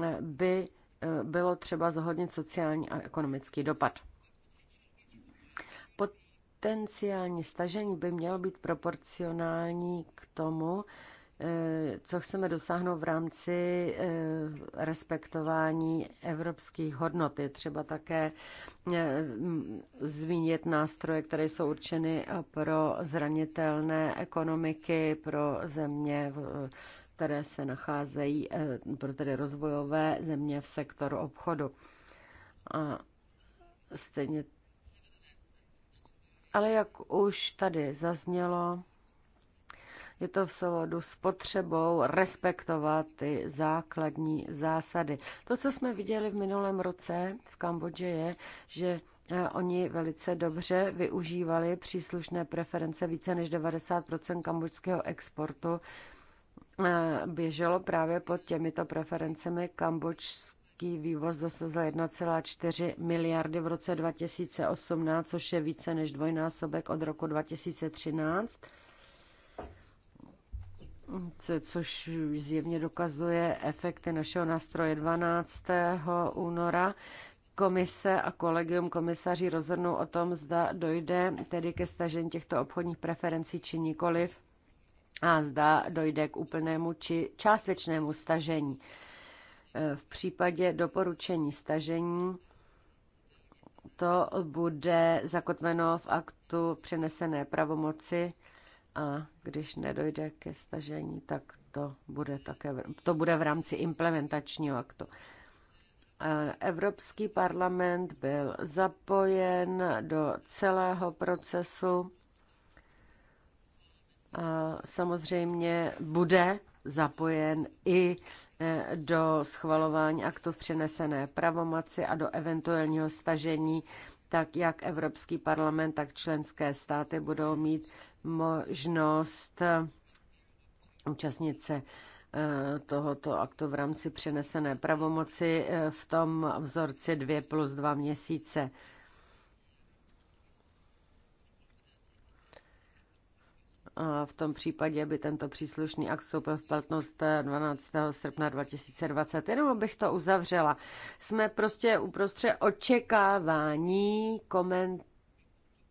eh, by eh, bylo třeba zohodnit sociální a ekonomický dopad. Potenciální stažení by mělo být proporcionální k tomu, Eh, co chceme dosáhnout v rámci eh, respektování evropských hodnot. Je třeba také eh, zmínit nástroje, které jsou určeny pro zranitelné ekonomiky, pro země, které se nacházejí, pro tedy rozvojové země v sektoru obchodu. A stejně ale jak už tady zaznělo, je to v souladu s potřebou respektovat ty základní zásady. To, co jsme viděli v minulém roce v Kambodži, je, že eh, Oni velice dobře využívali příslušné preference. Více než 90 kambodžského exportu eh, běželo právě pod těmito preferencemi. Kambodžský vývoz dosáhl 1,4 miliardy v roce 2018, což je více než dvojnásobek od roku 2013 což zjevně dokazuje efekty našeho nástroje 12. února. Komise a kolegium komisaří rozhodnou o tom, zda dojde tedy ke stažení těchto obchodních preferencí či nikoliv a zda dojde k úplnému či částečnému stažení. E, v případě doporučení stažení to bude zakotveno v aktu přenesené pravomoci a když nedojde ke stažení, tak to bude, také, to bude v rámci implementačního aktu. Evropský parlament byl zapojen do celého procesu a samozřejmě bude zapojen i e, do schvalování aktu v přenesené pravomoci a do eventuálního stažení, tak jak Evropský parlament, tak členské státy budou mít možnost eh, účastnit se eh, tohoto aktu v rámci přenesené pravomoci eh, v tom vzorci 2 plus 2 měsíce. A v tom případě by tento příslušný akt vstoupil v platnost 12. srpna 2020. Jenom abych to uzavřela. Jsme prostě uprostřed očekávání koment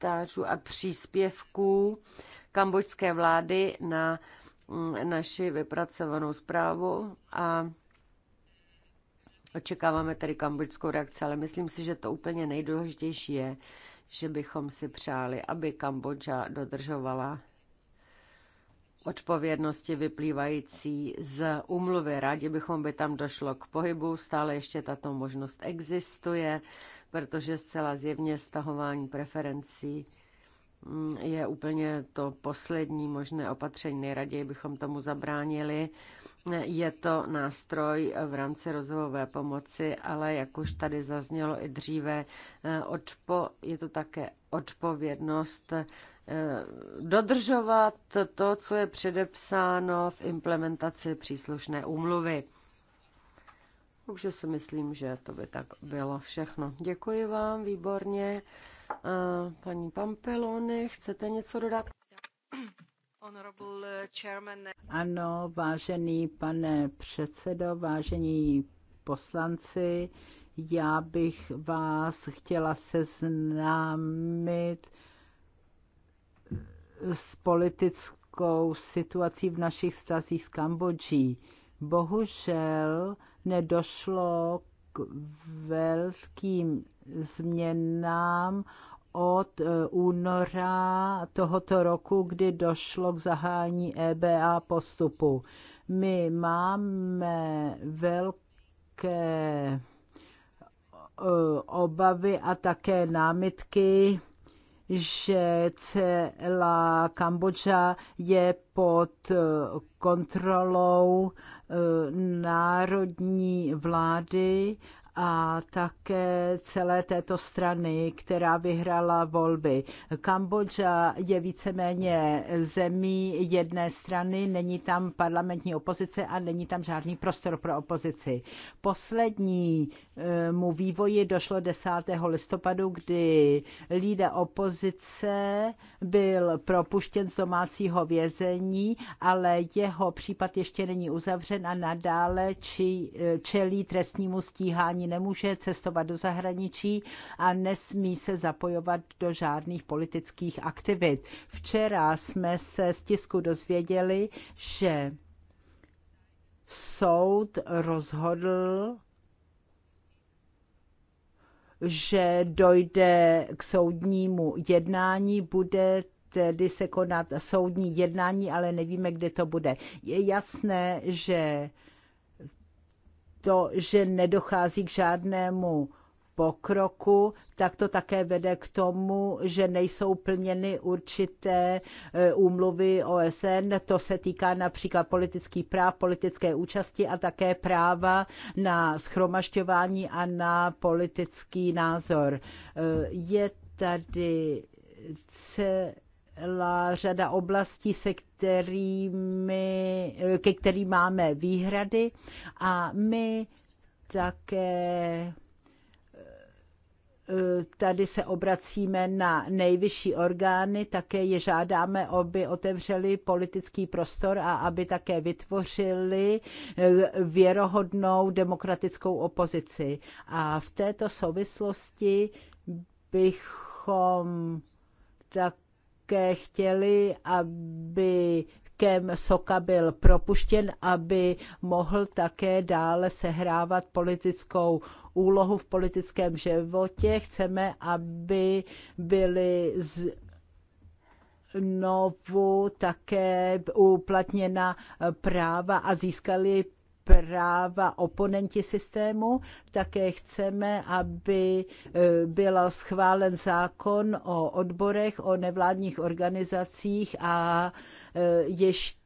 komentářů a příspěvků kambočské vlády na mm, naši vypracovanou zprávu a očekáváme tady kambočskou reakci, ale myslím si, že to úplně nejdůležitější je, že bychom si přáli, aby Kambodža dodržovala odpovědnosti vyplývající z umluvy. Rádi bychom, by tam došlo k pohybu, stále ještě tato možnost existuje protože zcela zjevně stahování preferencí mm, je úplně to poslední možné opatření. Nejraději bychom tomu zabránili. Je to nástroj v rámci rozvojové pomoci, ale jak už tady zaznělo i dříve, eh, odpo, je to také odpovědnost eh, dodržovat to, co je předepsáno v implementaci příslušné úmluvy. Takže si myslím, že to by tak bylo všechno. Děkuji vám, výborně. Paní Pampelony, chcete něco dodat? Ano, vážený pane předsedo, vážení poslanci, já bych vás chtěla seznámit s politickou situací v našich stazích s Kambodží. Bohužel, nedošlo k velkým změnám od eh, února tohoto roku, kdy došlo k zahání EBA postupu. My máme velké eh, obavy a také námitky že celá Kambodža je pod eh, kontrolou eh, národní vlády a také celé této strany, která vyhrala volby. Kambodža je víceméně zemí jedné strany, není tam parlamentní opozice a není tam žádný prostor pro opozici. Poslední mu vývoji došlo 10. listopadu, kdy líde opozice byl propuštěn z domácího vězení, ale jeho případ ještě není uzavřen a nadále či, čelí trestnímu stíhání ani nemůže cestovat do zahraničí a nesmí se zapojovat do žádných politických aktivit. Včera jsme se z tisku dozvěděli, že soud rozhodl, že dojde k soudnímu jednání, bude tedy se konat soudní jednání, ale nevíme, kde to bude. Je jasné, že to, že nedochází k žádnému pokroku, tak to také vede k tomu, že nejsou plněny určité e, úmluvy OSN. To se týká například politických práv, politické účasti a také práva na schromažďování a na politický názor. E, je tady řada oblastí, se kterými, ke kterým máme výhrady a my také eh, tady se obracíme na nejvyšší orgány, také je žádáme, aby otevřeli politický prostor a aby také vytvořili eh, věrohodnou demokratickou opozici. A v této souvislosti bychom tak také chtěli, aby Kem Soka byl propuštěn, aby mohl také dále sehrávat politickou úlohu v politickém životě. Chceme, aby byly z novu také uplatněna práva a získali práva oponenti systému. Také chceme, aby e, byl schválen zákon o odborech, o nevládních organizacích a e, ještě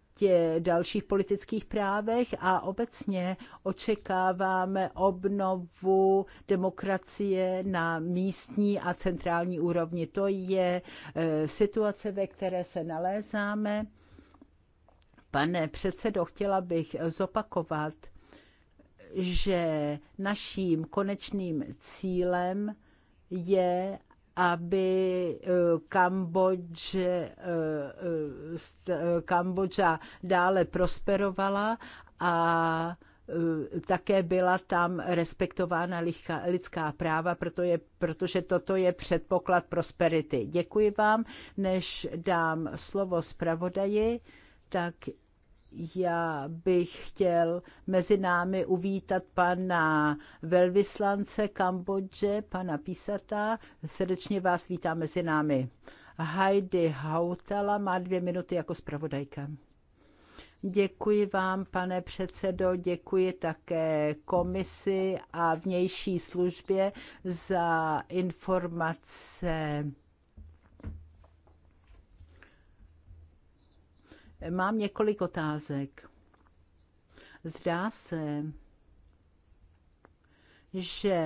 dalších politických právech a obecně očekáváme obnovu demokracie na místní a centrální úrovni. To je e, situace, ve které se nalézáme. Pane předsedo, chtěla bych zopakovat, že naším konečným cílem je, aby eh, eh, eh, Kambodža dále prosperovala a také byla tam respektována lidská práva, proto je, protože toto je předpoklad prosperity. Děkuji vám, než dám slovo zpravodaji, tak já bych chtěl mezi námi uvítat pana velvyslance Kambodže, pana Písata. Srdečně vás vítám mezi námi. Heidi Hautala má dvě minuty jako zpravodajka. Děkuji vám, pane předsedo, děkuji také komisi a vnější službě za informace Mám několik otázek. Zdá se, že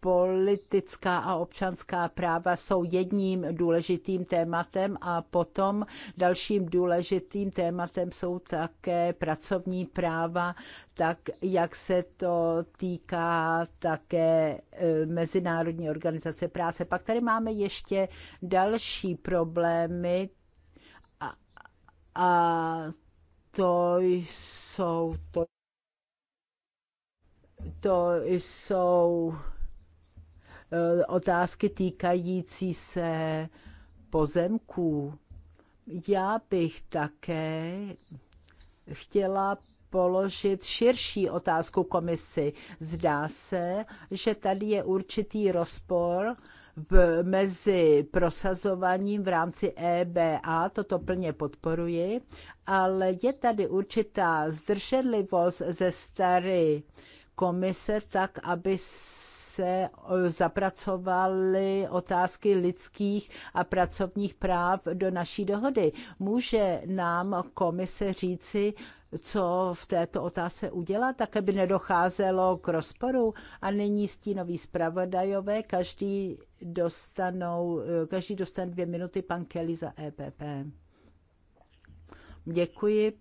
politická a občanská práva jsou jedním důležitým tématem a potom dalším důležitým tématem jsou také pracovní práva, tak jak se to týká také e, Mezinárodní organizace práce. Pak tady máme ještě další problémy a to jsou to, to jsou eh, otázky týkající se pozemků. Já bych také chtěla položit širší otázku komisi. Zdá se, že tady je určitý rozpor v, mezi prosazováním v rámci EBA, toto plně podporuji, ale je tady určitá zdrženlivost ze staré komise, tak aby se zapracovaly otázky lidských a pracovních práv do naší dohody. Může nám komise říci, co v této otázce udělat, tak aby nedocházelo k rozporu. A nyní stínový zpravodajové, každý, dostanou, každý dostane dvě minuty, pan Kelly za EPP. Děkuji.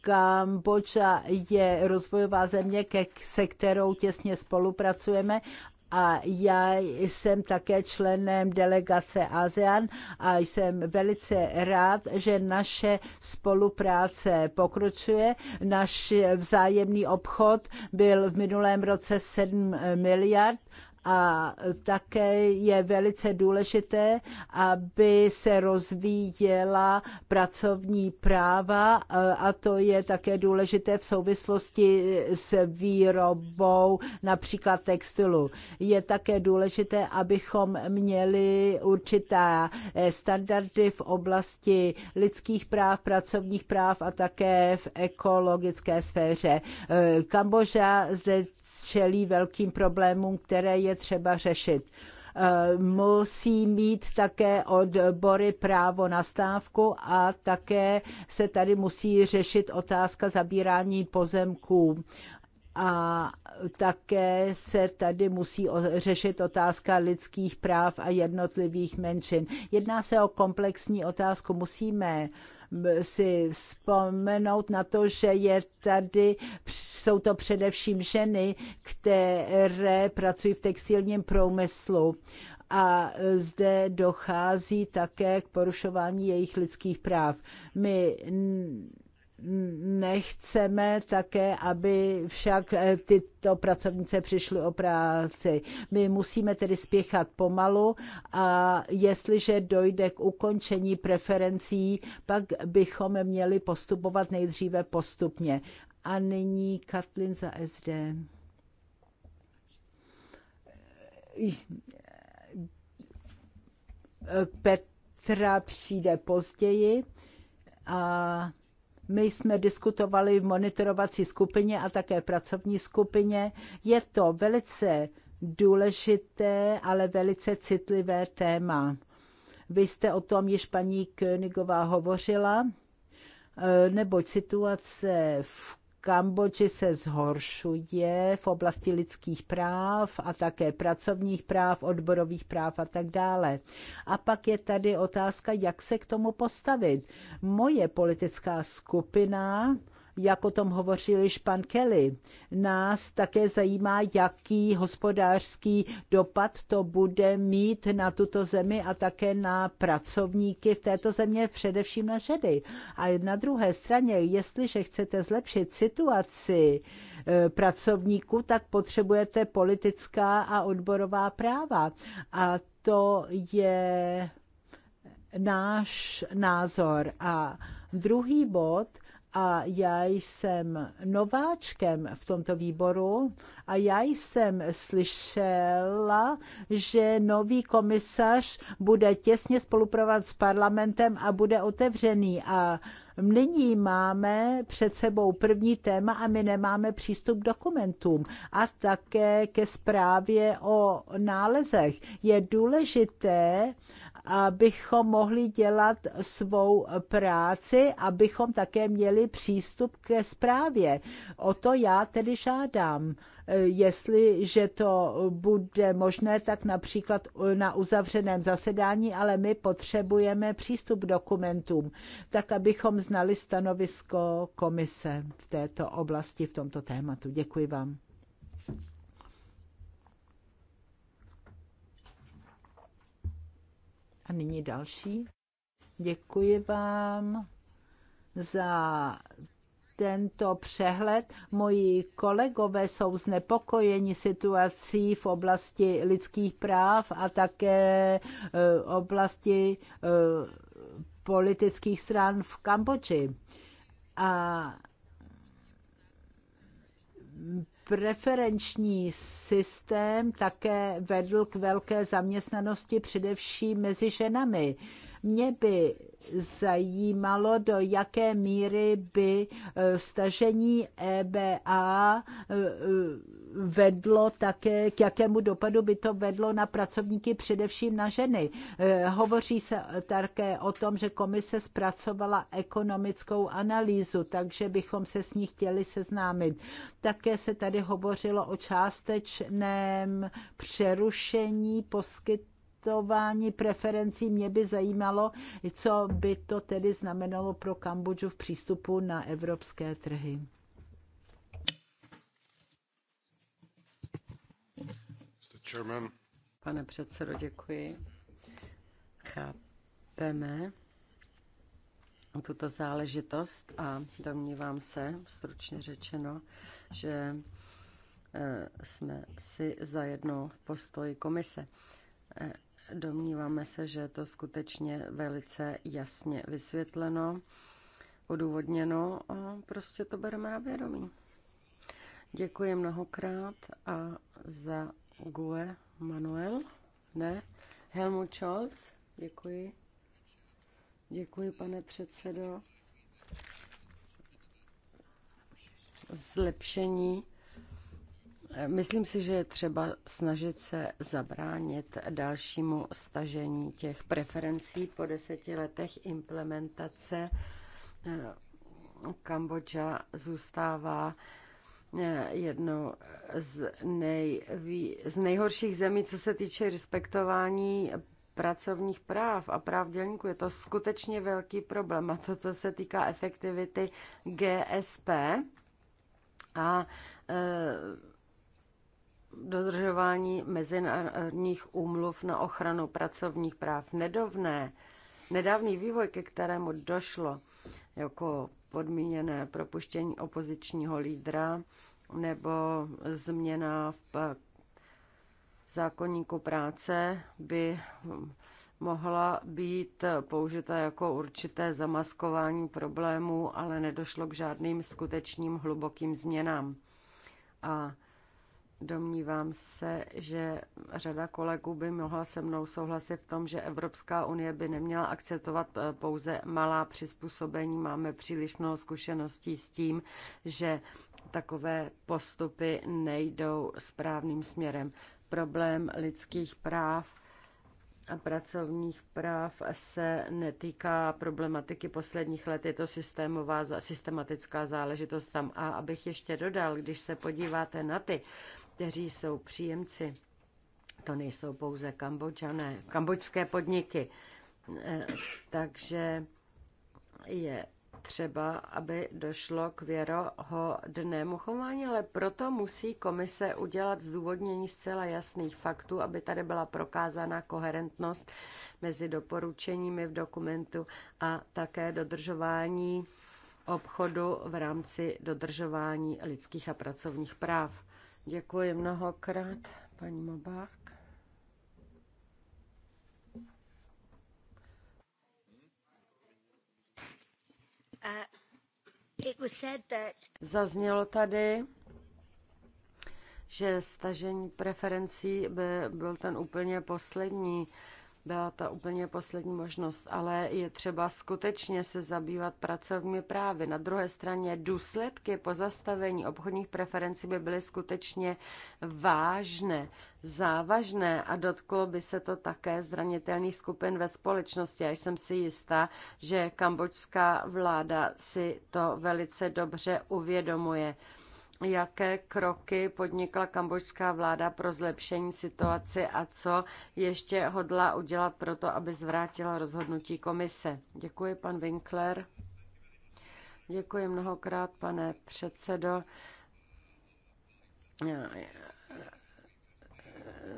Kambodža je rozvojová země, se kterou těsně spolupracujeme a já jsem také členem delegace ASEAN a jsem velice rád, že naše spolupráce pokročuje, Náš vzájemný obchod byl v minulém roce 7 miliard a také je velice důležité, aby se rozvíjela pracovní práva a to je také důležité v souvislosti s výrobou například textilu. Je také důležité, abychom měli určitá standardy v oblasti lidských práv, pracovních práv a také v ekologické sféře. Kambožá zde čelí velkým problémům, které je třeba řešit eh, musí mít také odbory právo na stávku a také se tady musí řešit otázka zabírání pozemků. A také se tady musí řešit otázka lidských práv a jednotlivých menšin. Jedná se o komplexní otázku. Musíme uh, si vzpomenout na to, že je tady, jsou to především ženy, které pracují v textilním průmyslu a zde dochází také k porušování jejich lidských práv. My nechceme také, aby však eh, tyto pracovnice přišly o práci. My musíme tedy spěchat pomalu a jestliže dojde k ukončení preferencí, pak bychom měli postupovat nejdříve postupně. A nyní Katlin za SD. Petra přijde později a my jsme diskutovali v monitorovací skupině a také pracovní skupině. Je to velice důležité, ale velice citlivé téma. Vy jste o tom již paní Königová hovořila, e, neboť situace v Kambodži se zhoršuje v oblasti lidských práv a také pracovních práv, odborových práv a tak dále. A pak je tady otázka, jak se k tomu postavit. Moje politická skupina jak o tom hovořil již pan Kelly. Nás také zajímá, jaký hospodářský dopad to bude mít na tuto zemi a také na pracovníky v této země, především na ženy. A na druhé straně, jestliže chcete zlepšit situaci, e, pracovníků, tak potřebujete politická a odborová práva. A to je náš názor. A druhý bod a já jsem nováčkem v tomto výboru a já jsem slyšela, že nový komisař bude těsně spolupracovat s parlamentem a bude otevřený a Nyní máme před sebou první téma a my nemáme přístup k dokumentům a také ke zprávě o nálezech. Je důležité, abychom mohli dělat svou práci, abychom také měli přístup ke zprávě. O to já tedy žádám. Jestliže to bude možné, tak například na uzavřeném zasedání, ale my potřebujeme přístup k dokumentům, tak abychom znali stanovisko komise v této oblasti, v tomto tématu. Děkuji vám. A nyní další. Děkuji vám za tento přehled. Moji kolegové jsou znepokojeni situací v oblasti lidských práv a také eh, oblasti eh, politických stran v Kambodži. A Preferenční systém také vedl k velké zaměstnanosti především mezi ženami. Mě by zajímalo, do jaké míry by e, stažení EBA e, e, vedlo také, k jakému dopadu by to vedlo na pracovníky, především na ženy. Hovoří se také o tom, že komise zpracovala ekonomickou analýzu, takže bychom se s ní chtěli seznámit. Také se tady hovořilo o částečném přerušení poskyt poskytování preferencí mě by zajímalo, co by to tedy znamenalo pro Kambodžu v přístupu na evropské trhy. Pane předsedo, děkuji. Chápeme tuto záležitost a domnívám se, stručně řečeno, že e, jsme si zajedno v postoji komise. E, Domníváme se, že je to skutečně velice jasně vysvětleno, odůvodněno a prostě to bereme na vědomí. Děkuji mnohokrát a za Gue Manuel, ne, Helmut Scholz, děkuji. Děkuji, pane předsedo. Zlepšení Myslím si, že je třeba snažit se zabránit dalšímu stažení těch preferencí po deseti letech implementace. Kambodža zůstává eh, jednou z, nejví, z nejhorších zemí, co se týče respektování pracovních práv a práv dělníků. Je to skutečně velký problém a toto se týká efektivity GSP a e, dodržování mezinárodních úmluv na ochranu pracovních práv. Nedovné, nedávný vývoj, ke kterému došlo jako podmíněné propuštění opozičního lídra nebo změna v zákonníku práce, by mohla být použita jako určité zamaskování problémů, ale nedošlo k žádným skutečným hlubokým změnám. A Domnívám se, že řada kolegů by mohla se mnou souhlasit v tom, že Evropská unie by neměla akceptovat eh, pouze malá přizpůsobení. Máme příliš mnoho zkušeností s tím, že takové postupy nejdou správným směrem. Problém lidských práv a pracovních práv se netýká problematiky posledních let, je to systémová, systematická záležitost tam. A abych ještě dodal, když se podíváte na ty kteří jsou příjemci. To nejsou pouze kambodžané, kambodžské podniky. Eh, takže je třeba, aby došlo k věrohodnému chování, ale proto musí komise udělat zdůvodnění zcela jasných faktů, aby tady byla prokázána koherentnost mezi doporučeními v dokumentu a také dodržování obchodu v rámci dodržování lidských a pracovních práv. Děkuji mnohokrát, paní Mobák. Uh, Zaznělo tady, že stažení preferencí by byl ten úplně poslední byla ta úplně poslední možnost, ale je třeba skutečně se zabývat pracovními právy. Na druhé straně důsledky pozastavení obchodních preferencí by byly skutečně vážné, závažné a dotklo by se to také zranitelných skupin ve společnosti. Já jsem si jistá, že kambočská vláda si to velice dobře uvědomuje jaké kroky podnikla kambožská vláda pro zlepšení situace a co ještě hodla udělat pro to, aby zvrátila rozhodnutí komise. Děkuji, pan Winkler. Děkuji mnohokrát, pane předsedo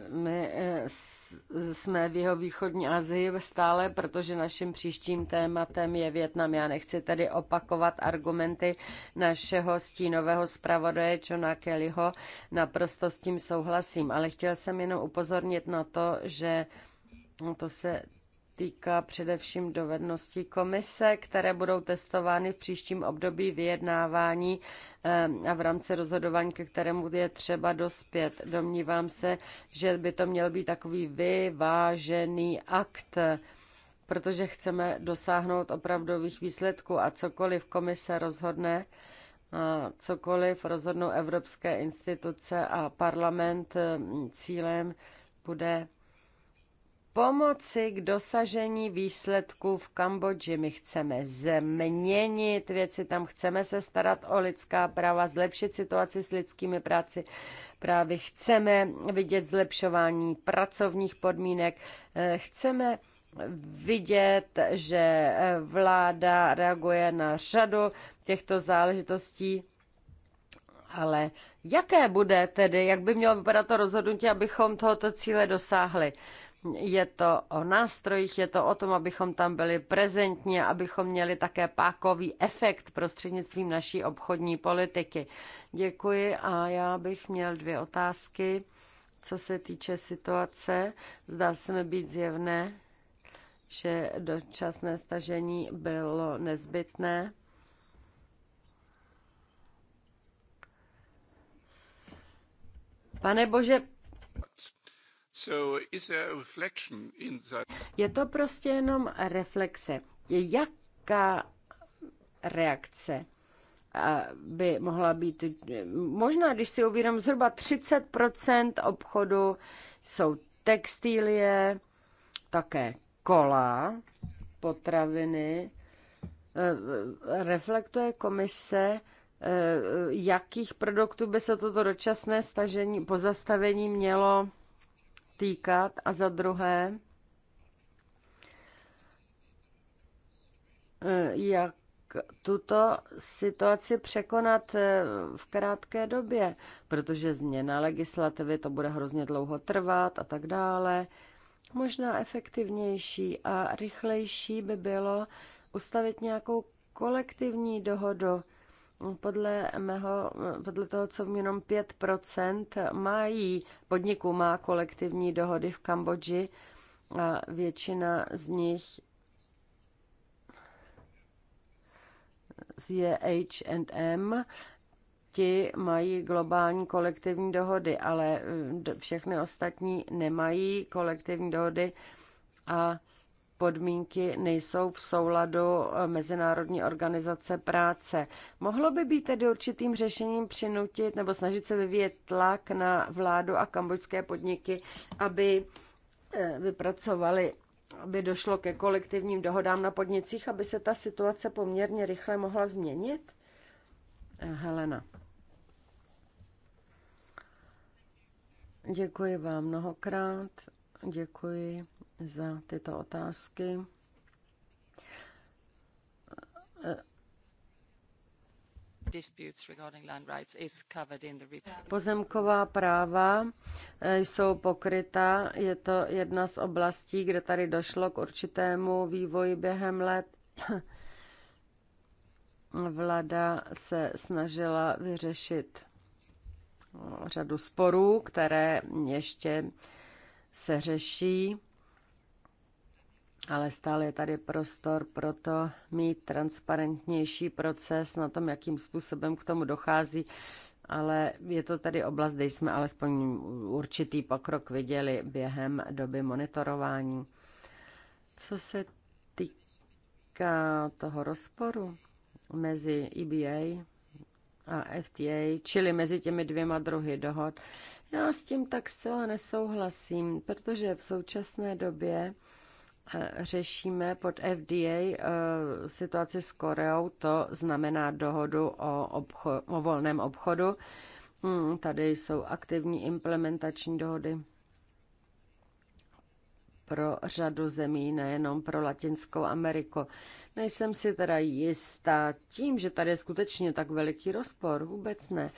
my eh, jsme v jeho východní Asii stále, protože naším příštím tématem je Větnam. Já nechci tedy opakovat argumenty našeho stínového zpravodaje Johna Kellyho, naprosto s tím souhlasím, ale chtěl jsem jenom upozornit na to, že to se týká především dovedností komise, které budou testovány v příštím období vyjednávání eh, a v rámci rozhodování, ke kterému je třeba dospět. Domnívám se, že by to měl být takový vyvážený akt protože chceme dosáhnout opravdových výsledků a cokoliv komise rozhodne, a cokoliv rozhodnou evropské instituce a parlament eh, cílem bude pomoci k dosažení výsledků v Kambodži. My chceme změnit věci tam, chceme se starat o lidská práva, zlepšit situaci s lidskými práci, právě chceme vidět zlepšování pracovních podmínek, eh, chceme vidět, že eh, vláda reaguje na řadu těchto záležitostí, ale jaké bude tedy, jak by mělo vypadat to rozhodnutí, abychom tohoto cíle dosáhli? Je to o nástrojích, je to o tom, abychom tam byli prezentně, abychom měli také pákový efekt prostřednictvím naší obchodní politiky. Děkuji a já bych měl dvě otázky, co se týče situace. Zdá se mi být zjevné, že dočasné stažení bylo nezbytné. Pane Bože, je to prostě jenom reflexe. Jaká reakce by mohla být? Možná, když si uvědomím, zhruba 30% obchodu jsou textilie, také kola, potraviny. E, reflektuje komise, e, jakých produktů by se toto dočasné stažení, pozastavení mělo týkat a za druhé, eh, jak tuto situaci překonat eh, v krátké době, protože změna legislativy to bude hrozně dlouho trvat a tak dále. Možná efektivnější a rychlejší by bylo ustavit nějakou kolektivní dohodu podle, mého, podle toho, co v jenom 5% mají podniků má kolektivní dohody v Kambodži a většina z nich je H&M, ti mají globální kolektivní dohody, ale eh, všechny ostatní nemají kolektivní dohody a podmínky nejsou v souladu eh, Mezinárodní organizace práce. Mohlo by být tedy určitým řešením přinutit nebo snažit se vyvíjet tlak na vládu a kambodžské podniky, aby eh, vypracovali aby došlo ke kolektivním dohodám na podnicích, aby se ta situace poměrně rychle mohla změnit? Eh, Helena. Děkuji vám mnohokrát. Děkuji za tyto otázky. Pozemková práva eh, jsou pokryta. Je to jedna z oblastí, kde tady došlo k určitému vývoji během let. Vláda se snažila vyřešit eh, řadu sporů, které ještě se řeší ale stále je tady prostor pro to mít transparentnější proces na tom, jakým způsobem k tomu dochází, ale je to tady oblast, kde jsme alespoň určitý pokrok viděli během doby monitorování. Co se týká toho rozporu mezi EBA a FTA, čili mezi těmi dvěma druhy dohod, já s tím tak zcela nesouhlasím, protože v současné době Eh, řešíme pod FDA eh, situaci s Koreou, to znamená dohodu o, obcho- o volném obchodu. Hmm, tady jsou aktivní implementační dohody pro řadu zemí, nejenom pro Latinskou Ameriku. Nejsem si teda jistá tím, že tady je skutečně tak veliký rozpor, vůbec ne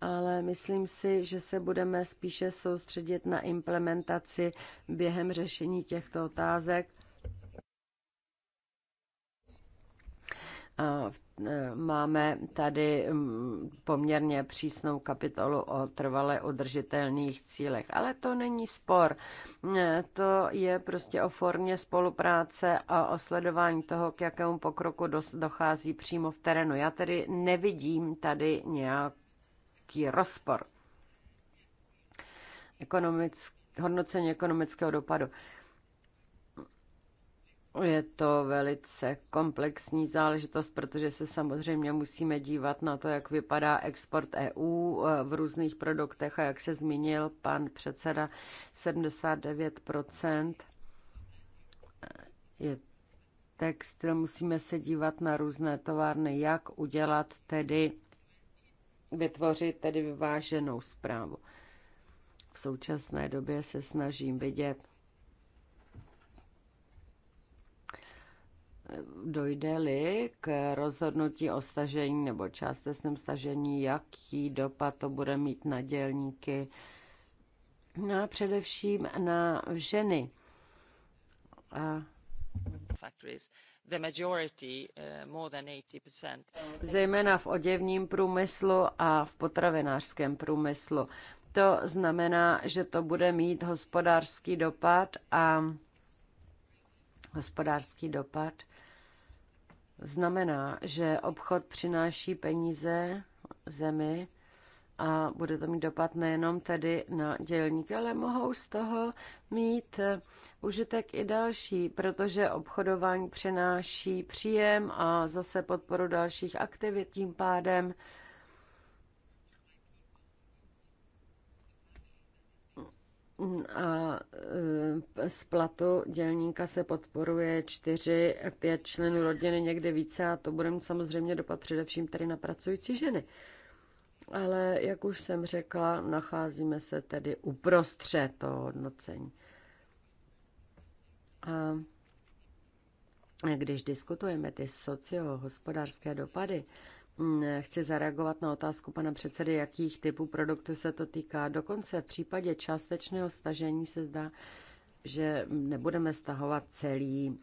ale myslím si, že se budeme spíše soustředit na implementaci během řešení těchto otázek. E, máme tady mm, poměrně přísnou kapitolu o trvale udržitelných cílech, ale to není spor. E, to je prostě o formě spolupráce a o sledování toho, k jakému pokroku dochází přímo v terénu. Já tedy nevidím tady nějak velký rozpor. Ekonomick, hodnocení ekonomického dopadu. Je to velice komplexní záležitost, protože se samozřejmě musíme dívat na to, jak vypadá export EU eh, v různých produktech a jak se zmínil pan předseda, 79 eh, je textil. Musíme se dívat na různé továrny, jak udělat tedy vytvořit tedy vyváženou zprávu. V současné době se snažím vidět, dojde-li k rozhodnutí o stažení nebo částečném stažení, jaký dopad to bude mít na dělníky, no a především na ženy. A Eh, zejména v oděvním průmyslu a v potravinářském průmyslu. To znamená, že to bude mít hospodářský dopad a hospodářský dopad znamená, že obchod přináší peníze zemi a bude to mít dopad nejenom tedy na dělníky, ale mohou z toho mít eh, užitek i další, protože obchodování přináší příjem a zase podporu dalších aktivit tím pádem. a eh, z platu dělníka se podporuje čtyři, pět členů rodiny, někde více a to bude samozřejmě dopad především tady na pracující ženy. Ale jak už jsem řekla, nacházíme se tedy uprostřed toho hodnocení. A když diskutujeme ty sociohospodářské dopady, mm, chci zareagovat na otázku pana předsedy, jakých typů produktů se to týká. Dokonce v případě částečného stažení se zdá, že nebudeme stahovat celý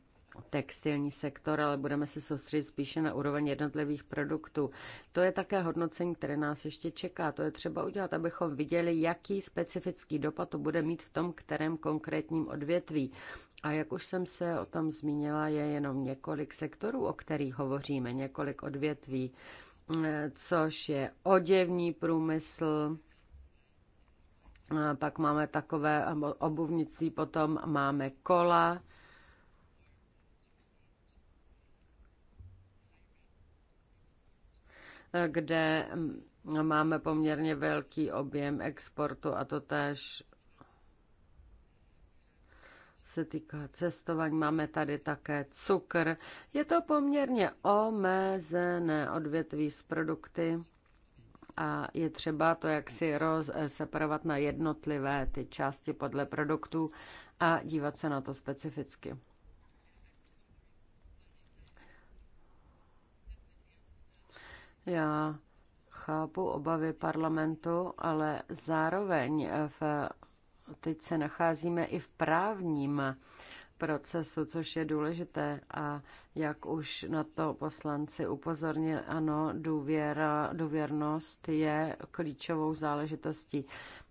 textilní sektor, ale budeme se soustředit spíše na úroveň jednotlivých produktů. To je také hodnocení, které nás ještě čeká. To je třeba udělat, abychom viděli, jaký specifický dopad to bude mít v tom, kterém konkrétním odvětví. A jak už jsem se o tom zmínila, je jenom několik sektorů, o kterých hovoříme, několik odvětví, eh, což je oděvní průmysl, eh, pak máme takové obuvnictví, potom máme kola, kde máme poměrně velký objem exportu a to tež se týká cestování, máme tady také cukr. Je to poměrně omezené odvětví s produkty a je třeba to jaksi si eh, separovat na jednotlivé ty části podle produktů a dívat se na to specificky. Já chápu obavy parlamentu, ale zároveň v, teď se nacházíme i v právním procesu, což je důležité. A jak už na to poslanci upozornili, ano, důvěra, důvěrnost je klíčovou záležitostí.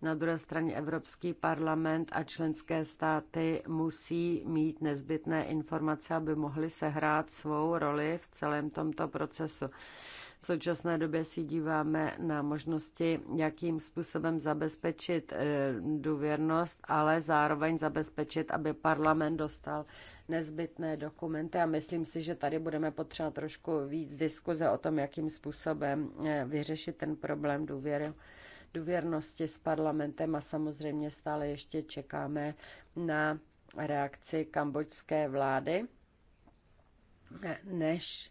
Na druhé straně Evropský parlament a členské státy musí mít nezbytné informace, aby mohly sehrát svou roli v celém tomto procesu. V současné době si díváme na možnosti, jakým způsobem zabezpečit eh, důvěrnost, ale zároveň zabezpečit, aby parlament dostal nezbytné dokumenty a myslím si, že tady budeme potřebovat trošku víc diskuze o tom, jakým způsobem eh, vyřešit ten problém důvěry důvěrnosti s parlamentem a samozřejmě stále ještě čekáme na reakci kambočské vlády, eh, než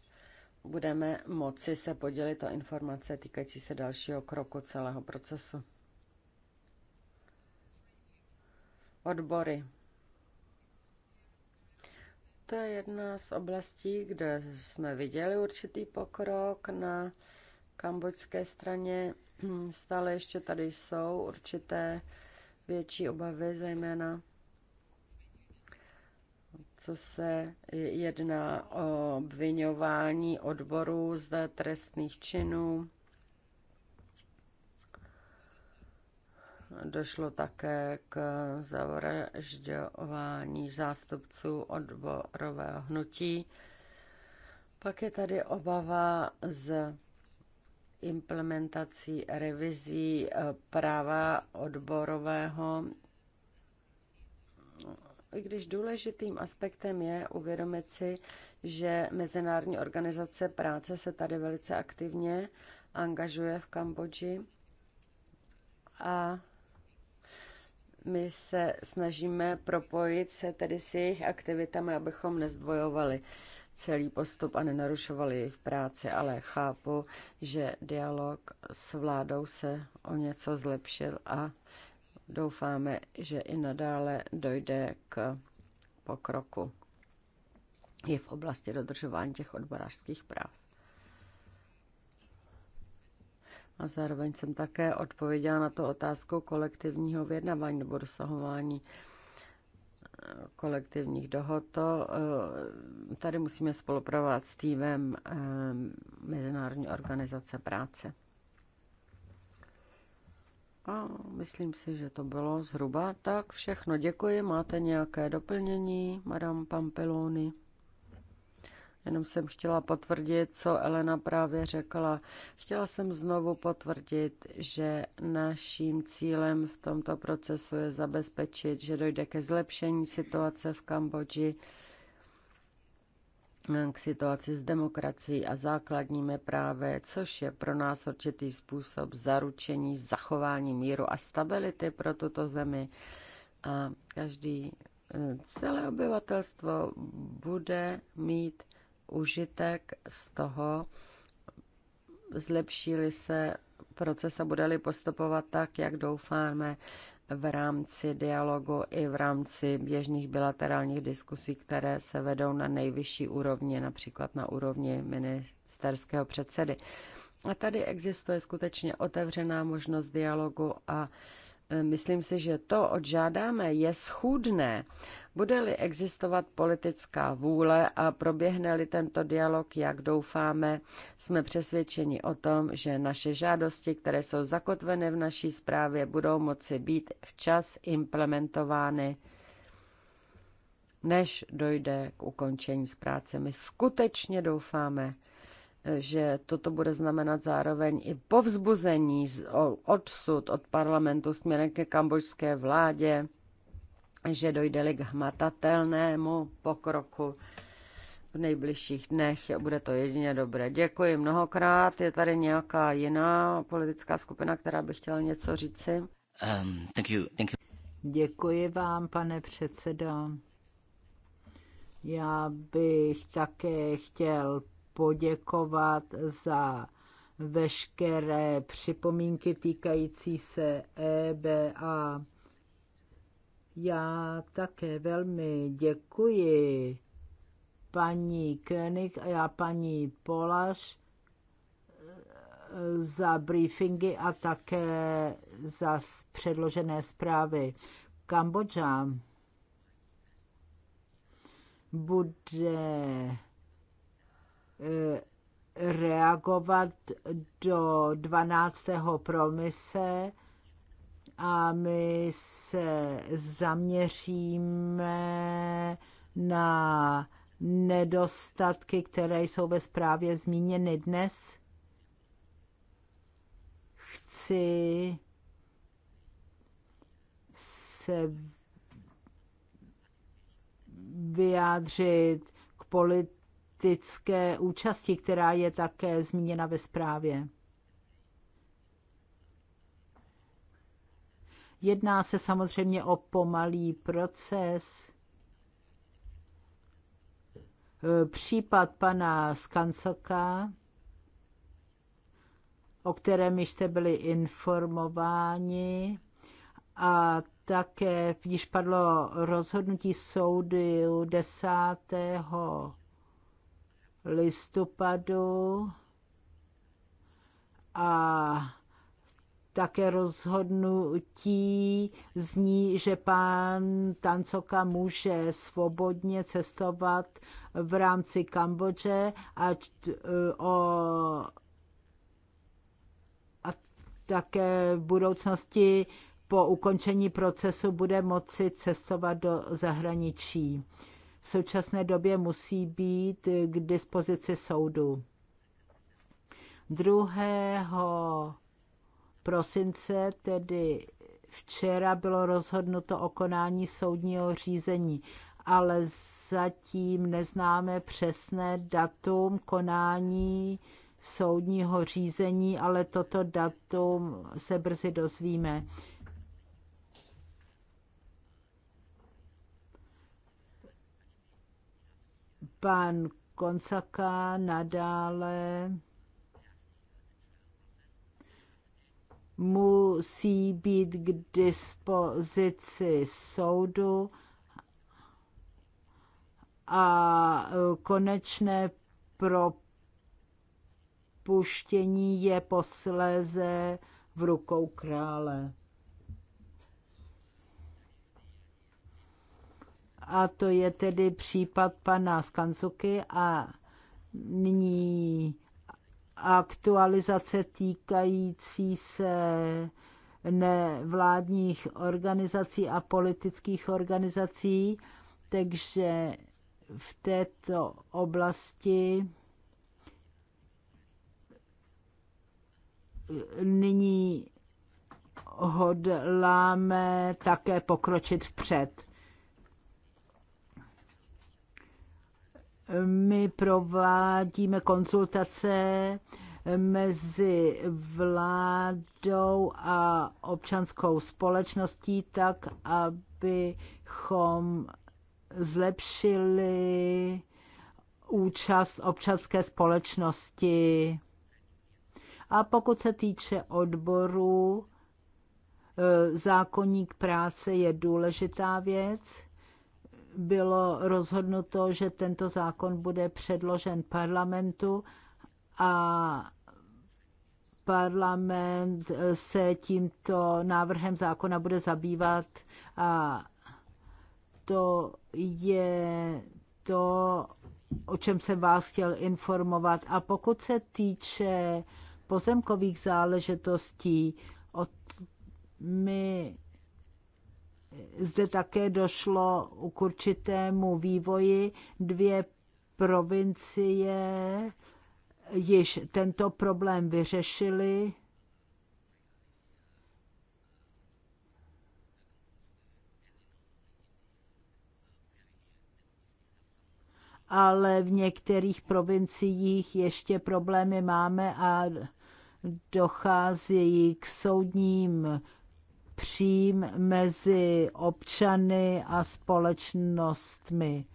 budeme moci se podělit o informace týkající se dalšího kroku celého procesu. Odbory. To je jedna z oblastí, kde jsme viděli určitý pokrok na kambodžské straně. Stále ještě tady jsou určité větší obavy, zejména co se jedná o obvinování odborů z trestných činů. Došlo také k zavražďování zástupců odborového hnutí. Pak je tady obava z implementací revizí eh, práva odborového i když důležitým aspektem je uvědomit si, že Mezinárodní organizace práce se tady velice aktivně angažuje v Kambodži a my se snažíme propojit se tedy s jejich aktivitami, abychom nezdvojovali celý postup a nenarušovali jejich práci, ale chápu, že dialog s vládou se o něco zlepšil a doufáme, že i nadále dojde k pokroku i v oblasti dodržování těch odborářských práv. A zároveň jsem také odpověděla na to otázku kolektivního vyjednávání nebo dosahování eh, kolektivních dohod. To, eh, tady musíme spolupracovat s týmem eh, Mezinárodní organizace práce. A myslím si, že to bylo zhruba tak všechno. Děkuji. Máte nějaké doplnění, madam Pampeloni? Jenom jsem chtěla potvrdit, co Elena právě řekla. Chtěla jsem znovu potvrdit, že naším cílem v tomto procesu je zabezpečit, že dojde ke zlepšení situace v Kambodži k situaci s demokracií a základními právy, což je pro nás určitý způsob zaručení zachování míru a stability pro tuto zemi. A každý, eh, celé obyvatelstvo bude mít užitek z toho, zlepší se proces a bude-li postupovat tak, jak doufáme, v rámci dialogu i v rámci běžných bilaterálních diskusí, které se vedou na nejvyšší úrovni, například na úrovni ministerského předsedy. A tady existuje skutečně otevřená možnost dialogu a e, myslím si, že to odžádáme je schůdné bude-li existovat politická vůle a proběhne-li tento dialog, jak doufáme, jsme přesvědčeni o tom, že naše žádosti, které jsou zakotvené v naší zprávě, budou moci být včas implementovány než dojde k ukončení s práce. My skutečně doufáme, že toto bude znamenat zároveň i povzbuzení odsud od parlamentu směrem ke kambožské vládě, že dojde k hmatatelnému pokroku v nejbližších dnech. Bude to jedině dobré. Děkuji mnohokrát. Je tady nějaká jiná politická skupina, která by chtěla něco říci? Um, thank you, thank you. Děkuji vám, pane předsedo. Já bych také chtěl poděkovat za veškeré připomínky týkající se EBA. Já také velmi děkuji paní König a já paní Polaš eh, za briefingy a také za předložené zprávy. Kambodža bude eh, reagovat do 12. promise a my se zaměříme na nedostatky, které jsou ve zprávě zmíněny dnes. Chci se vyjádřit k politické účasti, která je také zmíněna ve zprávě. Jedná se samozřejmě o pomalý proces. Případ pana Skancoka, o kterém jste byli informováni, a také již padlo rozhodnutí soudu 10. listopadu a také rozhodnutí zní, že pán Tancoka může svobodně cestovat v rámci Kambodže a, o, a také v budoucnosti po ukončení procesu bude moci cestovat do zahraničí. V současné době musí být k dispozici soudu. 2 prosince, tedy včera, bylo rozhodnuto o konání soudního řízení, ale zatím neznáme přesné datum konání soudního řízení, ale toto datum se brzy dozvíme. Pan Koncaka nadále musí být k dispozici soudu a konečné propuštění je posléze v rukou krále. A to je tedy případ pana Skancuky a nyní aktualizace týkající se nevládních organizací a politických organizací, takže v této oblasti nyní hodláme také pokročit vpřed. my provádíme konzultace mezi vládou a občanskou společností tak, abychom zlepšili účast občanské společnosti. A pokud se týče odboru, e, zákonník práce je důležitá věc bylo rozhodnuto, že tento zákon bude předložen parlamentu a parlament se tímto návrhem zákona bude zabývat a to je to, o čem jsem vás chtěl informovat. A pokud se týče pozemkových záležitostí, od, my zde také došlo k určitému vývoji. Dvě provincie již tento problém vyřešili. ale v některých provinciích ještě problémy máme a dochází k soudním přím mezi občany a společnostmi.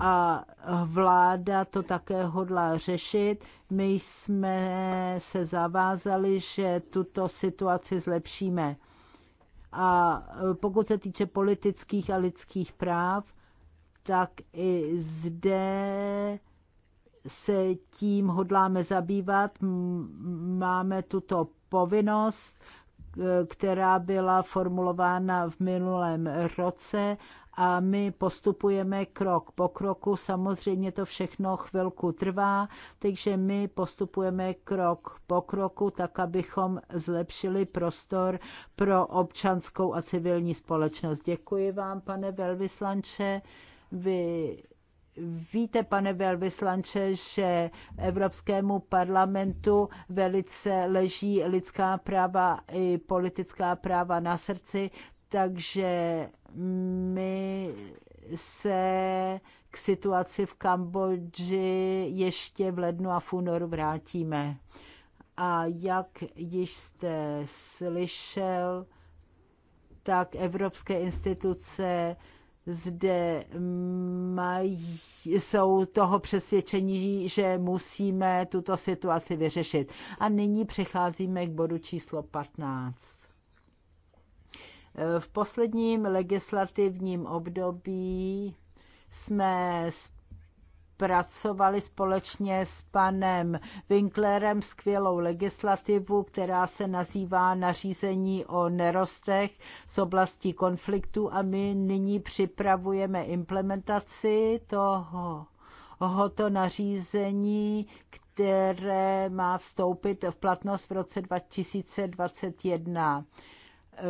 A vláda to také hodlá řešit. My jsme se zavázali, že tuto situaci zlepšíme. A pokud se týče politických a lidských práv, tak i zde se tím hodláme zabývat. Máme tuto povinnost, eh, která byla formulována v minulém roce a my postupujeme krok po kroku. Samozřejmě to všechno chvilku trvá, takže my postupujeme krok po kroku, tak abychom zlepšili prostor pro občanskou a civilní společnost. Děkuji vám, pane velvyslanče. Vy Víte, pane velvyslanče, že Evropskému parlamentu velice leží lidská práva i politická práva na srdci, takže my se k situaci v Kambodži ještě v lednu a v únoru vrátíme. A jak již jste slyšel, tak evropské instituce zde mají, jsou toho přesvědčení, že musíme tuto situaci vyřešit. A nyní přecházíme k bodu číslo 15. V posledním legislativním období jsme pracovali společně s panem Winklerem skvělou legislativu, která se nazývá nařízení o nerostech z oblasti konfliktu a my nyní připravujeme implementaci toho tohoto nařízení, které má vstoupit v platnost v roce 2021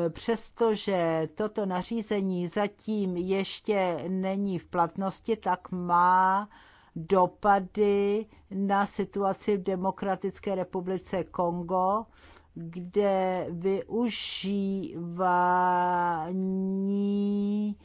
přestože toto nařízení zatím ještě není v platnosti, tak má dopady na situaci v Demokratické republice Kongo, kde využívání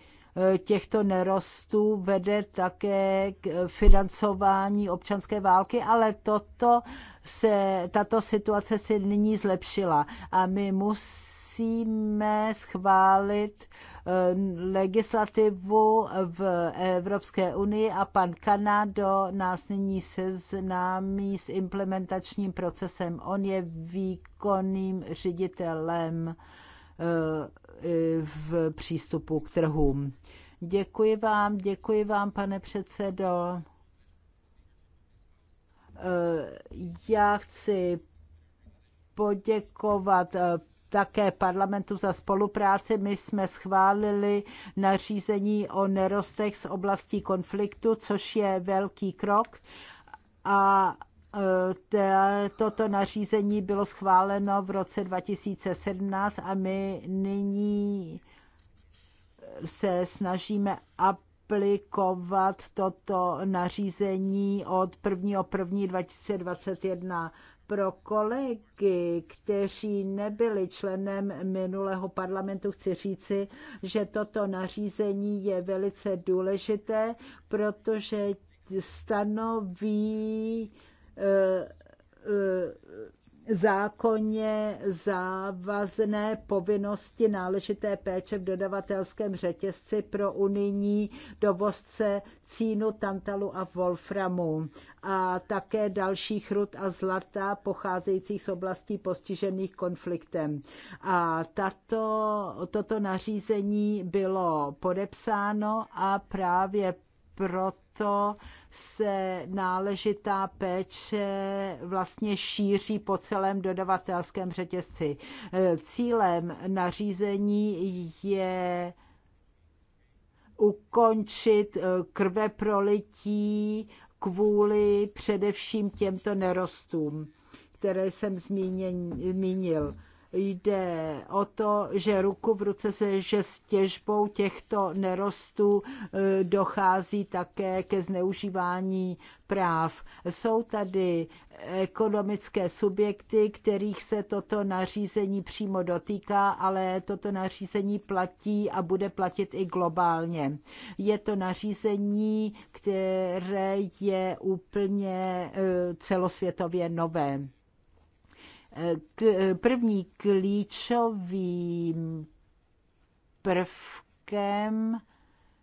eh, těchto nerostů vede také k financování občanské války, ale toto se, tato situace se nyní zlepšila a my musíme musíme schválit ehm, legislativu v Evropské unii a pan Kanado nás nyní seznámí s implementačním procesem. On je výkonným ředitelem eh, v přístupu k trhům. Děkuji vám, děkuji vám, pane předsedo. Eh, já chci poděkovat eh, také parlamentu za spolupráci. My jsme schválili nařízení o nerostech z oblastí konfliktu, což je velký krok. A e, toto nařízení bylo schváleno v roce 2017 a my nyní se snažíme aplikovat toto nařízení od 1.1.2021. Pro kolegy, kteří nebyli členem minulého parlamentu, chci říci, že toto nařízení je velice důležité, protože stanoví eh, eh, zákonně závazné povinnosti náležité péče v dodavatelském řetězci pro unijní dovozce cínu, tantalu a wolframu a také dalších rud a zlata pocházejících z oblastí postižených konfliktem. A tato, toto nařízení bylo podepsáno a právě proto se náležitá péče vlastně šíří po celém dodavatelském řetězci. Cílem nařízení je ukončit krveprolití kvůli především těmto nerostům, které jsem zmínil jde o to, že ruku v ruce se, že s těžbou těchto nerostů e, dochází také ke zneužívání práv. Jsou tady ekonomické subjekty, kterých se toto nařízení přímo dotýká, ale toto nařízení platí a bude platit i globálně. Je to nařízení, které je úplně e, celosvětově nové. K, první klíčovým prvkem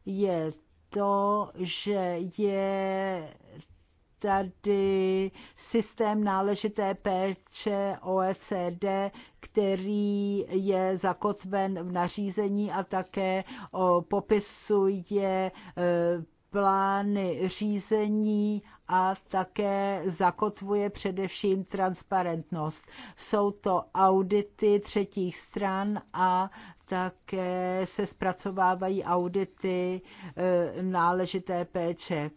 je to, že je tady systém náležité péče OECD, který je zakotven v nařízení a také popisuje eh, plány řízení a také zakotvuje především transparentnost. Jsou to audity třetích stran a také se zpracovávají audity e, náležité péče.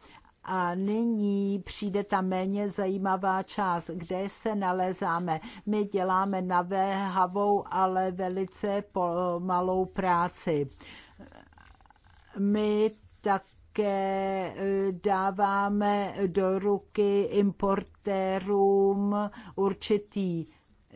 A nyní přijde ta méně zajímavá část, kde se nalézáme. My děláme navéhavou, ale velice pomalou práci. My tak také eh, dáváme do ruky importérům určitý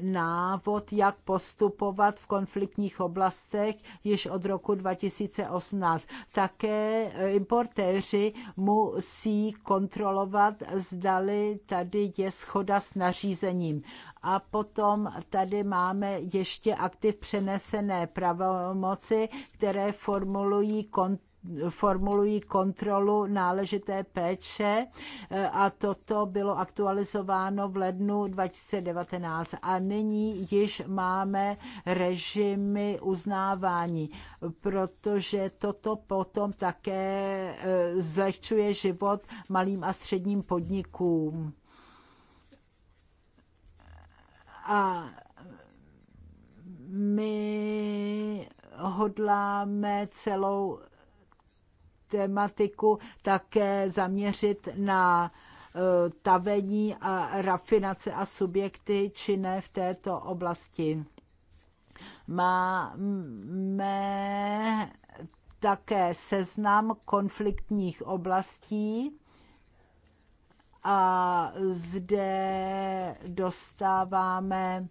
návod, jak postupovat v konfliktních oblastech již od roku 2018. Také eh, importéři musí kontrolovat, zdali tady je schoda s nařízením. A potom tady máme ještě aktiv přenesené pravomoci, které formulují kontrolu formulují kontrolu náležité péče eh, a toto bylo aktualizováno v lednu 2019 a nyní již máme režimy uznávání, protože toto potom také eh, zlehčuje život malým a středním podnikům. A my hodláme celou tematiku také zaměřit na eh, tavení a rafinace a subjekty činné v této oblasti. Máme také seznam konfliktních oblastí a zde dostáváme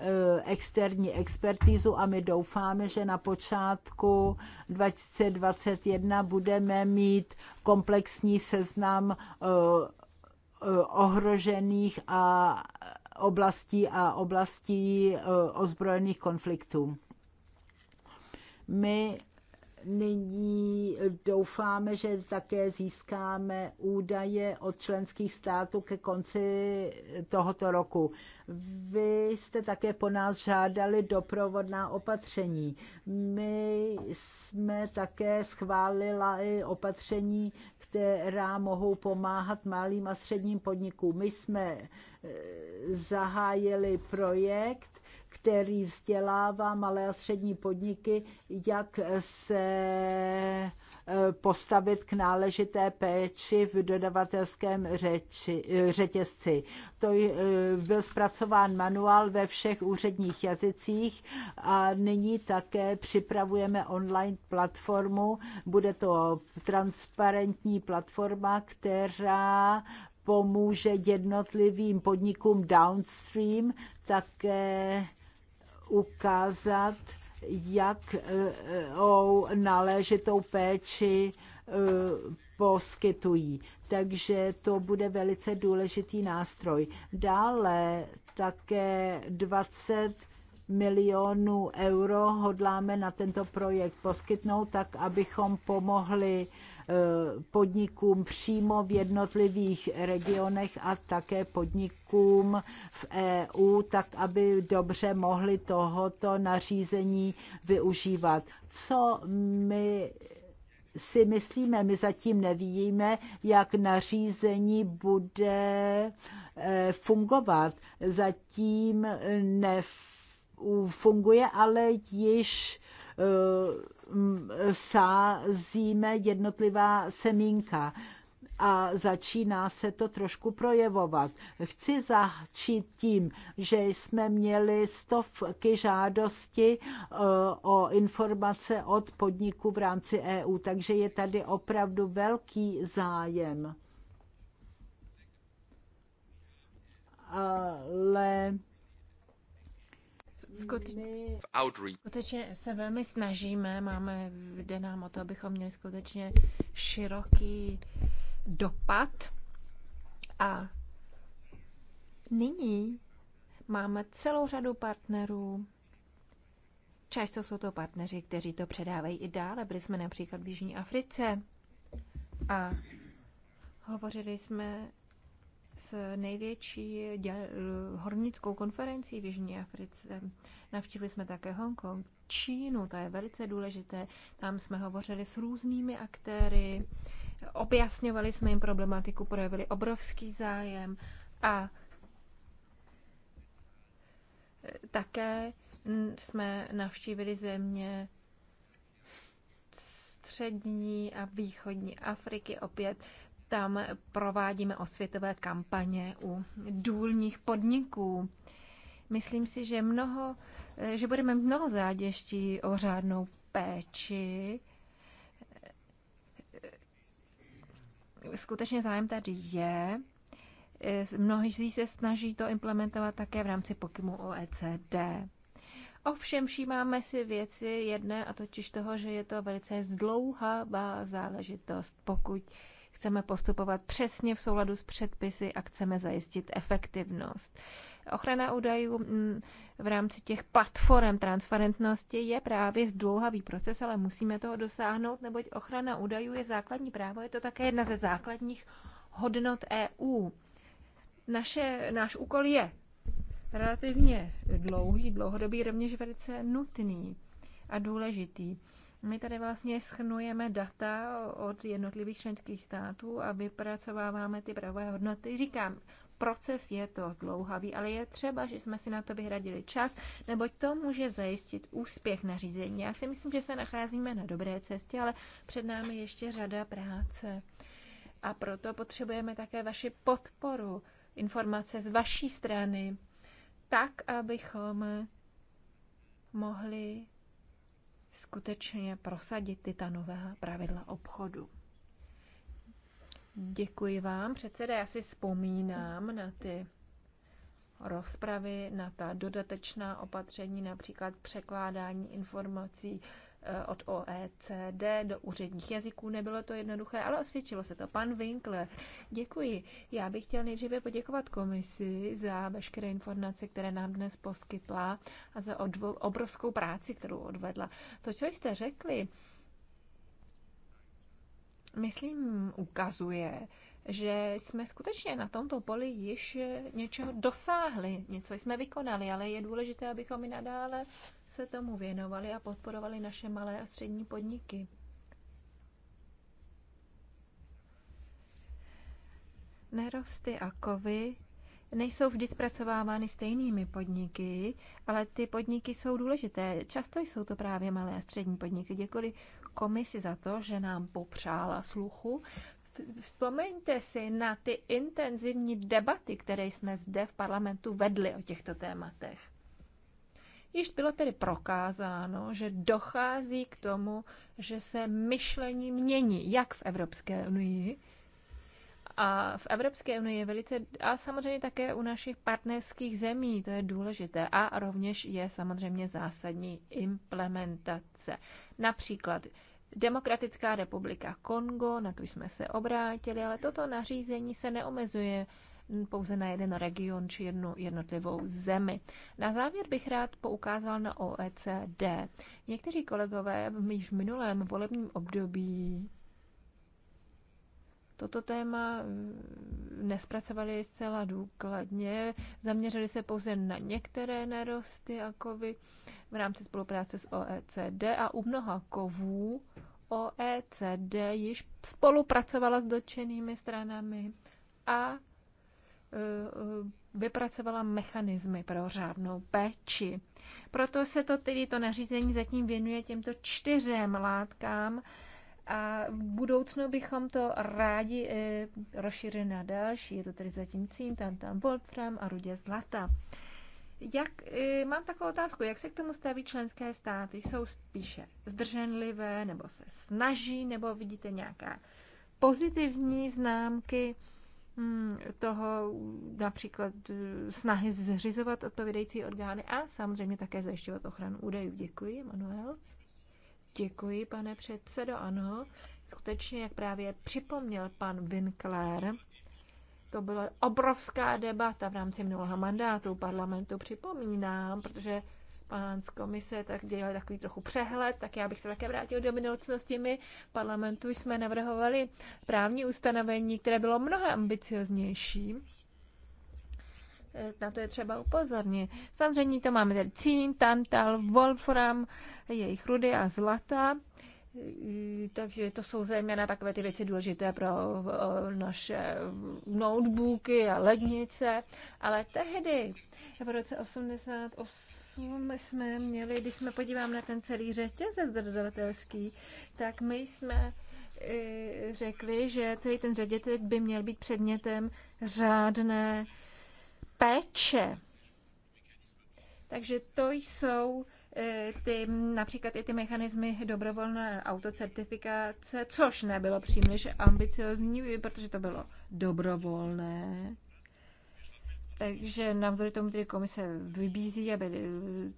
Eh, externí expertízu a my doufáme, že na počátku 2021 budeme mít komplexní seznam eh, eh, ohrožených a oblastí a oblastí ozbrojených konfliktů. My Nyní doufáme, že také získáme údaje od členských států ke konci tohoto roku. Vy jste také po nás žádali doprovodná opatření. My jsme také schválili i opatření, která mohou pomáhat malým a středním podnikům. My jsme eh, zahájili projekt, který vzdělává malé a střední podniky, jak se eh, postavit k náležité péči v dodavatelském řeči, eh, řetězci. To eh, byl zpracován manuál ve všech úředních jazycích a nyní také připravujeme online platformu. Bude to transparentní platforma, která pomůže jednotlivým podnikům downstream také ukázat, jak e, e, o náležitou péči e, poskytují. Takže to bude velice důležitý nástroj. Dále také 20 milionů euro hodláme na tento projekt poskytnout, tak abychom pomohli Eh, podnikům přímo v jednotlivých regionech a také podnikům v EU, tak aby dobře mohli tohoto nařízení využívat. Co my si myslíme, my zatím nevíme, jak nařízení bude eh, fungovat. Zatím nefunguje, ale již eh, sázíme jednotlivá semínka a začíná se to trošku projevovat. Chci začít tím, že jsme měli stovky žádosti e, o informace od podniků v rámci EU, takže je tady opravdu velký zájem. Ale skutečně, skutečně se velmi snažíme, máme, jde nám o to, abychom měli skutečně široký dopad a nyní máme celou řadu partnerů, Často jsou to partneři, kteří to předávají i dále. Byli jsme například v Jižní Africe a hovořili jsme s největší děl, hornickou konferencí v Jižní Africe. Navštívili jsme také Hongkong, Čínu, to je velice důležité. Tam jsme hovořili s různými aktéry, objasňovali jsme jim problematiku, projevili obrovský zájem a také jsme navštívili země střední a východní Afriky. Opět tam provádíme osvětové kampaně u důlních podniků. Myslím si, že, mnoho, že budeme mnoho záděští o řádnou péči. Skutečně zájem tady je. z se snaží to implementovat také v rámci pokymu OECD. Ovšem všímáme si věci jedné a totiž toho, že je to velice zdlouhavá záležitost, pokud Chceme postupovat přesně v souladu s předpisy a chceme zajistit efektivnost. Ochrana údajů mm, v rámci těch platform transparentnosti je právě zdlouhavý proces, ale musíme toho dosáhnout, neboť ochrana údajů je základní právo, je to také jedna ze základních hodnot EU. Naše, náš úkol je relativně dlouhý, dlouhodobý, rovněž velice nutný a důležitý. My tady vlastně schnujeme data od jednotlivých členských států a vypracováváme ty pravé hodnoty. Říkám, proces je to zdlouhavý, ale je třeba, že jsme si na to vyhradili čas, neboť to může zajistit úspěch nařízení. Já si myslím, že se nacházíme na dobré cestě, ale před námi ještě řada práce. A proto potřebujeme také vaši podporu, informace z vaší strany, tak, abychom mohli skutečně prosadit ta nová pravidla obchodu. Děkuji vám, předseda. Já si vzpomínám na ty rozpravy, na ta dodatečná opatření, například překládání informací Eh, od OECD do úředních jazyků. Nebylo to jednoduché, ale osvědčilo se to. Pan Winkler, děkuji. Já bych chtěl nejdříve poděkovat komisi za veškeré informace, které nám dnes poskytla a za obrovskou práci, kterou odvedla. To, co jste řekli, myslím, ukazuje, že jsme skutečně na tomto poli již něčeho dosáhli, něco jsme vykonali, ale je důležité, abychom i nadále se tomu věnovali a podporovali naše malé a střední podniky. Nerosty a kovy nejsou vždy zpracovávány stejnými podniky, ale ty podniky jsou důležité. Často jsou to právě malé a střední podniky. Děkuji komisi za to, že nám popřála sluchu, Vzpomeňte si na ty intenzivní debaty, které jsme zde v parlamentu vedli o těchto tématech. Již bylo tedy prokázáno, že dochází k tomu, že se myšlení mění, jak v Evropské unii, a v Evropské unii je velice, a samozřejmě také u našich partnerských zemí, to je důležité. A rovněž je samozřejmě zásadní implementace. Například Demokratická republika Kongo, na tu jsme se obrátili, ale toto nařízení se neomezuje pouze na jeden region či jednu jednotlivou zemi. Na závěr bych rád poukázal na OECD. Někteří kolegové již v minulém volebním období toto téma mm, nespracovali zcela důkladně, zaměřili se pouze na některé nerosty a kovy v rámci spolupráce s OECD a u mnoha kovů OECD již spolupracovala s dotčenými stranami a e, e, vypracovala mechanismy pro řádnou péči. Proto se to tedy to nařízení zatím věnuje těmto čtyřem látkám, a v budoucnu bychom to rádi eh, rozšířili na další. Je to tedy zatím cín, tam tam wolfram a rudě zlata. Jak, eh, mám takovou otázku, jak se k tomu staví členské státy? Jsou spíše zdrženlivé, nebo se snaží, nebo vidíte nějaké pozitivní známky hm, toho například eh, snahy zřizovat odpovědející orgány a samozřejmě také zajišťovat ochranu údajů. Děkuji, Manuel. Děkuji, pane předsedo. Ano, skutečně, jak právě připomněl pan Winkler, to byla obrovská debata v rámci minulého mandátu parlamentu, připomínám, protože pán z komise tak dělal takový trochu přehled, tak já bych se také vrátil do minulosti. My v parlamentu jsme navrhovali právní ustanovení, které bylo mnohem ambicioznější na to je třeba upozornit. Samozřejmě to máme tady cín, tantal, wolfram, jejich rudy a zlata. Takže to jsou zejména takové ty věci důležité pro naše notebooky a lednice. Ale tehdy, v roce 88, jsme měli, když jsme podíváme na ten celý řetězec dodavatelský, tak my jsme e, řekli, že celý ten řetězec by měl být předmětem řádné péče. Takže to jsou eh, ty, například i ty mechanismy dobrovolné autocertifikace, což nebylo příliš ambiciozní, protože to bylo dobrovolné. Takže navzdory tomu tedy komise vybízí, aby eh,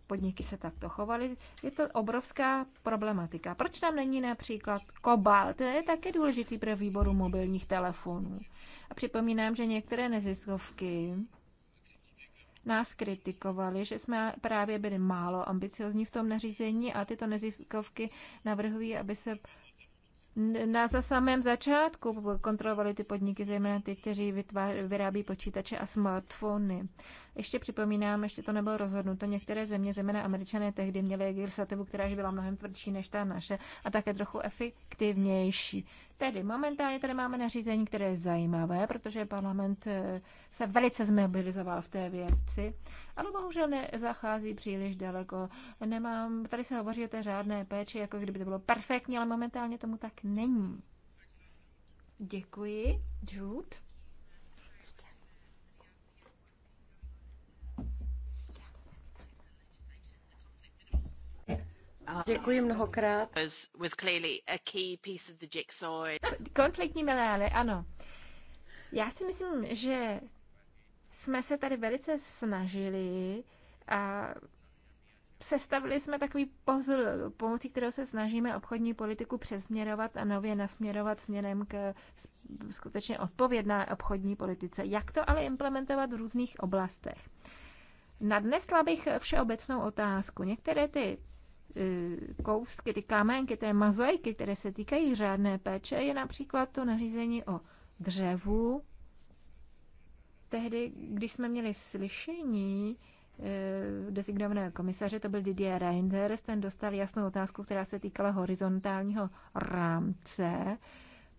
podniky se takto chovaly. Je to obrovská problematika. Proč tam není například kobalt? To je také důležitý pro výboru mobilních telefonů. A připomínám, že některé neziskovky nás kritikovali, že jsme právě byli málo ambiciozní v tom nařízení a tyto neziskovky navrhují, aby se na za samém začátku kontrolovali ty podniky, zejména ty, kteří vytváří, vyrábí počítače a smartfony. Ještě připomínám, ještě to nebylo rozhodnuto. Některé země, zejména američané, tehdy měly legislativu, která už byla mnohem tvrdší než ta naše a také trochu efektivnější. Tedy momentálně tady máme nařízení, které je zajímavé, protože parlament eh, se velice zmobilizoval v té věci, ale bohužel nezachází příliš daleko. Nemám, tady se hovoří o té řádné péči, jako kdyby to bylo perfektní, ale momentálně tomu tak není. Děkuji, Jude. Děkuji mnohokrát. Was, was clearly a key piece of the jigsaw. Konfliktní milény, ano. Já si myslím, že jsme se tady velice snažili a sestavili jsme takový puzzle, pomocí kterého se snažíme obchodní politiku přesměrovat a nově nasměrovat směrem k skutečně odpovědné obchodní politice. Jak to ale implementovat v různých oblastech? Nadnesla bych všeobecnou otázku. Některé ty E, kousky, ty kamenky, ty mozaiky, které se týkají řádné péče, je například to nařízení o dřevu. Tehdy, když jsme měli slyšení e, designovaného komisaře, to byl Didier Reinders, ten dostal jasnou otázku, která se týkala horizontálního rámce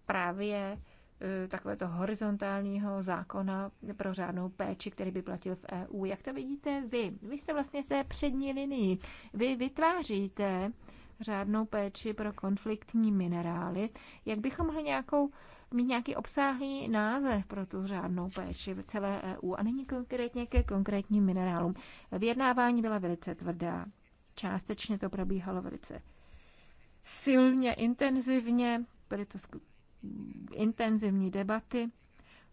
právě Eh, takovéto horizontálního zákona pro řádnou péči, který by platil v EU. Jak to vidíte vy? Vy jste vlastně v té přední linii. Vy vytváříte řádnou péči pro konfliktní minerály. Jak bychom mohli nějakou, mít nějaký obsáhlý název pro tu řádnou péči v celé EU a není konkrétně ke konkrétním minerálům. Vyjednávání byla velice tvrdá. Částečně to probíhalo velice silně, intenzivně. Byly to intenzivní debaty.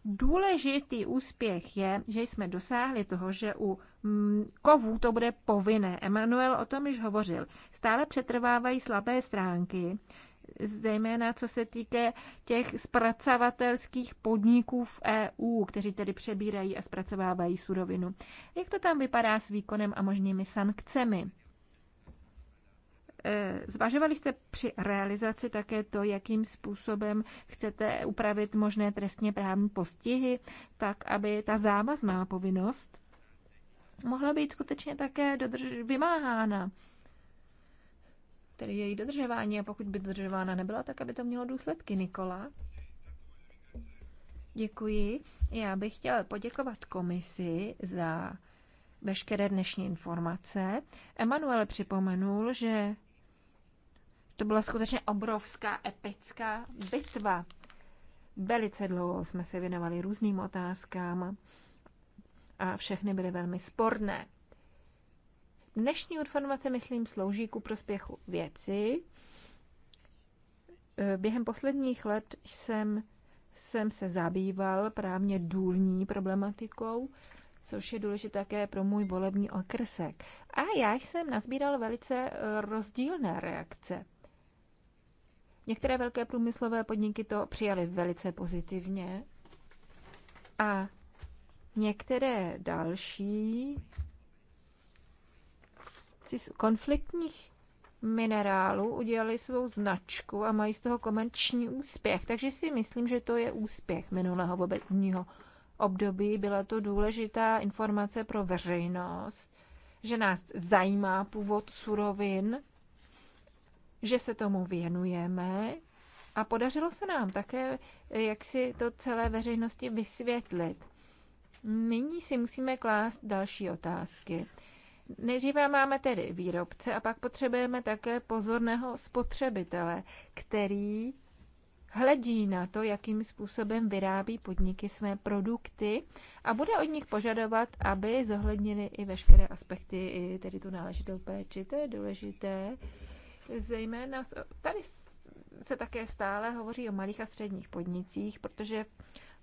Důležitý úspěch je, že jsme dosáhli toho, že u mm, kovů to bude povinné. Emanuel o tom již hovořil. Stále přetrvávají slabé stránky, zejména co se týká těch zpracovatelských podniků v EU, kteří tedy přebírají a zpracovávají surovinu. Jak to tam vypadá s výkonem a možnými sankcemi? Eh, zvažovali jste při realizaci také to, jakým způsobem chcete upravit možné trestně právní postihy, tak aby ta závazná povinnost mohla být skutečně také dodrž- vymáhána tedy její dodržování a pokud by dodržována nebyla, tak aby to mělo důsledky. Nikola? Děkuji. Já bych chtěla poděkovat komisi za veškeré dnešní informace. Emanuele připomenul, že to byla skutečně obrovská, epická bitva. Velice dlouho jsme se věnovali různým otázkám a všechny byly velmi sporné. Dnešní informace, myslím, slouží ku prospěchu věci. Během posledních let jsem, jsem se zabýval právně důlní problematikou, což je důležité také pro můj volební okrsek. A já jsem nazbíral velice eh, rozdílné reakce. Některé velké průmyslové podniky to přijaly velice pozitivně a některé další si z konfliktních minerálů udělali svou značku a mají z toho komerční úspěch. Takže si myslím, že to je úspěch minulého obecního období. Byla to důležitá informace pro veřejnost, že nás zajímá původ surovin že se tomu věnujeme a podařilo se nám také, eh, jak si to celé veřejnosti vysvětlit. Nyní si musíme klást další otázky. Nejdříve máme tedy výrobce a pak potřebujeme také pozorného spotřebitele, který hledí na to, jakým způsobem vyrábí podniky své produkty a bude od nich požadovat, aby zohlednili i veškeré aspekty, i tedy tu náležitou péči. To je důležité. Zejména tady se také stále hovoří o malých a středních podnicích, protože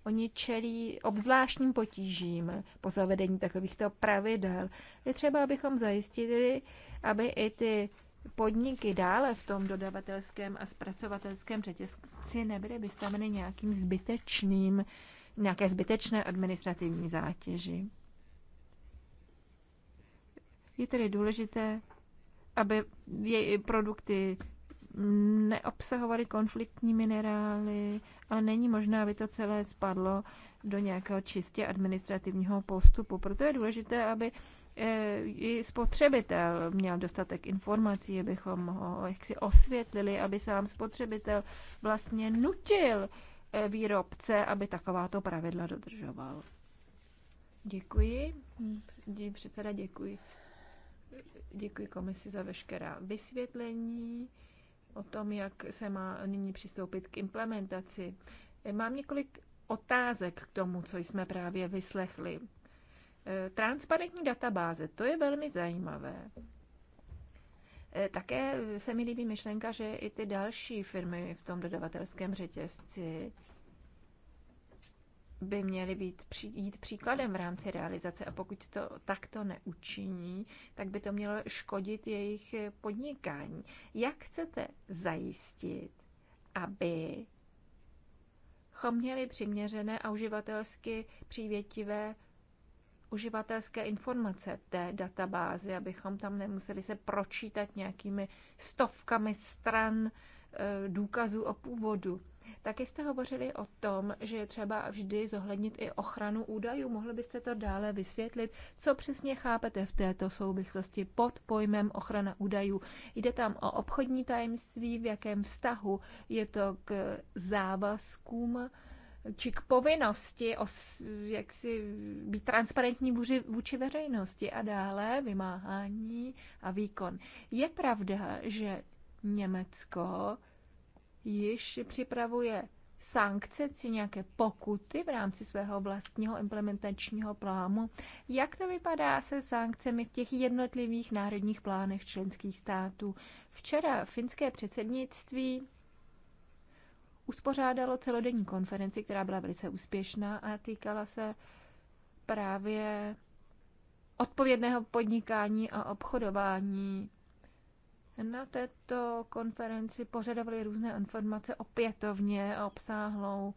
oni čelí obzvláštním potížím po zavedení takovýchto pravidel. Je třeba, abychom zajistili, aby i ty podniky dále v tom dodavatelském a zpracovatelském řetězci nebyly vystaveny nějakým zbytečným, nějaké zbytečné administrativní zátěži. Je tedy důležité aby její produkty neobsahovaly konfliktní minerály, ale není možné, aby to celé spadlo do nějakého čistě administrativního postupu. Proto je důležité, aby eh, i spotřebitel měl dostatek informací, abychom ho jaksi osvětlili, aby sám spotřebitel vlastně nutil eh, výrobce, aby takováto pravidla dodržoval. Děkuji. Hm, předseda, děkuji. Děkuji komisi za veškerá vysvětlení o tom, jak se má nyní přistoupit k implementaci. Eh, mám několik otázek k tomu, co jsme právě vyslechli. Eh, transparentní databáze, to je velmi zajímavé. Eh, také se mi líbí myšlenka, že i ty další firmy v tom dodavatelském řetězci by měly být, jít příkladem v rámci realizace a pokud to takto neučiní, tak by to mělo škodit jejich podnikání. Jak chcete zajistit, aby měli přiměřené a uživatelsky přívětivé uživatelské informace té databázy, abychom tam nemuseli se pročítat nějakými stovkami stran eh, důkazů o původu. Taky jste hovořili o tom, že je třeba vždy zohlednit i ochranu údajů. Mohli byste to dále vysvětlit, co přesně chápete v této souvislosti pod pojmem ochrana údajů. Jde tam o obchodní tajemství, v jakém vztahu je to k závazkům či k povinnosti os, jak si být transparentní vůči, vůči veřejnosti a dále vymáhání a výkon. Je pravda, že Německo již připravuje sankce či nějaké pokuty v rámci svého vlastního implementačního plánu. Jak to vypadá se sankcemi v těch jednotlivých národních plánech členských států? Včera finské předsednictví uspořádalo celodenní konferenci, která byla velice úspěšná a týkala se právě odpovědného podnikání a obchodování. Na této konferenci požadovali různé informace opětovně obsáhlou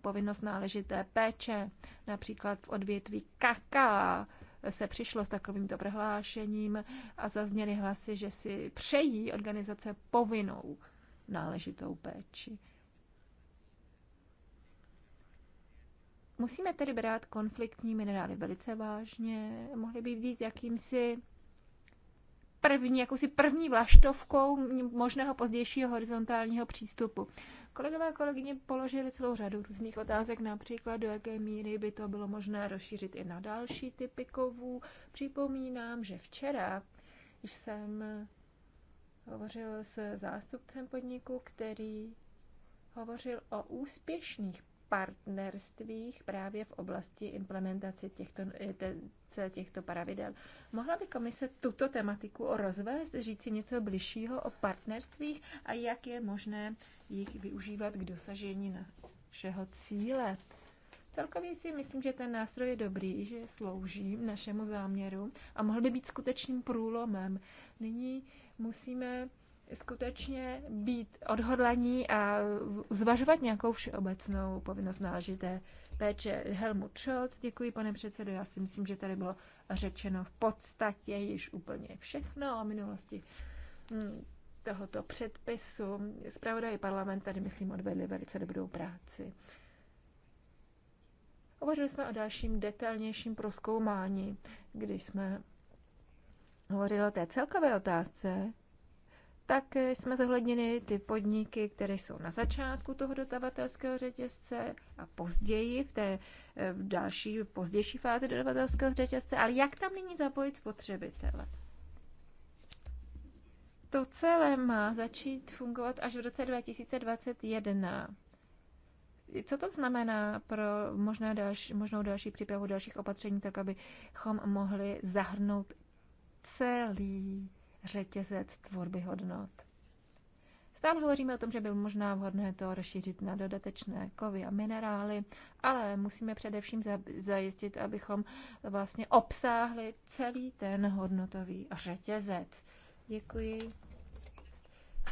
povinnost náležité péče. Například v odvětví kaká se přišlo s takovýmto prohlášením a zazněly hlasy, že si přejí organizace povinnou náležitou péči. Musíme tedy brát konfliktní minerály velice vážně. Mohly by být jakýmsi první, jakousi první vlaštovkou možného pozdějšího horizontálního přístupu. Kolegové a kolegyně položili celou řadu různých otázek, například do jaké míry by to bylo možné rozšířit i na další typy kovů. Připomínám, že včera jsem hovořil s zástupcem podniku, který hovořil o úspěšných partnerstvích právě v oblasti implementace těchto, eh, těchto pravidel. Mohla by komise tuto tematiku rozvést, si něco bližšího o partnerstvích a jak je možné jich využívat k dosažení našeho cíle? Celkově si myslím, že ten nástroj je dobrý, že slouží našemu záměru a mohl by být skutečným průlomem. Nyní musíme skutečně být odhodlaní a zvažovat nějakou všeobecnou povinnost náležité péče. Helmut Scholz, děkuji pane předsedo, já si myslím, že tady bylo řečeno v podstatě již úplně všechno o minulosti mm, tohoto předpisu. Zpravodaj parlament tady, myslím, odvedli velice dobrou práci. Hovořili jsme o dalším detailnějším proskoumání, když jsme hovořili o té celkové otázce, tak jsme zohlednili ty podniky, které jsou na začátku toho dodavatelského řetězce a později v té eh, v další, pozdější fázi dodavatelského řetězce, ale jak tam nyní zapojit spotřebitele? To celé má začít fungovat až v roce 2021. Co to znamená pro možná další, možnou další přípravu dalších opatření, tak abychom mohli zahrnout celý řetězec tvorby hodnot. Stále hovoříme o tom, že by možná vhodné to rozšířit na dodatečné kovy a minerály, ale musíme především zajistit, abychom vlastně obsáhli celý ten hodnotový řetězec. Děkuji.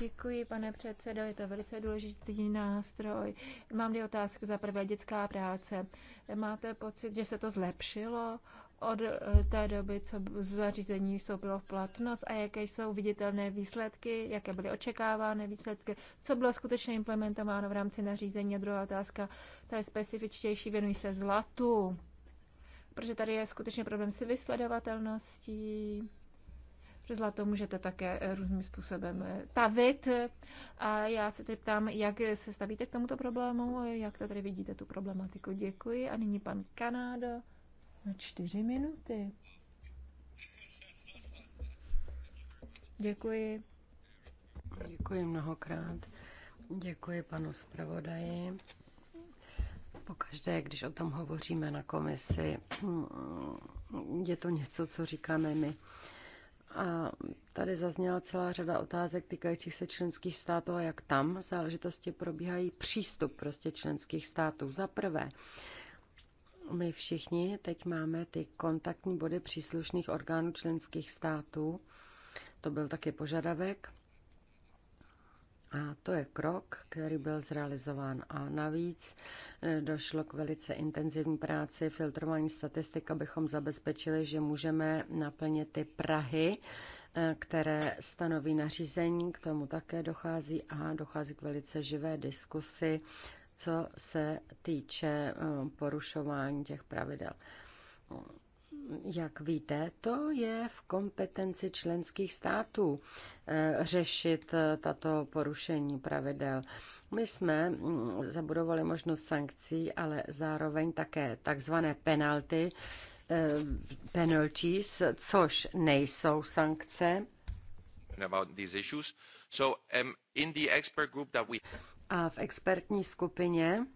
Děkuji, pane předsedo, je to velice důležitý nástroj. Mám dvě otázky. Za prvé, dětská práce. Máte pocit, že se to zlepšilo? od eh, té doby, co zařízení vstoupilo v platnost a jaké jsou viditelné výsledky, jaké byly očekávány výsledky, co bylo skutečně implementováno v rámci nařízení. A druhá otázka, to je specifičtější, věnují se zlatu, protože tady je skutečně problém s vysledovatelností, že zlato můžete také eh, různým způsobem eh, tavit. A já se tedy ptám, jak se stavíte k tomuto problému, jak to tady vidíte, tu problematiku. Děkuji. A nyní pan Kanádo na čtyři minuty. Děkuji. Děkuji mnohokrát. Děkuji panu zpravodaji. Pokaždé, když o tom hovoříme na komisi, hm, je to něco, co říkáme my. A tady zazněla celá řada otázek týkajících se členských států a jak tam záležitosti probíhají přístup prostě členských států. Za prvé, my všichni teď máme ty kontaktní body příslušných orgánů členských států. To byl taky požadavek. A to je krok, který byl zrealizován. A navíc eh, došlo k velice intenzivní práci, filtrování statistik, abychom zabezpečili, že můžeme naplnit ty Prahy, eh, které stanoví nařízení. K tomu také dochází a dochází k velice živé diskusi co se týče eh, porušování těch pravidel. Jak víte, to je v kompetenci členských států eh, řešit eh, tato porušení pravidel. My jsme mm, zabudovali možnost sankcí, ale zároveň také takzvané penalty, penalties, což nejsou sankce. About these issues. So, um, in the expert group that we... A v expertní skupině,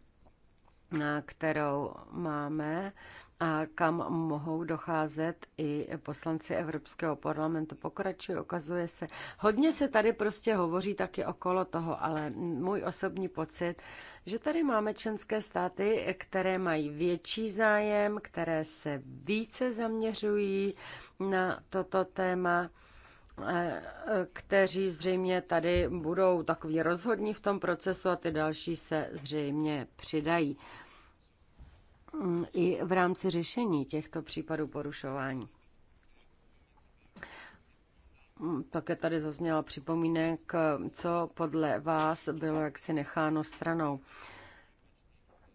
kterou máme, a kam mohou docházet i poslanci Evropského parlamentu. Pokračuje, ukazuje se. Hodně se tady prostě hovoří taky okolo toho, ale můj osobní pocit, že tady máme členské státy, které mají větší zájem, které se více zaměřují na toto téma kteří zřejmě tady budou takový rozhodní v tom procesu a ty další se zřejmě přidají i v rámci řešení těchto případů porušování. Také tady zazněla připomínek, co podle vás bylo jaksi necháno stranou.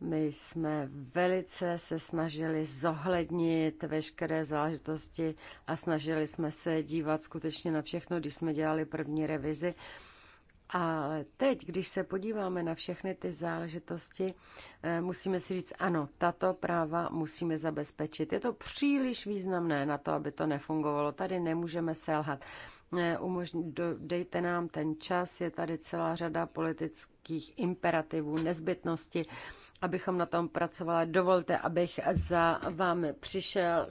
My jsme velice se snažili zohlednit veškeré záležitosti a snažili jsme se dívat skutečně na všechno, když jsme dělali první revizi. Ale teď, když se podíváme na všechny ty záležitosti, eh, musíme si říct, ano, tato práva musíme zabezpečit. Je to příliš významné na to, aby to nefungovalo. Tady nemůžeme selhat. Eh, dejte nám ten čas, je tady celá řada politických imperativů, nezbytnosti abychom na tom pracovali. Dovolte, abych za vámi přišel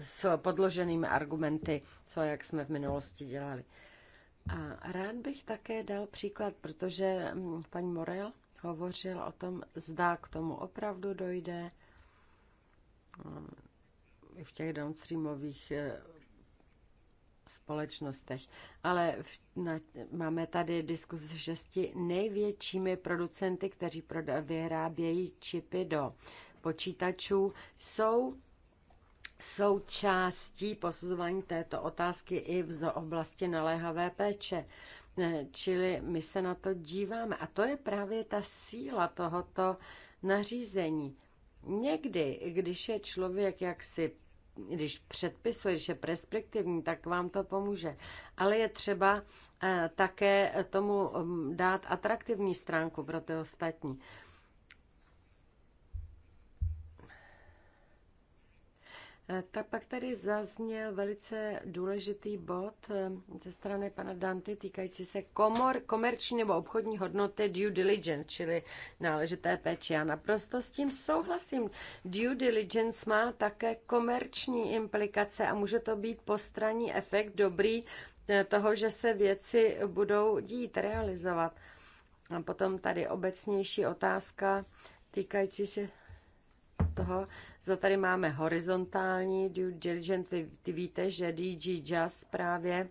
s podloženými argumenty, co jak jsme v minulosti dělali. A rád bych také dal příklad, protože mm, paní Morel hovořil o tom, zda k tomu opravdu dojde mm, v těch downstreamových eh, společnostech. Ale v, na, máme tady diskus s šesti největšími producenty, kteří proda, vyrábějí čipy do počítačů. Jsou součástí posuzování této otázky i v oblasti naléhavé péče. Čili my se na to díváme. A to je právě ta síla tohoto nařízení. Někdy, když je člověk jaksi když předpisuje, když je perspektivní, tak vám to pomůže. Ale je třeba eh, také tomu mm, dát atraktivní stránku pro ty ostatní. Eh, tak pak tady zazněl velice důležitý bod eh, ze strany pana Danty týkající se komor, komerční nebo obchodní hodnoty due diligence, čili náležité péči. Já naprosto s tím souhlasím. Due diligence má také komerční implikace a může to být postranní efekt dobrý eh, toho, že se věci budou dít, realizovat. A potom tady obecnější otázka týkající se toho, za tady máme horizontální due diligence. Vy, ty víte, že DG Just právě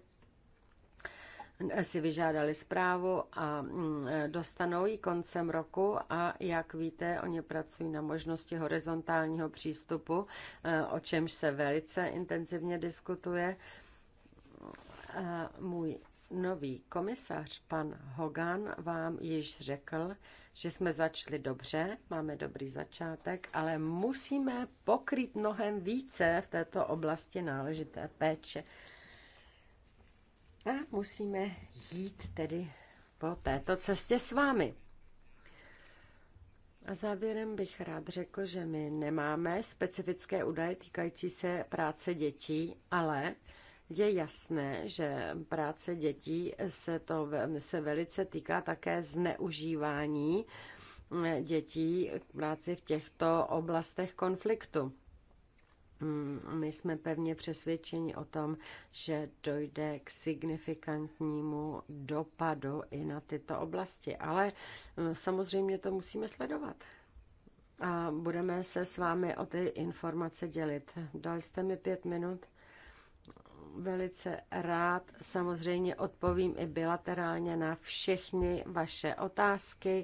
eh, si vyžádali zprávu a mm, eh, dostanou ji koncem roku a jak víte, oni pracují na možnosti horizontálního přístupu, eh, o čemž se velice intenzivně diskutuje. Můj Nový komisař, pan Hogan, vám již řekl, že jsme začali dobře, máme dobrý začátek, ale musíme pokryt mnohem více v této oblasti náležité péče. A musíme jít tedy po této cestě s vámi. A závěrem bych rád řekl, že my nemáme specifické údaje týkající se práce dětí, ale je jasné, že práce dětí se, to, se velice týká také zneužívání eh, dětí k práci v těchto oblastech konfliktu. Mm, my jsme pevně přesvědčeni o tom, že dojde k signifikantnímu dopadu i na tyto oblasti, ale eh, samozřejmě to musíme sledovat. A budeme se s vámi o ty informace dělit. Dali jste mi pět minut? velice rád samozřejmě odpovím i bilaterálně na všechny vaše otázky.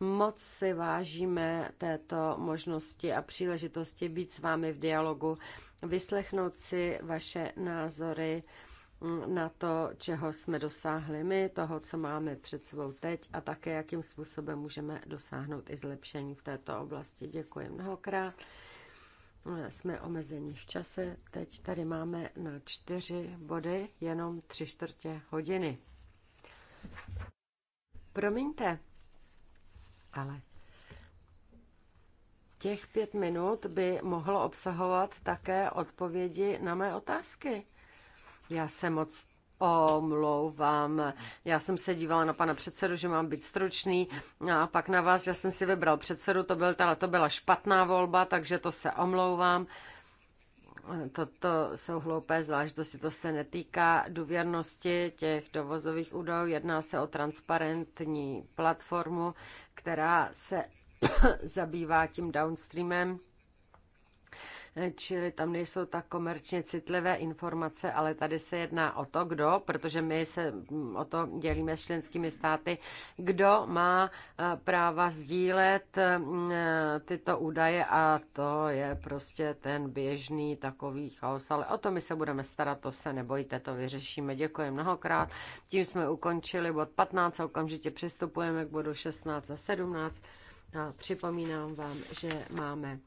Moc si vážíme této možnosti a příležitosti být s vámi v dialogu, vyslechnout si vaše názory na to, čeho jsme dosáhli my, toho, co máme před sebou teď a také, jakým způsobem můžeme dosáhnout i zlepšení v této oblasti. Děkuji mnohokrát jsme omezení v čase. Teď tady máme na čtyři body jenom tři čtvrtě hodiny. Promiňte, ale těch pět minut by mohlo obsahovat také odpovědi na mé otázky. Já se moc omlouvám. Já jsem se dívala na pana předsedu, že mám být stručný a pak na vás, já jsem si vybral předsedu, to, byl, teda, to byla špatná volba, takže to se omlouvám. Toto jsou hloupé zvláštnosti, to se netýká důvěrnosti těch dovozových údajů. Jedná se o transparentní platformu, která se zabývá tím downstreamem čili tam nejsou tak komerčně citlivé informace, ale tady se jedná o to, kdo, protože my se mm, o to dělíme s členskými státy, kdo má eh, práva sdílet mm, eh, tyto údaje a to je prostě ten běžný takový chaos, ale o to my se budeme starat, to se nebojte, to vyřešíme. Děkuji mnohokrát. Tím jsme ukončili bod 15 a okamžitě přistupujeme k bodu 16 a 17. A připomínám vám, že máme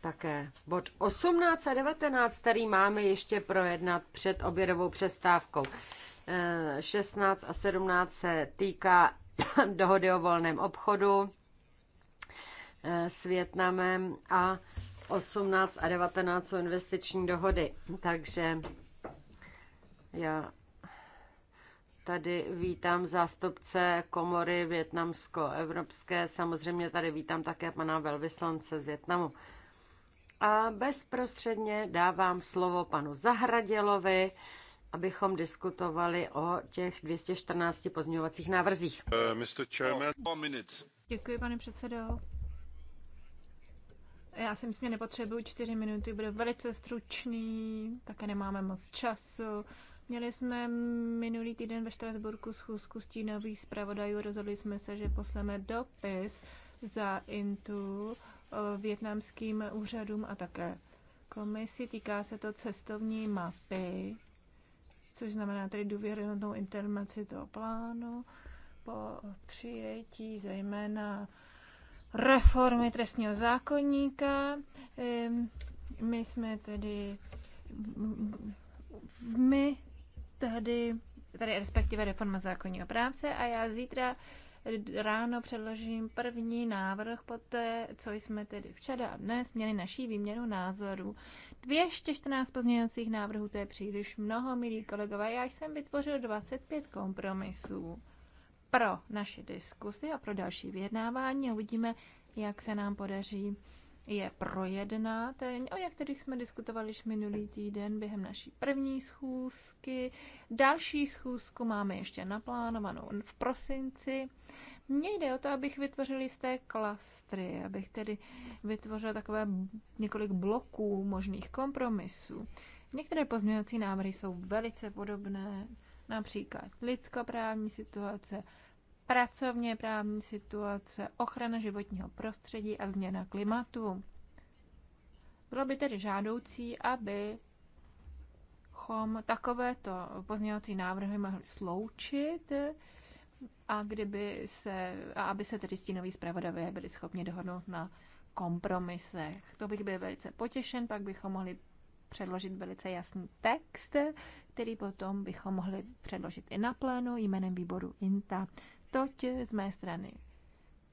také bod 18 a 19, který máme ještě projednat před obědovou přestávkou. 16 eh, a 17 se týká dohody o volném obchodu eh, s Větnamem a 18 a 19 jsou investiční dohody. Takže já tady vítám zástupce komory větnamsko-evropské, samozřejmě tady vítám také pana velvyslance z Větnamu. A bezprostředně dávám slovo panu Zahradělovi, abychom diskutovali o těch 214 pozměňovacích návrzích. Uh, eh, Mr. Děkuji, pane předsedo. Já si myslím, že nepotřebuji čtyři minuty, bude velice stručný, také nemáme moc času. Měli jsme minulý týden ve Štrasburku schůzku stínových zpravodajů, rozhodli jsme se, že posleme dopis za Intu Eh, větnamským úřadům a také komisi. Týká se to cestovní mapy, což znamená tedy důvěryhodnou informaci toho plánu po přijetí zejména reformy trestního zákonníka. My jsme tedy my tady, tady respektive reforma zákonního práce a já zítra ráno předložím první návrh po té, co jsme tedy včera a dnes měli naší výměnu názorů. 214 pozměňovacích návrhů, to je příliš mnoho, milí kolegové. Já jsem vytvořil 25 kompromisů pro naši diskusy a pro další vyjednávání uvidíme, jak se nám podaří je Ten, o tedy jsme diskutovali již minulý týden během naší první schůzky. Další schůzku máme ještě naplánovanou v prosinci. Mně jde o to, abych vytvořil jisté klastry, abych tedy vytvořil takové několik bloků možných kompromisů. Některé pozměňovací návrhy jsou velice podobné, například lidskoprávní situace, pracovně právní situace, ochrana životního prostředí a změna klimatu. Bylo by tedy žádoucí, aby abychom takovéto pozměňovací návrhy mohli sloučit a kdyby se, a aby se tedy stínoví zpravodavé byli schopni dohodnout na kompromisech. To bych byl velice potěšen, pak bychom mohli předložit velice jasný text, který potom bychom mohli předložit i na plénu jménem výboru INTA. Toť z mé strany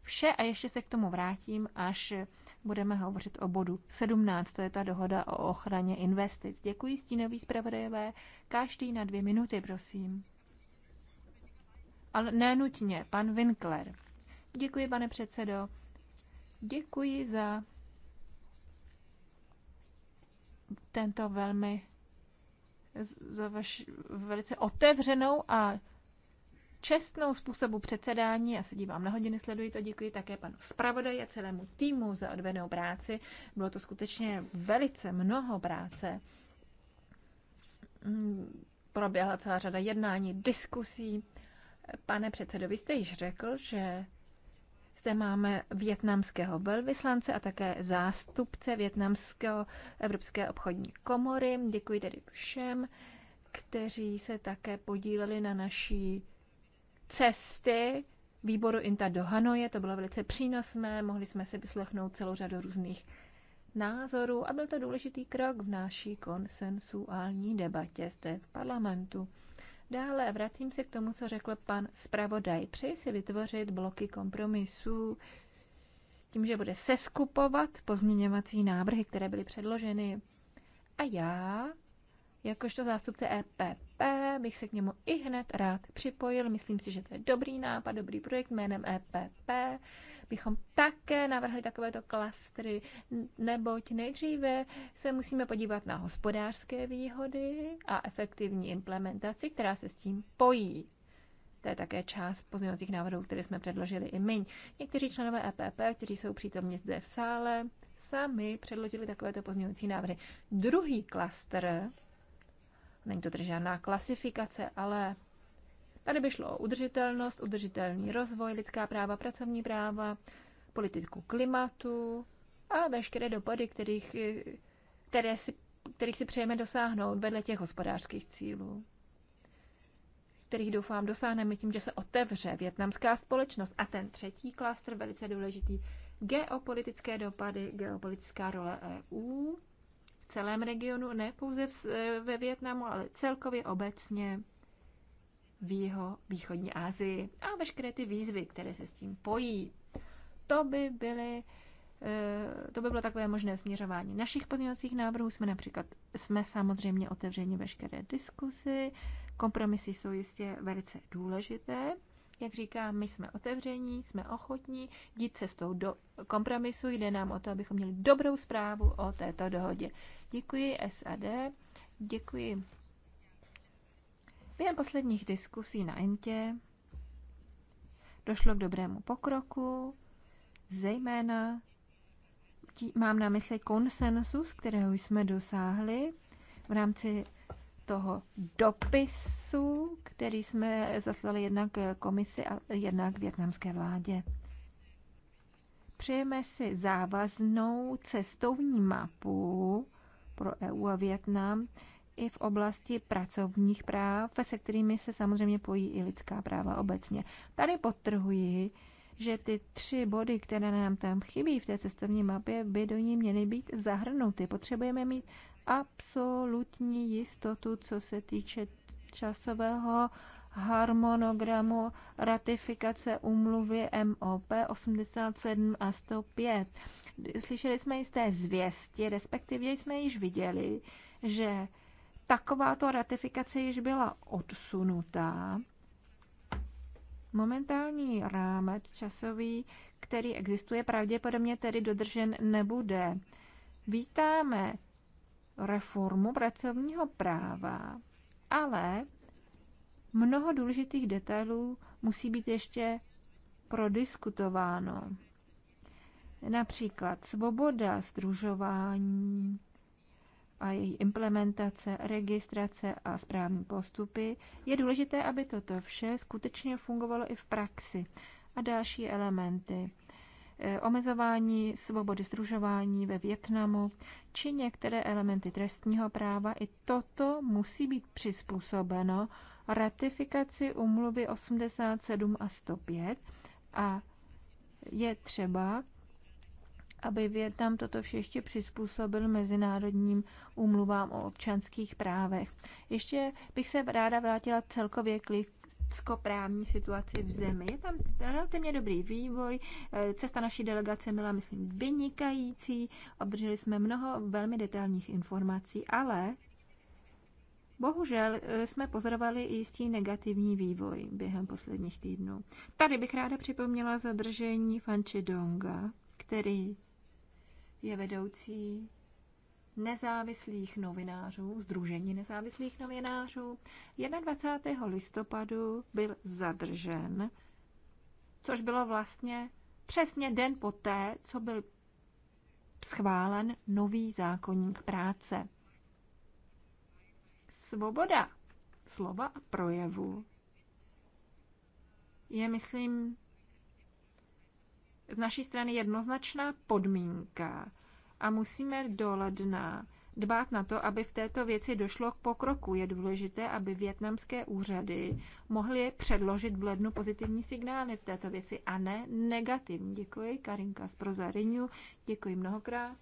vše a ještě se k tomu vrátím, až budeme hovořit o bodu 17, to je ta dohoda o ochraně investic. Děkuji stínový zpravodajové, každý na dvě minuty, prosím. Ale nenutně, pan Winkler. Děkuji, pane předsedo. Děkuji za tento velmi za vaši velice otevřenou a čestnou způsobu předsedání. Já se dívám na hodiny, sleduji to. Děkuji také panu zpravodaji a celému týmu za odvedenou práci. Bylo to skutečně velice mnoho práce. Mm, proběhla celá řada jednání, diskusí. Pane předsedo, vy jste již řekl, že zde máme větnamského velvyslance a také zástupce větnamského Evropské obchodní komory. Děkuji tedy všem, kteří se také podíleli na naší cesty výboru INTA do Hanoje. To bylo velice přínosné, mohli jsme si vyslechnout celou řadu různých názorů a byl to důležitý krok v naší konsensuální debatě zde v parlamentu. Dále vracím se k tomu, co řekl pan zpravodaj. Přeji si vytvořit bloky kompromisů tím, že bude seskupovat pozměňovací návrhy, které byly předloženy. A já, jakožto zástupce EPP, EP bych se k němu i hned rád připojil. Myslím si, že to je dobrý nápad, dobrý projekt jménem EPP. Bychom také navrhli takovéto klastry, neboť nejdříve se musíme podívat na hospodářské výhody a efektivní implementaci, která se s tím pojí. To je také část pozměňovacích návrhů, které jsme předložili i my. Někteří členové EPP, kteří jsou přítomni zde v sále, sami předložili takovéto pozměňovací návrhy. Druhý klaster. Není to tedy žádná klasifikace, ale tady by šlo o udržitelnost, udržitelný rozvoj, lidská práva, pracovní práva, politiku klimatu a veškeré dopady, kterých, které si, kterých si přejeme dosáhnout vedle těch hospodářských cílů kterých doufám dosáhneme tím, že se otevře větnamská společnost. A ten třetí klastr, velice důležitý, geopolitické dopady, geopolitická role EU celém regionu, ne pouze v, e, ve Větnamu, ale celkově obecně v jeho východní Asii a veškeré ty výzvy, které se s tím pojí. To by byly e, to by bylo takové možné směřování našich pozměňovacích návrhů. Jsme například, jsme samozřejmě otevřeni veškeré diskusy, kompromisy jsou jistě velice důležité jak říkám, my jsme otevření, jsme ochotní jít cestou do kompromisu. Jde nám o to, abychom měli dobrou zprávu o této dohodě. Děkuji SAD, děkuji. Během posledních diskusí na Intě došlo k dobrému pokroku, zejména mám na mysli konsensus, kterého jsme dosáhli v rámci toho dopisu, který jsme zaslali jednak komisi a jednak větnamské vládě. Přejeme si závaznou cestovní mapu pro EU a Větnam i v oblasti pracovních práv, se kterými se samozřejmě pojí i lidská práva obecně. Tady potrhuji, že ty tři body, které nám tam chybí v té cestovní mapě, by do ní měly být zahrnuty. Potřebujeme mít absolutní jistotu, co se týče časového harmonogramu ratifikace umluvy MOP 87 a 105. Slyšeli jsme jisté zvěsti, respektive jsme již viděli, že takováto ratifikace již byla odsunutá. Momentální rámec časový, který existuje, pravděpodobně tedy dodržen nebude. Vítáme reformu pracovního práva, ale mnoho důležitých detailů musí být ještě prodiskutováno. Například svoboda združování a její implementace, registrace a správní postupy. Je důležité, aby toto vše skutečně fungovalo i v praxi. A další elementy. Eh, omezování svobody združování ve Větnamu či některé elementy trestního práva. I toto musí být přizpůsobeno ratifikaci umluvy 87 a 105 a je třeba, aby Větnam toto vše ještě přizpůsobil mezinárodním umluvám o občanských právech. Ještě bych se ráda vrátila celkově k lidskoprávní situaci v zemi. Je tam relativně dobrý vývoj, eh, cesta naší delegace byla, myslím, vynikající, obdrželi jsme mnoho velmi detailních informací, ale Bohužel eh, jsme pozorovali i jistý negativní vývoj během posledních týdnů. Tady bych ráda připomněla zadržení Fanči Donga, který je vedoucí nezávislých novinářů, Združení nezávislých novinářů, 21. listopadu byl zadržen, což bylo vlastně přesně den poté, co byl schválen nový zákonník práce. Svoboda slova a projevu je, myslím, z naší strany jednoznačná podmínka a musíme do ledna dbát na to, aby v této věci došlo k pokroku. Je důležité, aby větnamské úřady mohly předložit v lednu pozitivní signály v této věci a ne negativní. Děkuji Karinka z Prozariňu, děkuji mnohokrát.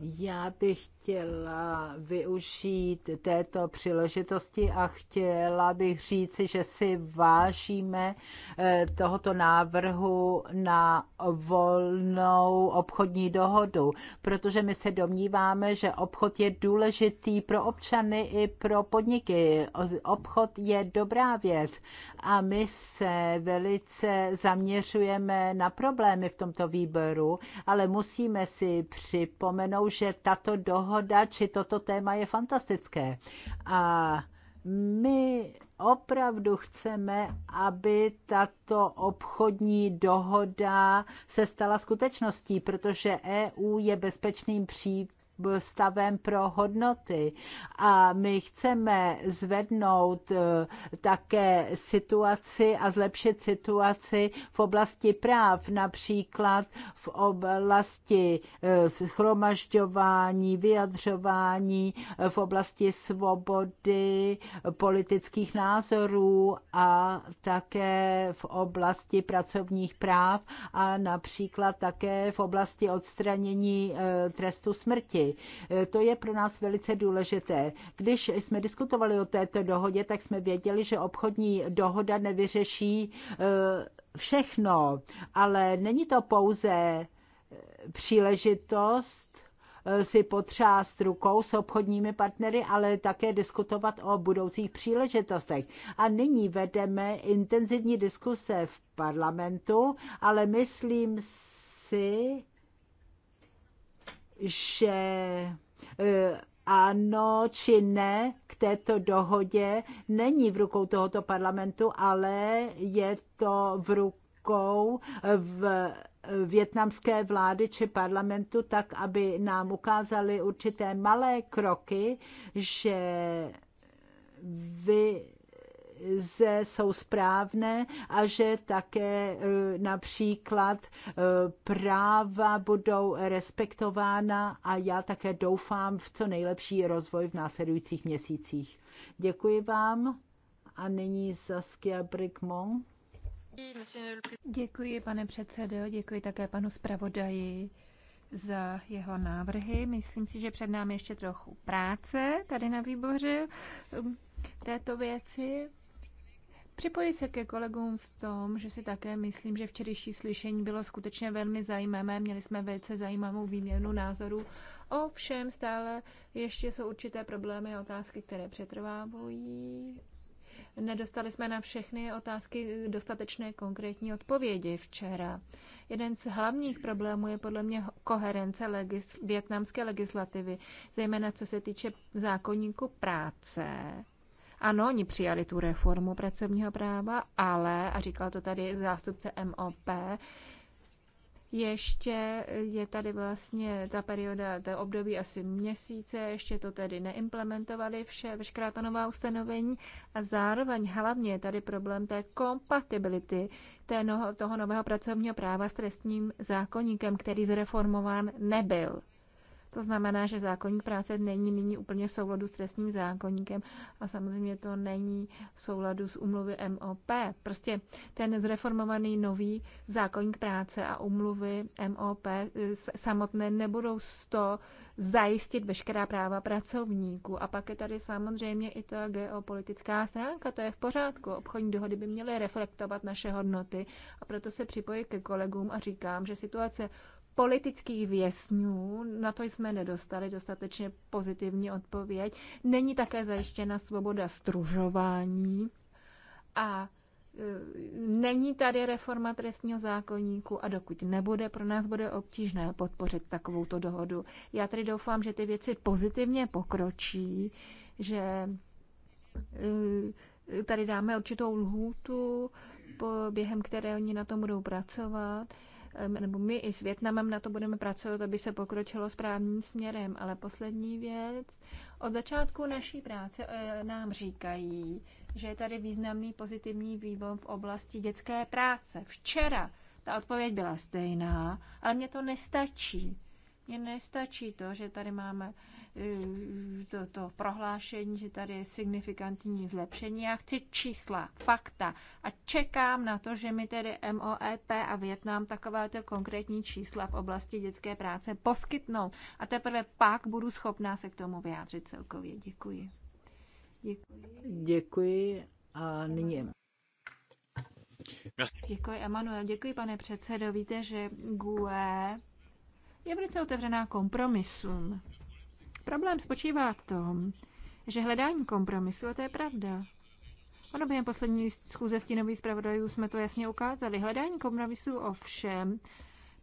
Já bych chtěla využít této příležitosti a chtěla bych říci, že si vážíme eh, tohoto návrhu na volnou obchodní dohodu, protože my se domníváme, že obchod je důležitý pro občany i pro podniky. Obchod je dobrá věc a my se velice zaměřujeme na problémy v tomto výboru, ale musíme si připomenout, řeknou, že tato dohoda či toto téma je fantastické. A my opravdu chceme, aby tato obchodní dohoda se stala skutečností, protože EU je bezpečným pří stavem pro hodnoty. A my chceme zvednout eh, také situaci a zlepšit situaci v oblasti práv, například v oblasti eh, schromažďování, vyjadřování, eh, v oblasti svobody politických názorů a také v oblasti pracovních práv a například také v oblasti odstranění trestu smrti. E, to je pro nás velice důležité. Když jsme diskutovali o této dohodě, tak jsme věděli, že obchodní dohoda nevyřeší e, všechno, ale není to pouze e, příležitost si potřást rukou s obchodními partnery, ale také diskutovat o budoucích příležitostech. A nyní vedeme intenzivní diskuse v parlamentu, ale myslím si, že eh, ano či ne k této dohodě není v rukou tohoto parlamentu, ale je to v rukou v větnamské vlády či parlamentu, tak aby nám ukázali určité malé kroky, že vy že jsou správné a že také e, například e, práva budou respektována a já také doufám v co nejlepší rozvoj v následujících měsících. Děkuji vám a nyní Saskia Brickmont. Děkuji, pane předsedo, děkuji také panu zpravodaji za jeho návrhy. Myslím si, že před námi ještě trochu práce tady na výboře um, této věci. Připojí se ke kolegům v tom, že si také myslím, že včerejší slyšení bylo skutečně velmi zajímavé. Měli jsme velice zajímavou výměnu názorů. Ovšem stále ještě jsou určité problémy a otázky, které přetrvávají. Nedostali jsme na všechny otázky dostatečné konkrétní odpovědi včera. Jeden z hlavních problémů je podle mě koherence legis- větnamské legislativy, zejména co se týče zákonníku práce ano, oni přijali tu reformu pracovního práva, ale, a říkal to tady zástupce MOP, ještě je tady vlastně ta perioda, to období asi měsíce, ještě to tedy neimplementovali vše, veškerá ta nová ustanovení a zároveň hlavně je tady problém té kompatibility té noho, toho nového pracovního práva s trestním zákonníkem, který zreformován nebyl. To znamená, že zákonní práce není nyní úplně v souladu s trestním zákonníkem a samozřejmě to není v souladu s umluvy MOP. Prostě ten zreformovaný nový zákonník práce a umluvy MOP eh, samotné nebudou z to zajistit veškerá práva pracovníků. A pak je tady samozřejmě i ta geopolitická stránka, to je v pořádku. Obchodní dohody by měly reflektovat naše hodnoty a proto se připojí ke kolegům a říkám, že situace politických věsňů, na to jsme nedostali dostatečně pozitivní odpověď. Není také zajištěna svoboda stružování a e, Není tady reforma trestního zákonníku a dokud nebude, pro nás bude obtížné podpořit takovouto dohodu. Já tedy doufám, že ty věci pozitivně pokročí, že e, tady dáme určitou lhůtu, během které oni na tom budou pracovat nebo my i s Větnamem na to budeme pracovat, aby se pokročilo správným směrem. Ale poslední věc, od začátku naší práce eh, nám říkají, že je tady významný pozitivní vývoj v oblasti dětské práce. Včera ta odpověď byla stejná, ale mě to nestačí. Mně nestačí to, že tady máme to, to prohlášení, že tady je signifikantní zlepšení. Já chci čísla, fakta a čekám na to, že mi tedy MOEP a Větnam takovéto konkrétní čísla v oblasti dětské práce poskytnou. A teprve pak budu schopná se k tomu vyjádřit celkově. Děkuji. Děkuji. Děkuji a nyní. Děkuji, Emanuel. Děkuji, pane předsedo. Víte, že GUE je velice otevřená kompromisům. Problém spočívá v tom, že hledání kompromisu, a to je pravda, ano, během poslední schůze stínových zpravodajů jsme to jasně ukázali. Hledání kompromisu ovšem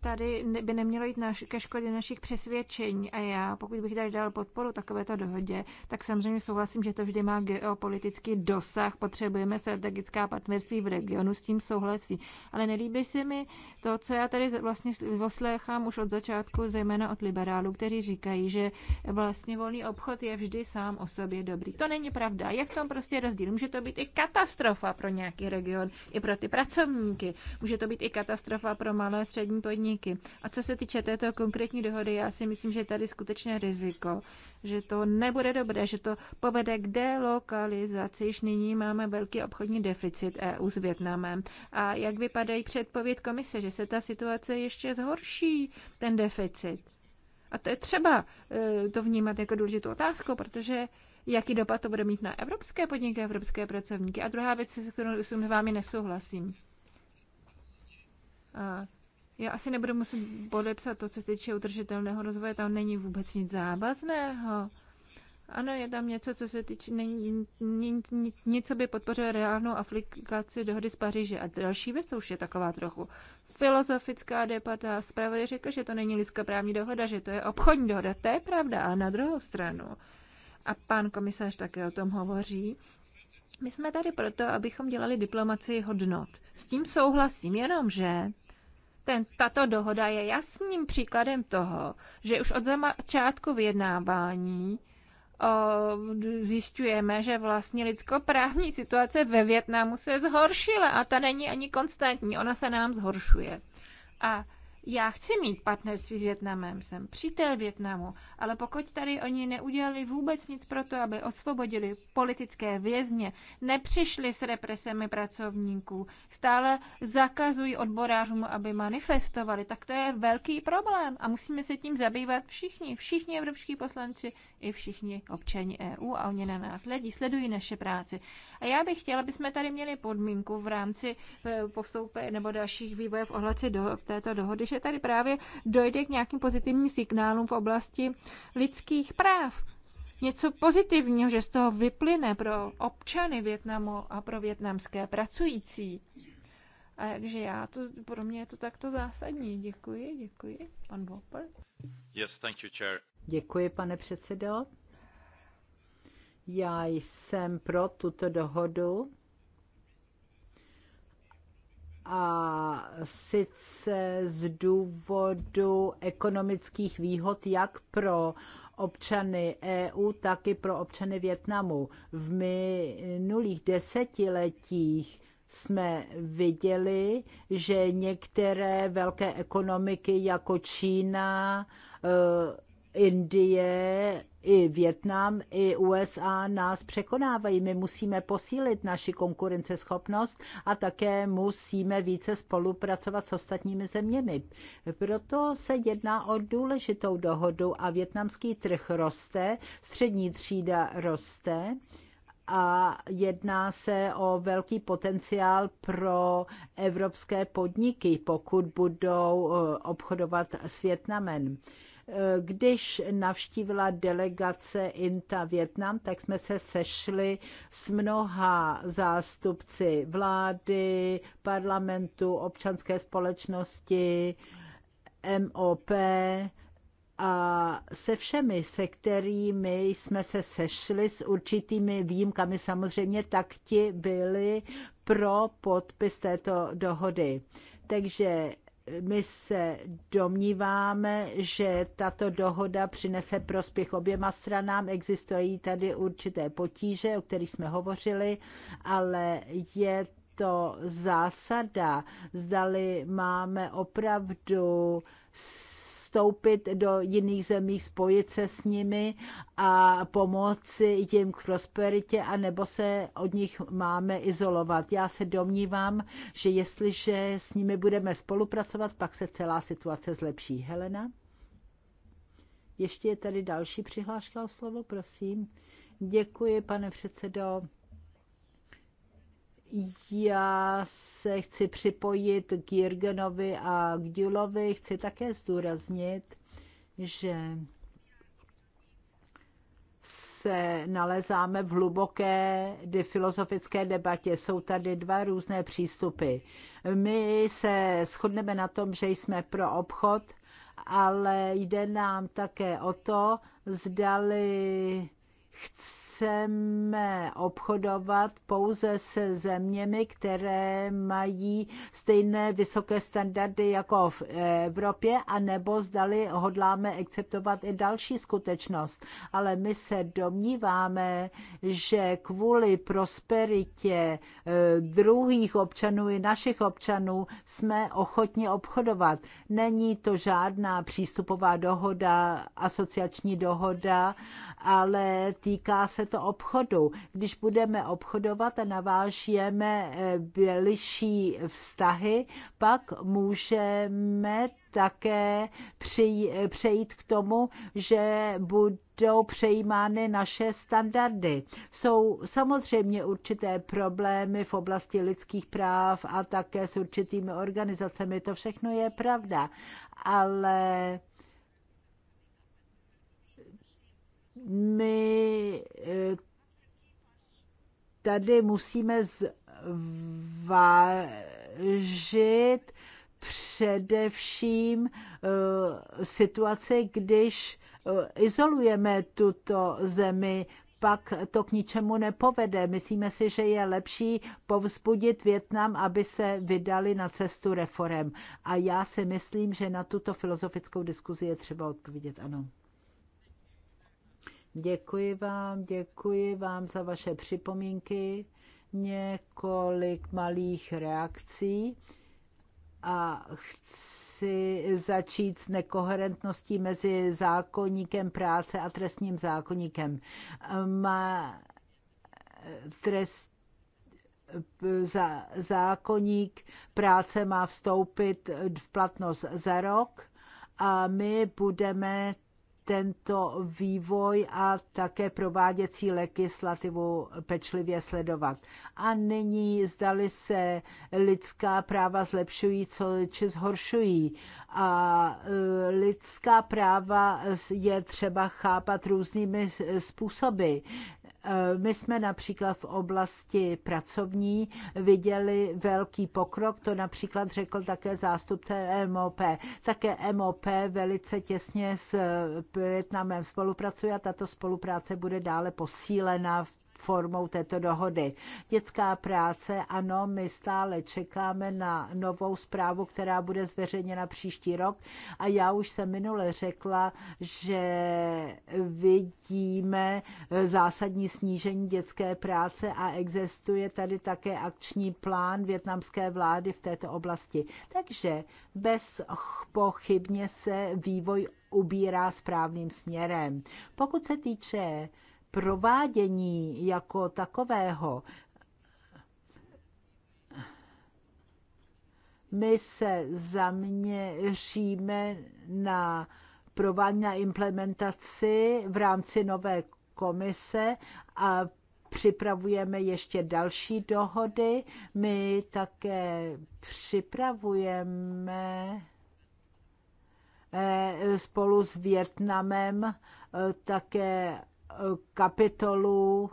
tady by nemělo jít naš, ke škodě našich přesvědčení. A já, pokud bych tady dal podporu takovéto dohodě, tak samozřejmě souhlasím, že to vždy má geopolitický dosah. Potřebujeme strategická partnerství v regionu, s tím souhlasí. Ale nelíbí se mi to, co já tady vlastně posléchám už od začátku, zejména od liberálů, kteří říkají, že vlastně volný obchod je vždy sám o sobě dobrý. To není pravda. Je v tom prostě rozdíl. Může to být i katastrofa pro nějaký region, i pro ty pracovníky. Může to být i katastrofa pro malé střední podniky podniky. A co se týče této konkrétní dohody, já si myslím, že tady skutečně riziko, že to nebude dobré, že to povede k delokalizaci. Již nyní máme velký obchodní deficit EU s Větnamem. A jak vypadají předpověď komise, že se ta situace ještě zhorší, ten deficit? A to je třeba eh, to vnímat jako důležitou otázku, protože jaký dopad to bude mít na evropské podniky, evropské pracovníky. A druhá věc, se kterou s vámi nesouhlasím. A já asi nebudu muset podepsat to, co se týče udržitelného rozvoje, tam není vůbec nic závazného. Ano, je tam něco, co se týče, není, nic, nic, co by podpořilo reálnou aplikaci dohody z Paříže. A další věc, už je taková trochu filozofická debata. Zpráva je řekl, že to není lidská právní dohoda, že to je obchodní dohoda. To je pravda. A na druhou stranu, a pan komisař také o tom hovoří, my jsme tady proto, abychom dělali diplomaci hodnot. S tím souhlasím, jenomže ten, tato dohoda je jasným příkladem toho, že už od začátku vyjednávání zjišťujeme, že vlastně lidskoprávní situace ve Větnamu se zhoršila a ta není ani konstantní, ona se nám zhoršuje. A já chci mít partnerství s Větnamem, jsem přítel Větnamu, ale pokud tady oni neudělali vůbec nic pro to, aby osvobodili politické vězně, nepřišli s represemi pracovníků, stále zakazují odborářům, aby manifestovali, tak to je velký problém a musíme se tím zabývat všichni, všichni evropští poslanci i všichni občani EU a oni na nás hledí, sledují naše práci. A já bych chtěla, aby jsme tady měli podmínku v rámci eh, postoupe nebo dalších vývojů v ohledu do, této dohody, že tady právě dojde k nějakým pozitivním signálům v oblasti lidských práv něco pozitivního, že z toho vyplyne pro občany Větnamu a pro větnamské pracující. A takže já to, pro mě je to takto zásadní. Děkuji, děkuji. Pan Bopper. Yes, thank you, chair. Děkuji, pane předsedo. Já jsem pro tuto dohodu a sice z důvodu ekonomických výhod jak pro občany EU, tak i pro občany Větnamu. V minulých desetiletích jsme viděli, že některé velké ekonomiky jako Čína, eh, Indie i Větnam, i USA nás překonávají. My musíme posílit naši konkurenceschopnost a také musíme více spolupracovat s ostatními zeměmi. Proto se jedná o důležitou dohodu a větnamský trh roste, střední třída roste a jedná se o velký potenciál pro evropské podniky, pokud budou eh, obchodovat s Větnamem. Eh, když navštívila delegace INTA Větnam, tak jsme se sešli s mnoha zástupci vlády, parlamentu, občanské společnosti, MOP a se všemi, se kterými jsme se sešli s určitými výjimkami samozřejmě, tak ti byli pro podpis této dohody. Takže my se domníváme, že tato dohoda přinese prospěch oběma stranám. Existují tady určité potíže, o kterých jsme hovořili, ale je to zásada, zdali máme opravdu vstoupit do jiných zemí, spojit se s nimi a pomoci jim k prosperitě, anebo se od nich máme izolovat. Já se domnívám, že jestliže s nimi budeme spolupracovat, pak se celá situace zlepší. Helena? Ještě je tady další přihláška o slovo, prosím. Děkuji, pane předsedo. Já se chci připojit k Jirgenovi a k Dulovi. Chci také zdůraznit, že se nalezáme v hluboké filozofické debatě. Jsou tady dva různé přístupy. My se shodneme na tom, že jsme pro obchod, ale jde nám také o to, zdali chceme obchodovat pouze se zeměmi, které mají stejné vysoké standardy jako v Evropě, anebo zdali hodláme akceptovat i další skutečnost. Ale my se domníváme, že kvůli prosperitě eh, druhých občanů i našich občanů jsme ochotni obchodovat. Není to žádná přístupová dohoda, asociační dohoda, ale týká se to obchodu. Když budeme obchodovat a navážíme eh, bližší vztahy, pak můžeme také přejít k tomu, že budou přejímány naše standardy. Jsou samozřejmě určité problémy v oblasti lidských práv a také s určitými organizacemi. To všechno je pravda. Ale My eh, tady musíme zvážit především eh, situaci, když eh, izolujeme tuto zemi, pak to k ničemu nepovede. Myslíme si, že je lepší povzbudit Větnam, aby se vydali na cestu reform. A já si myslím, že na tuto filozofickou diskuzi je třeba odpovědět ano. Děkuji vám, děkuji vám za vaše připomínky, několik malých reakcí a chci začít s nekoherentností mezi zákonníkem práce a trestním zákonníkem. Má trest za, zákoník práce má vstoupit v platnost za rok a my budeme tento vývoj a také prováděcí legislativu pečlivě sledovat. A nyní zdali se lidská práva zlepšují co, či zhoršují. A e, lidská práva je třeba chápat různými způsoby. Eh, my jsme například v oblasti pracovní viděli velký pokrok, to například řekl také zástupce MOP. Také MOP velice těsně s Větnamem spolupracuje a tato spolupráce bude dále posílena v formou této dohody. Dětská práce, ano, my stále čekáme na novou zprávu, která bude zveřejněna příští rok a já už jsem minule řekla, že vidíme zásadní snížení dětské práce a existuje tady také akční plán větnamské vlády v této oblasti. Takže bez pochybně se vývoj ubírá správným směrem. Pokud se týče provádění jako takového my se zaměříme na provádění a implementaci v rámci nové komise a připravujeme ještě další dohody. My také připravujeme eh, spolu s Větnamem eh, také kapitolu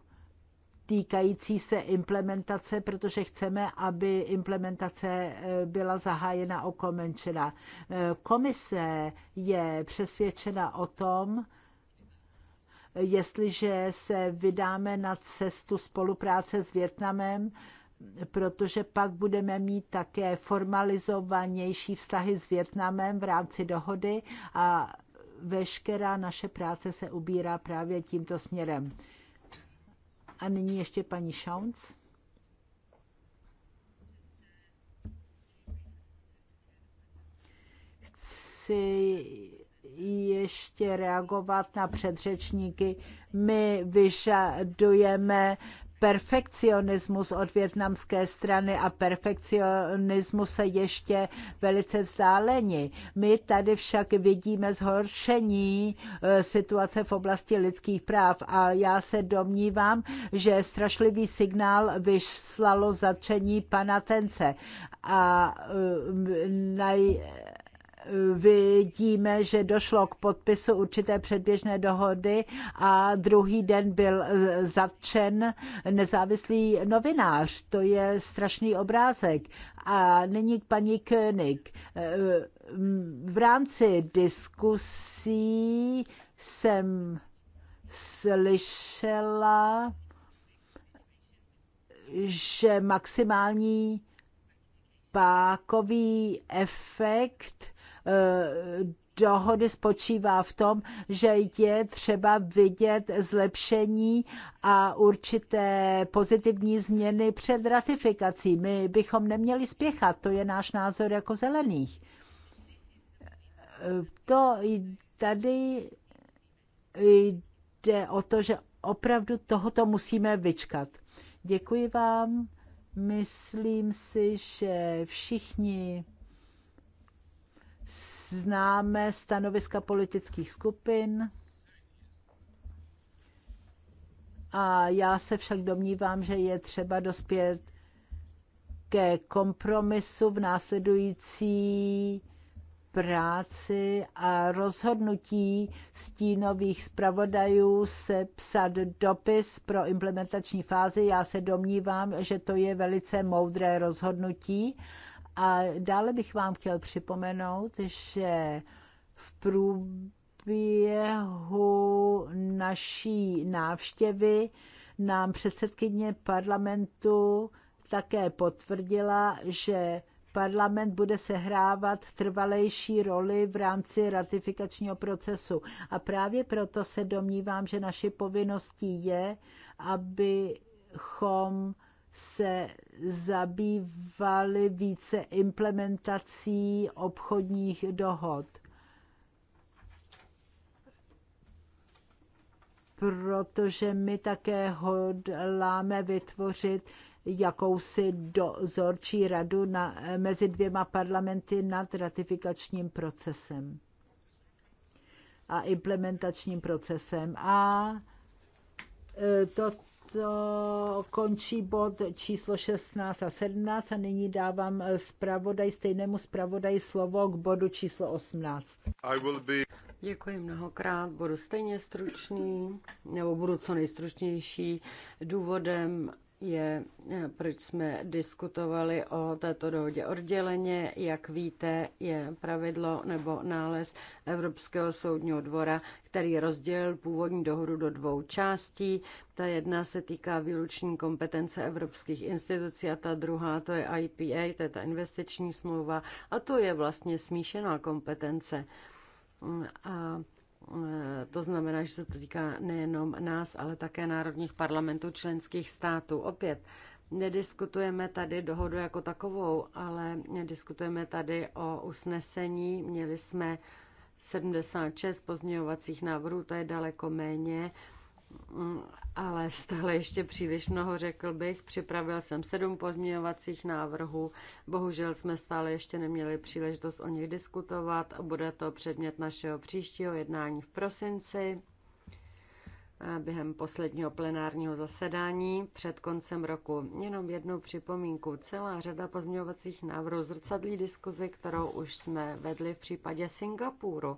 týkající se implementace, protože chceme, aby implementace eh, byla zahájena okomenčena. Eh, komise je přesvědčena o tom, jestliže se vydáme na cestu spolupráce s Větnamem, protože pak budeme mít také formalizovanější vztahy s Větnamem v rámci dohody a veškerá naše práce se ubírá právě tímto směrem. A nyní ještě paní Šaunc. Chci ještě reagovat na předřečníky. My vyžadujeme perfekcionismus od větnamské strany a perfekcionismu se ještě velice vzdáleni. My tady však vidíme zhoršení e, situace v oblasti lidských práv a já se domnívám, že strašlivý signál vyslalo zatčení pana Tence a e, naj, vidíme, že došlo k podpisu určité předběžné dohody a druhý den byl e, zatčen nezávislý novinář. To je strašný obrázek. A nyní k paní König. E, v rámci diskusí jsem slyšela, že maximální pákový efekt Eh, dohody spočívá v tom, že je třeba vidět zlepšení a určité pozitivní změny před ratifikací. My bychom neměli spěchat, to je náš názor jako zelených. Eh, to tady jde o to, že opravdu tohoto musíme vyčkat. Děkuji vám. Myslím si, že všichni známe stanoviska politických skupin. A já se však domnívám, že je třeba dospět ke kompromisu v následující práci a rozhodnutí stínových zpravodajů se psat dopis pro implementační fázi. Já se domnívám, že to je velice moudré rozhodnutí a dále bych vám chtěl připomenout, že v průběhu naší návštěvy nám předsedkyně parlamentu také potvrdila, že parlament bude sehrávat trvalejší roli v rámci ratifikačního procesu. A právě proto se domnívám, že naše povinností je, abychom se zabývali více implementací obchodních dohod. Protože my také hodláme vytvořit jakousi dozorčí radu na, mezi dvěma parlamenty nad ratifikačním procesem a implementačním procesem. A e, to to končí bod číslo 16 a 17 a nyní dávám zpravodaj, stejnému zpravodaj slovo k bodu číslo 18. I will be... Děkuji mnohokrát, budu stejně stručný, nebo budu co nejstručnější. Důvodem je, eh, proč jsme diskutovali o této dohodě odděleně. Jak víte, je pravidlo nebo nález Evropského soudního dvora, který rozdělil původní dohodu do dvou částí. Ta jedna se týká výluční kompetence evropských institucí a ta druhá to je IPA, to je ta investiční smlouva a to je vlastně smíšená kompetence. Mm, a Eh, to znamená, že se to týká nejenom nás, ale také národních parlamentů členských států. Opět, nediskutujeme tady dohodu jako takovou, ale diskutujeme tady o usnesení. Měli jsme 76 pozměňovacích návrhů, to je daleko méně Mm, ale stále ještě příliš mnoho, řekl bych. Připravil jsem sedm pozměňovacích návrhů. Bohužel jsme stále ještě neměli příležitost o nich diskutovat. Bude to předmět našeho příštího jednání v prosinci eh, během posledního plenárního zasedání před koncem roku. Jenom jednu připomínku. Celá řada pozměňovacích návrhů zrcadlí diskuzi, kterou už jsme vedli v případě Singapuru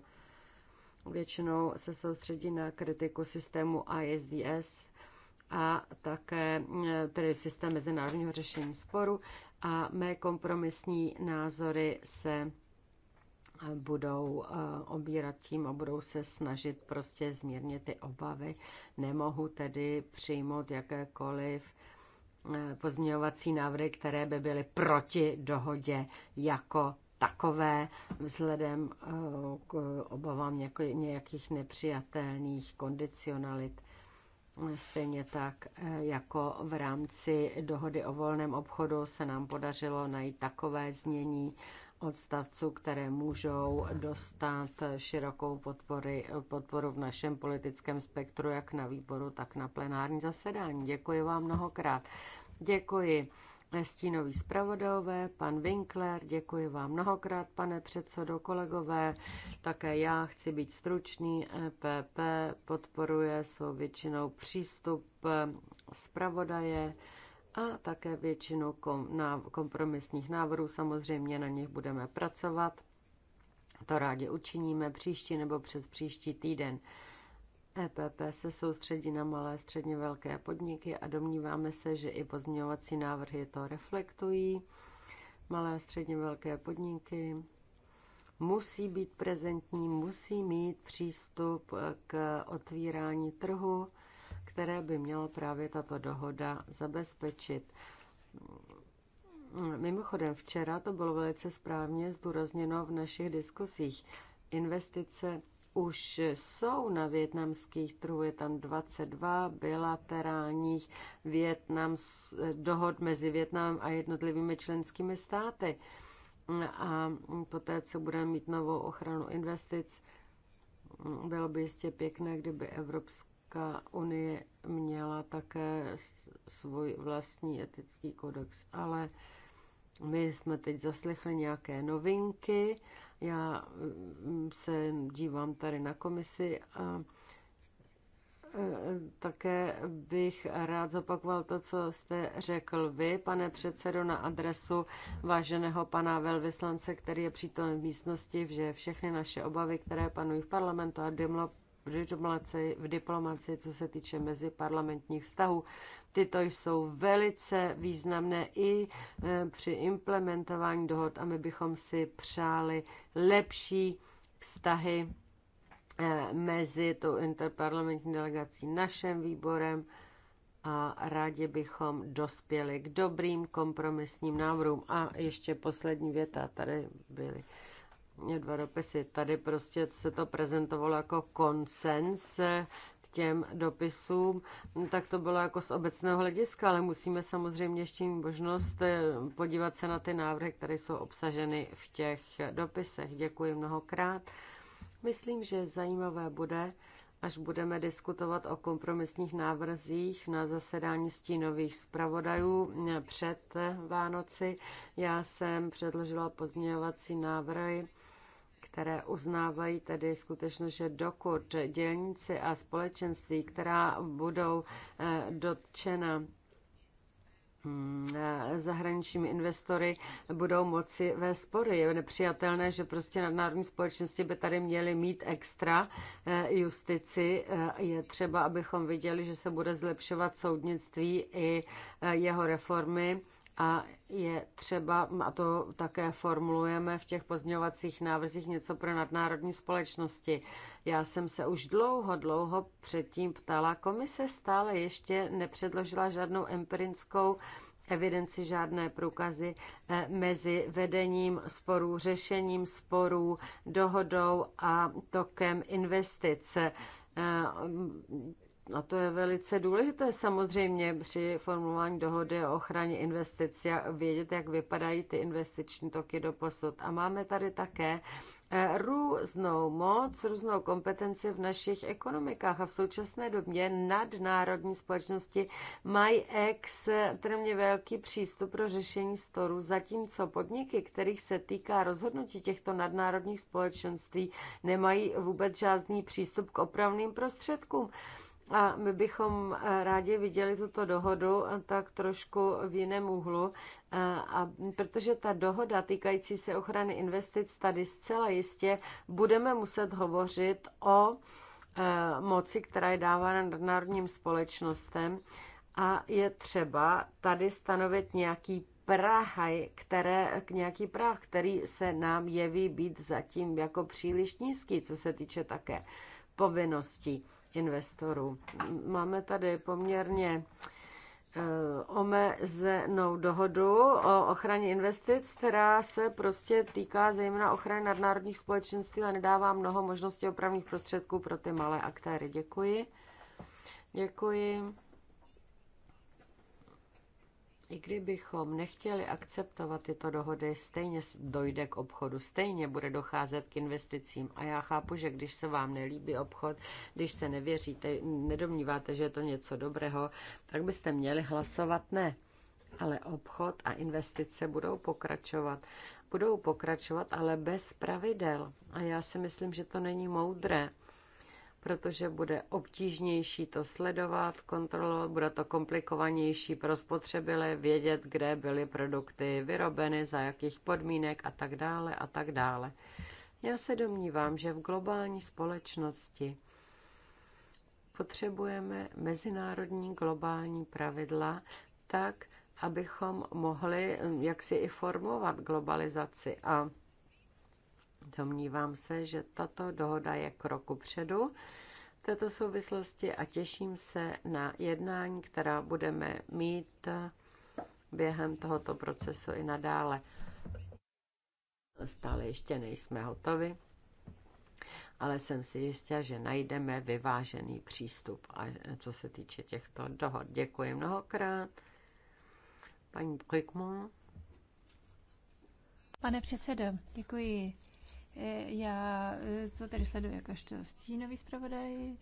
většinou se soustředí na kritiku systému ISDS a také eh, tedy systém mezinárodního řešení sporu a mé kompromisní názory se eh, budou eh, obírat tím a budou se snažit prostě zmírnit ty obavy. Nemohu tedy přijmout jakékoliv pozměňovací návrhy, které by byly proti dohodě jako takové vzhledem eh, k obavám nějakých nepřijatelných kondicionalit. Stejně tak eh, jako v rámci dohody o volném obchodu se nám podařilo najít takové znění odstavců, které můžou dostat širokou podpory, podporu v našem politickém spektru, jak na výboru, tak na plenární zasedání. Děkuji vám mnohokrát. Děkuji Stínový zpravodajové, pan Winkler, děkuji vám mnohokrát, pane předsedo, kolegové. Také já chci být stručný. EPP podporuje svou většinou přístup e, zpravodaje a také většinu kom, na, kompromisních návrhů. Samozřejmě na nich budeme pracovat. To rádi učiníme příští nebo přes příští týden. EPP se soustředí na malé středně velké podniky a domníváme se, že i pozměňovací návrhy to reflektují. Malé středně velké podniky musí být prezentní, musí mít přístup k otvírání trhu, které by měla právě tato dohoda zabezpečit. Mimochodem, včera to bylo velice správně zdůrazněno v našich diskusích. Investice už jsou na větnamských trhu, je tam 22 bilaterálních Větnam, dohod mezi Větnamem a jednotlivými členskými státy. A poté, co budeme mít novou ochranu investic, bylo by jistě pěkné, kdyby Evropská unie měla také svůj vlastní etický kodex. Ale my jsme teď zaslechli nějaké novinky já mm, se dívám tady na komisi a e, také bych rád zopakoval to, co jste řekl vy, pane předsedo, na adresu váženého pana velvyslance, který je přítomen v místnosti, že všechny naše obavy, které panují v parlamentu a v diplomaci, v diplomaci, co se týče meziparlamentních vztahů. Tyto jsou velice významné i e, při implementování dohod a my bychom si přáli lepší vztahy e, mezi tou interparlamentní delegací našem výborem a rádi bychom dospěli k dobrým kompromisním návrhům. A ještě poslední věta tady byly dva dopisy. Tady prostě se to prezentovalo jako konsens k těm dopisům, tak to bylo jako z obecného hlediska, ale musíme samozřejmě ještě mít možnost eh, podívat se na ty návrhy, které jsou obsaženy v těch dopisech. Děkuji mnohokrát. Myslím, že zajímavé bude, až budeme diskutovat o kompromisních návrzích na zasedání stínových zpravodajů před Vánoci. Já jsem předložila pozměňovací návrhy, které uznávají tedy skutečnost, že dokud dělníci a společenství, která budou eh, dotčena Mm, zahraničními investory budou moci ve spory. Je nepřijatelné, že prostě nadnárodní společnosti by tady měly mít extra eh, justici. Eh, je třeba, abychom viděli, že se bude zlepšovat soudnictví i eh, jeho reformy a je třeba, a to také formulujeme v těch pozměňovacích návrzích něco pro nadnárodní společnosti. Já jsem se už dlouho, dlouho předtím ptala, komise stále ještě nepředložila žádnou empirickou evidenci, žádné průkazy eh, mezi vedením sporů, řešením sporů, dohodou a tokem investice eh, a to je velice důležité samozřejmě při formulování dohody o ochraně investic, vědět, jak vypadají ty investiční toky do posud. A máme tady také eh, různou moc, různou kompetenci v našich ekonomikách a v současné době nadnárodní společnosti mají extrémně velký přístup pro řešení storu, zatímco podniky, kterých se týká rozhodnutí těchto nadnárodních společenství, nemají vůbec žádný přístup k opravným prostředkům. A my bychom eh, rádi viděli tuto dohodu eh, tak trošku v jiném úhlu, eh, a protože ta dohoda týkající se ochrany investic tady zcela jistě budeme muset hovořit o moci, která je dávána nadnárodním společnostem a je třeba tady stanovit nějaký prahaj, které, nějaký práh, který se nám jeví být zatím jako příliš nízký, co se týče také povinností investorů. Máme tady poměrně eh, omezenou dohodu o ochraně investic, která se prostě týká zejména ochrany nadnárodních společenství a nedává mnoho možností opravných prostředků pro ty malé aktéry. Děkuji. Děkuji. I kdybychom nechtěli akceptovat tyto dohody, stejně dojde k obchodu, stejně bude docházet k investicím. A já chápu, že když se vám nelíbí obchod, když se nevěříte, nedomníváte, že je to něco dobrého, tak byste měli hlasovat ne. Ale obchod a investice budou pokračovat. Budou pokračovat, ale bez pravidel. A já si myslím, že to není moudré protože bude obtížnější to sledovat, kontrolovat, bude to komplikovanější pro spotřebitele vědět, kde byly produkty vyrobeny, za jakých podmínek a tak dále a tak dále. Já se domnívám, že v globální společnosti potřebujeme mezinárodní globální pravidla tak, abychom mohli mm, jaksi i formovat globalizaci a Domnívám se, že tato dohoda je kroku předu v této souvislosti a těším se na jednání, která budeme mít během tohoto procesu i nadále. Stále ještě nejsme hotovi, ale jsem si jistá, že najdeme vyvážený přístup. A co se týče těchto dohod, děkuji mnohokrát. Paní Brückmann. Pane předsedo, děkuji. E, já e, to tedy sleduji jakožto stínový zpravodaj.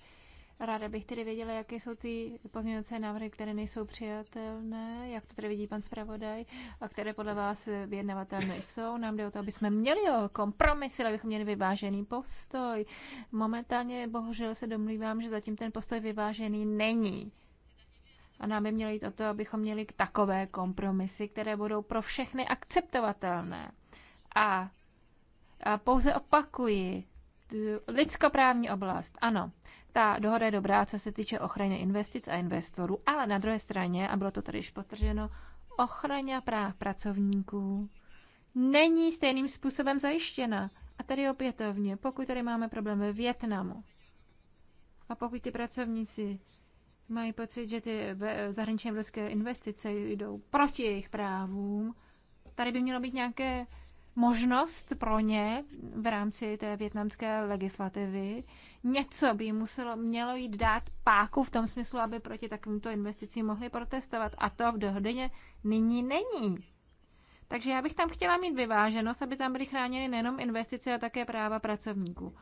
Ráda bych tedy věděla, jaké jsou ty pozměňovací návrhy, které nejsou přijatelné, jak to tedy vidí pan zpravodaj, a které podle vás vyjednavatelné jsou. Nám jde o to, aby jsme měli o kompromisy, abychom měli vyvážený postoj. Momentálně bohužel se domlívám, že zatím ten postoj vyvážený není. A nám by mělo jít o to, abychom měli takové kompromisy, které budou pro všechny akceptovatelné. A a pouze opakuji, lidskoprávní oblast, ano, ta dohoda je dobrá, co se týče ochrany investic a investorů, ale na druhé straně, a bylo to tady již potrženo, ochrana práv pracovníků není stejným způsobem zajištěna. A tady opětovně, pokud tady máme problém ve Větnamu, a pokud ty pracovníci mají pocit, že ty zahraniční evropské investice jdou proti jejich právům, tady by mělo být nějaké možnost pro ně v rámci té větnamské legislativy. Něco by muselo, mělo jít dát páku v tom smyslu, aby proti takovýmto investicím mohli protestovat. A to v dohodě nyní není. Takže já bych tam chtěla mít vyváženost, aby tam byly chráněny nejenom investice, ale také práva pracovníků.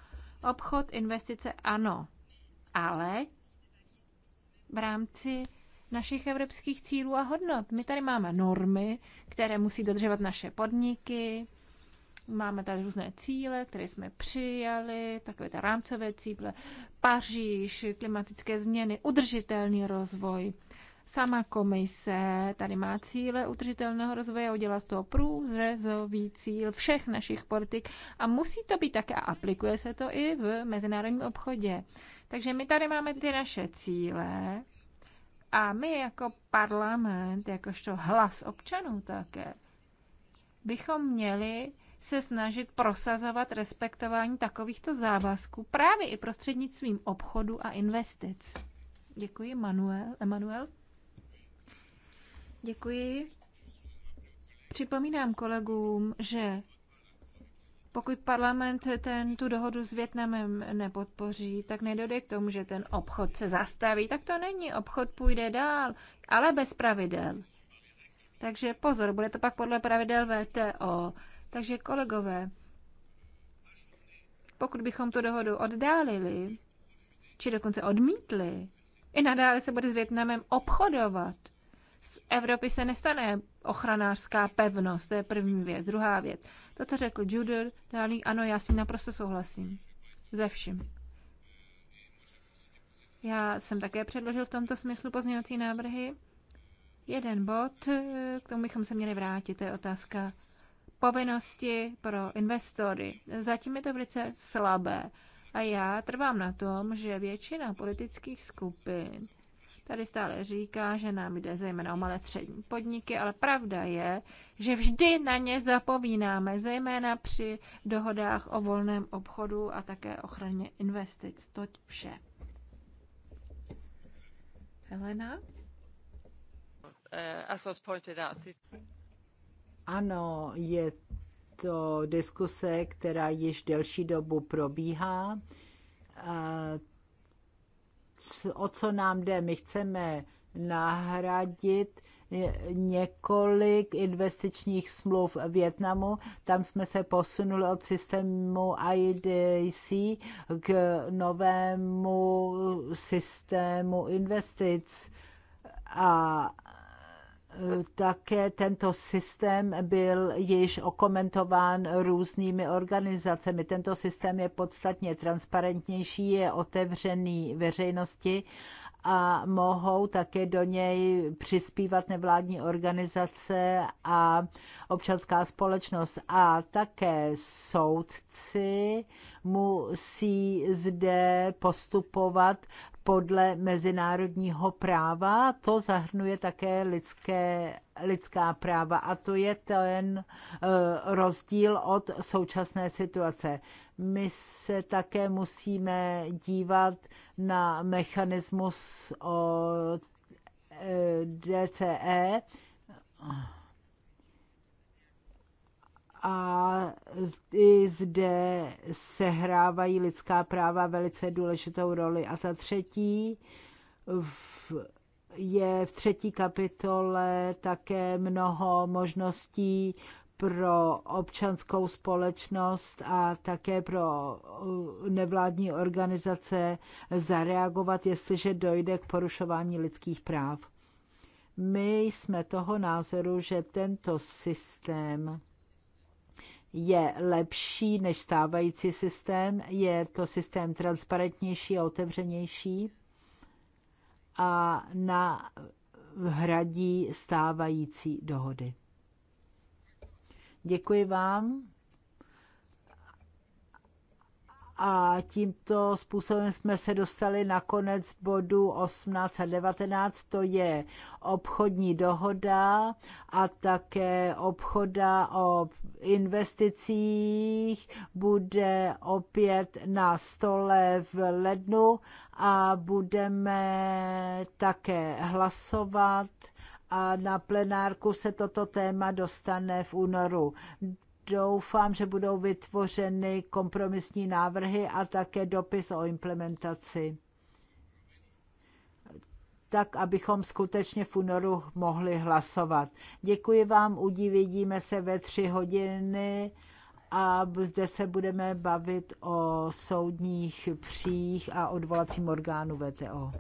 Obchod, investice, ano. Ale v rámci našich evropských cílů a hodnot. My tady máme normy, které musí dodržovat naše podniky, Máme tady různé cíle, které jsme přijali, takové ta rámcové cíle, Paříž, klimatické změny, udržitelný rozvoj. Sama komise tady má cíle udržitelného rozvoje, udělá z toho průřezový cíl všech našich politik a musí to být také, a aplikuje se to i v mezinárodním obchodě. Takže my tady máme ty naše cíle a my jako parlament, jakožto hlas občanů také, bychom měli se snažit prosazovat respektování takovýchto závazků právě i prostřednictvím obchodu a investic. Děkuji, Manuel. Emanuel. Děkuji. Připomínám kolegům, že pokud parlament ten, tu dohodu s Větnamem nepodpoří, tak nedojde k tomu, že ten obchod se zastaví. Tak to není, obchod půjde dál, ale bez pravidel. Takže pozor, bude to pak podle pravidel VTO. Takže kolegové, pokud bychom tu dohodu oddálili, či dokonce odmítli, i nadále se bude s Větnamem obchodovat. Z Evropy se nestane ochranářská pevnost, to je první věc. Druhá věc, to, co řekl Juder, dálí, ano, já s ním naprosto souhlasím. Ze vším. Já jsem také předložil v tomto smyslu pozměňovací návrhy. Jeden bod, eh, k tomu bychom se měli vrátit, to je otázka povinnosti pro investory. Zatím je to velice slabé. A já trvám na tom, že většina politických skupin tady stále říká, že nám jde zejména o malé střední podniky, ale pravda je, že vždy na ně zapomínáme, zejména při dohodách o volném obchodu a také ochraně investic. To vše. Helena? Uh, as was pointed out, it... Ano, je to diskuse, která již delší dobu probíhá. O co nám jde? My chceme nahradit několik investičních smluv v Větnamu. Tam jsme se posunuli od systému IDC k novému systému investic. A také tento systém byl již okomentován různými organizacemi. Tento systém je podstatně transparentnější, je otevřený veřejnosti a mohou také do něj přispívat nevládní organizace a občanská společnost. A také soudci musí zde postupovat podle mezinárodního práva, to zahrnuje také lidské, lidská práva a to je ten eh, rozdíl od současné situace. My se také musíme dívat na mechanismus o eh, DCE, a i zde sehrávají lidská práva velice důležitou roli. A za třetí v, je v třetí kapitole také mnoho možností pro občanskou společnost a také pro uh, nevládní organizace zareagovat, jestliže dojde k porušování lidských práv. My jsme toho názoru, že tento systém je lepší než stávající systém, je to systém transparentnější a otevřenější a na hradí stávající dohody. Děkuji vám. A tímto způsobem jsme se dostali na konec bodu 18 a 19, to je obchodní dohoda a také obchoda o investicích bude opět na stole v lednu a budeme také hlasovat a na plenárku se toto téma dostane v únoru doufám, že budou vytvořeny kompromisní návrhy a také dopis o implementaci. Tak, abychom skutečně v únoru mohli hlasovat. Děkuji vám, uvidíme se ve tři hodiny a zde se budeme bavit o soudních přích a odvolacím orgánu VTO.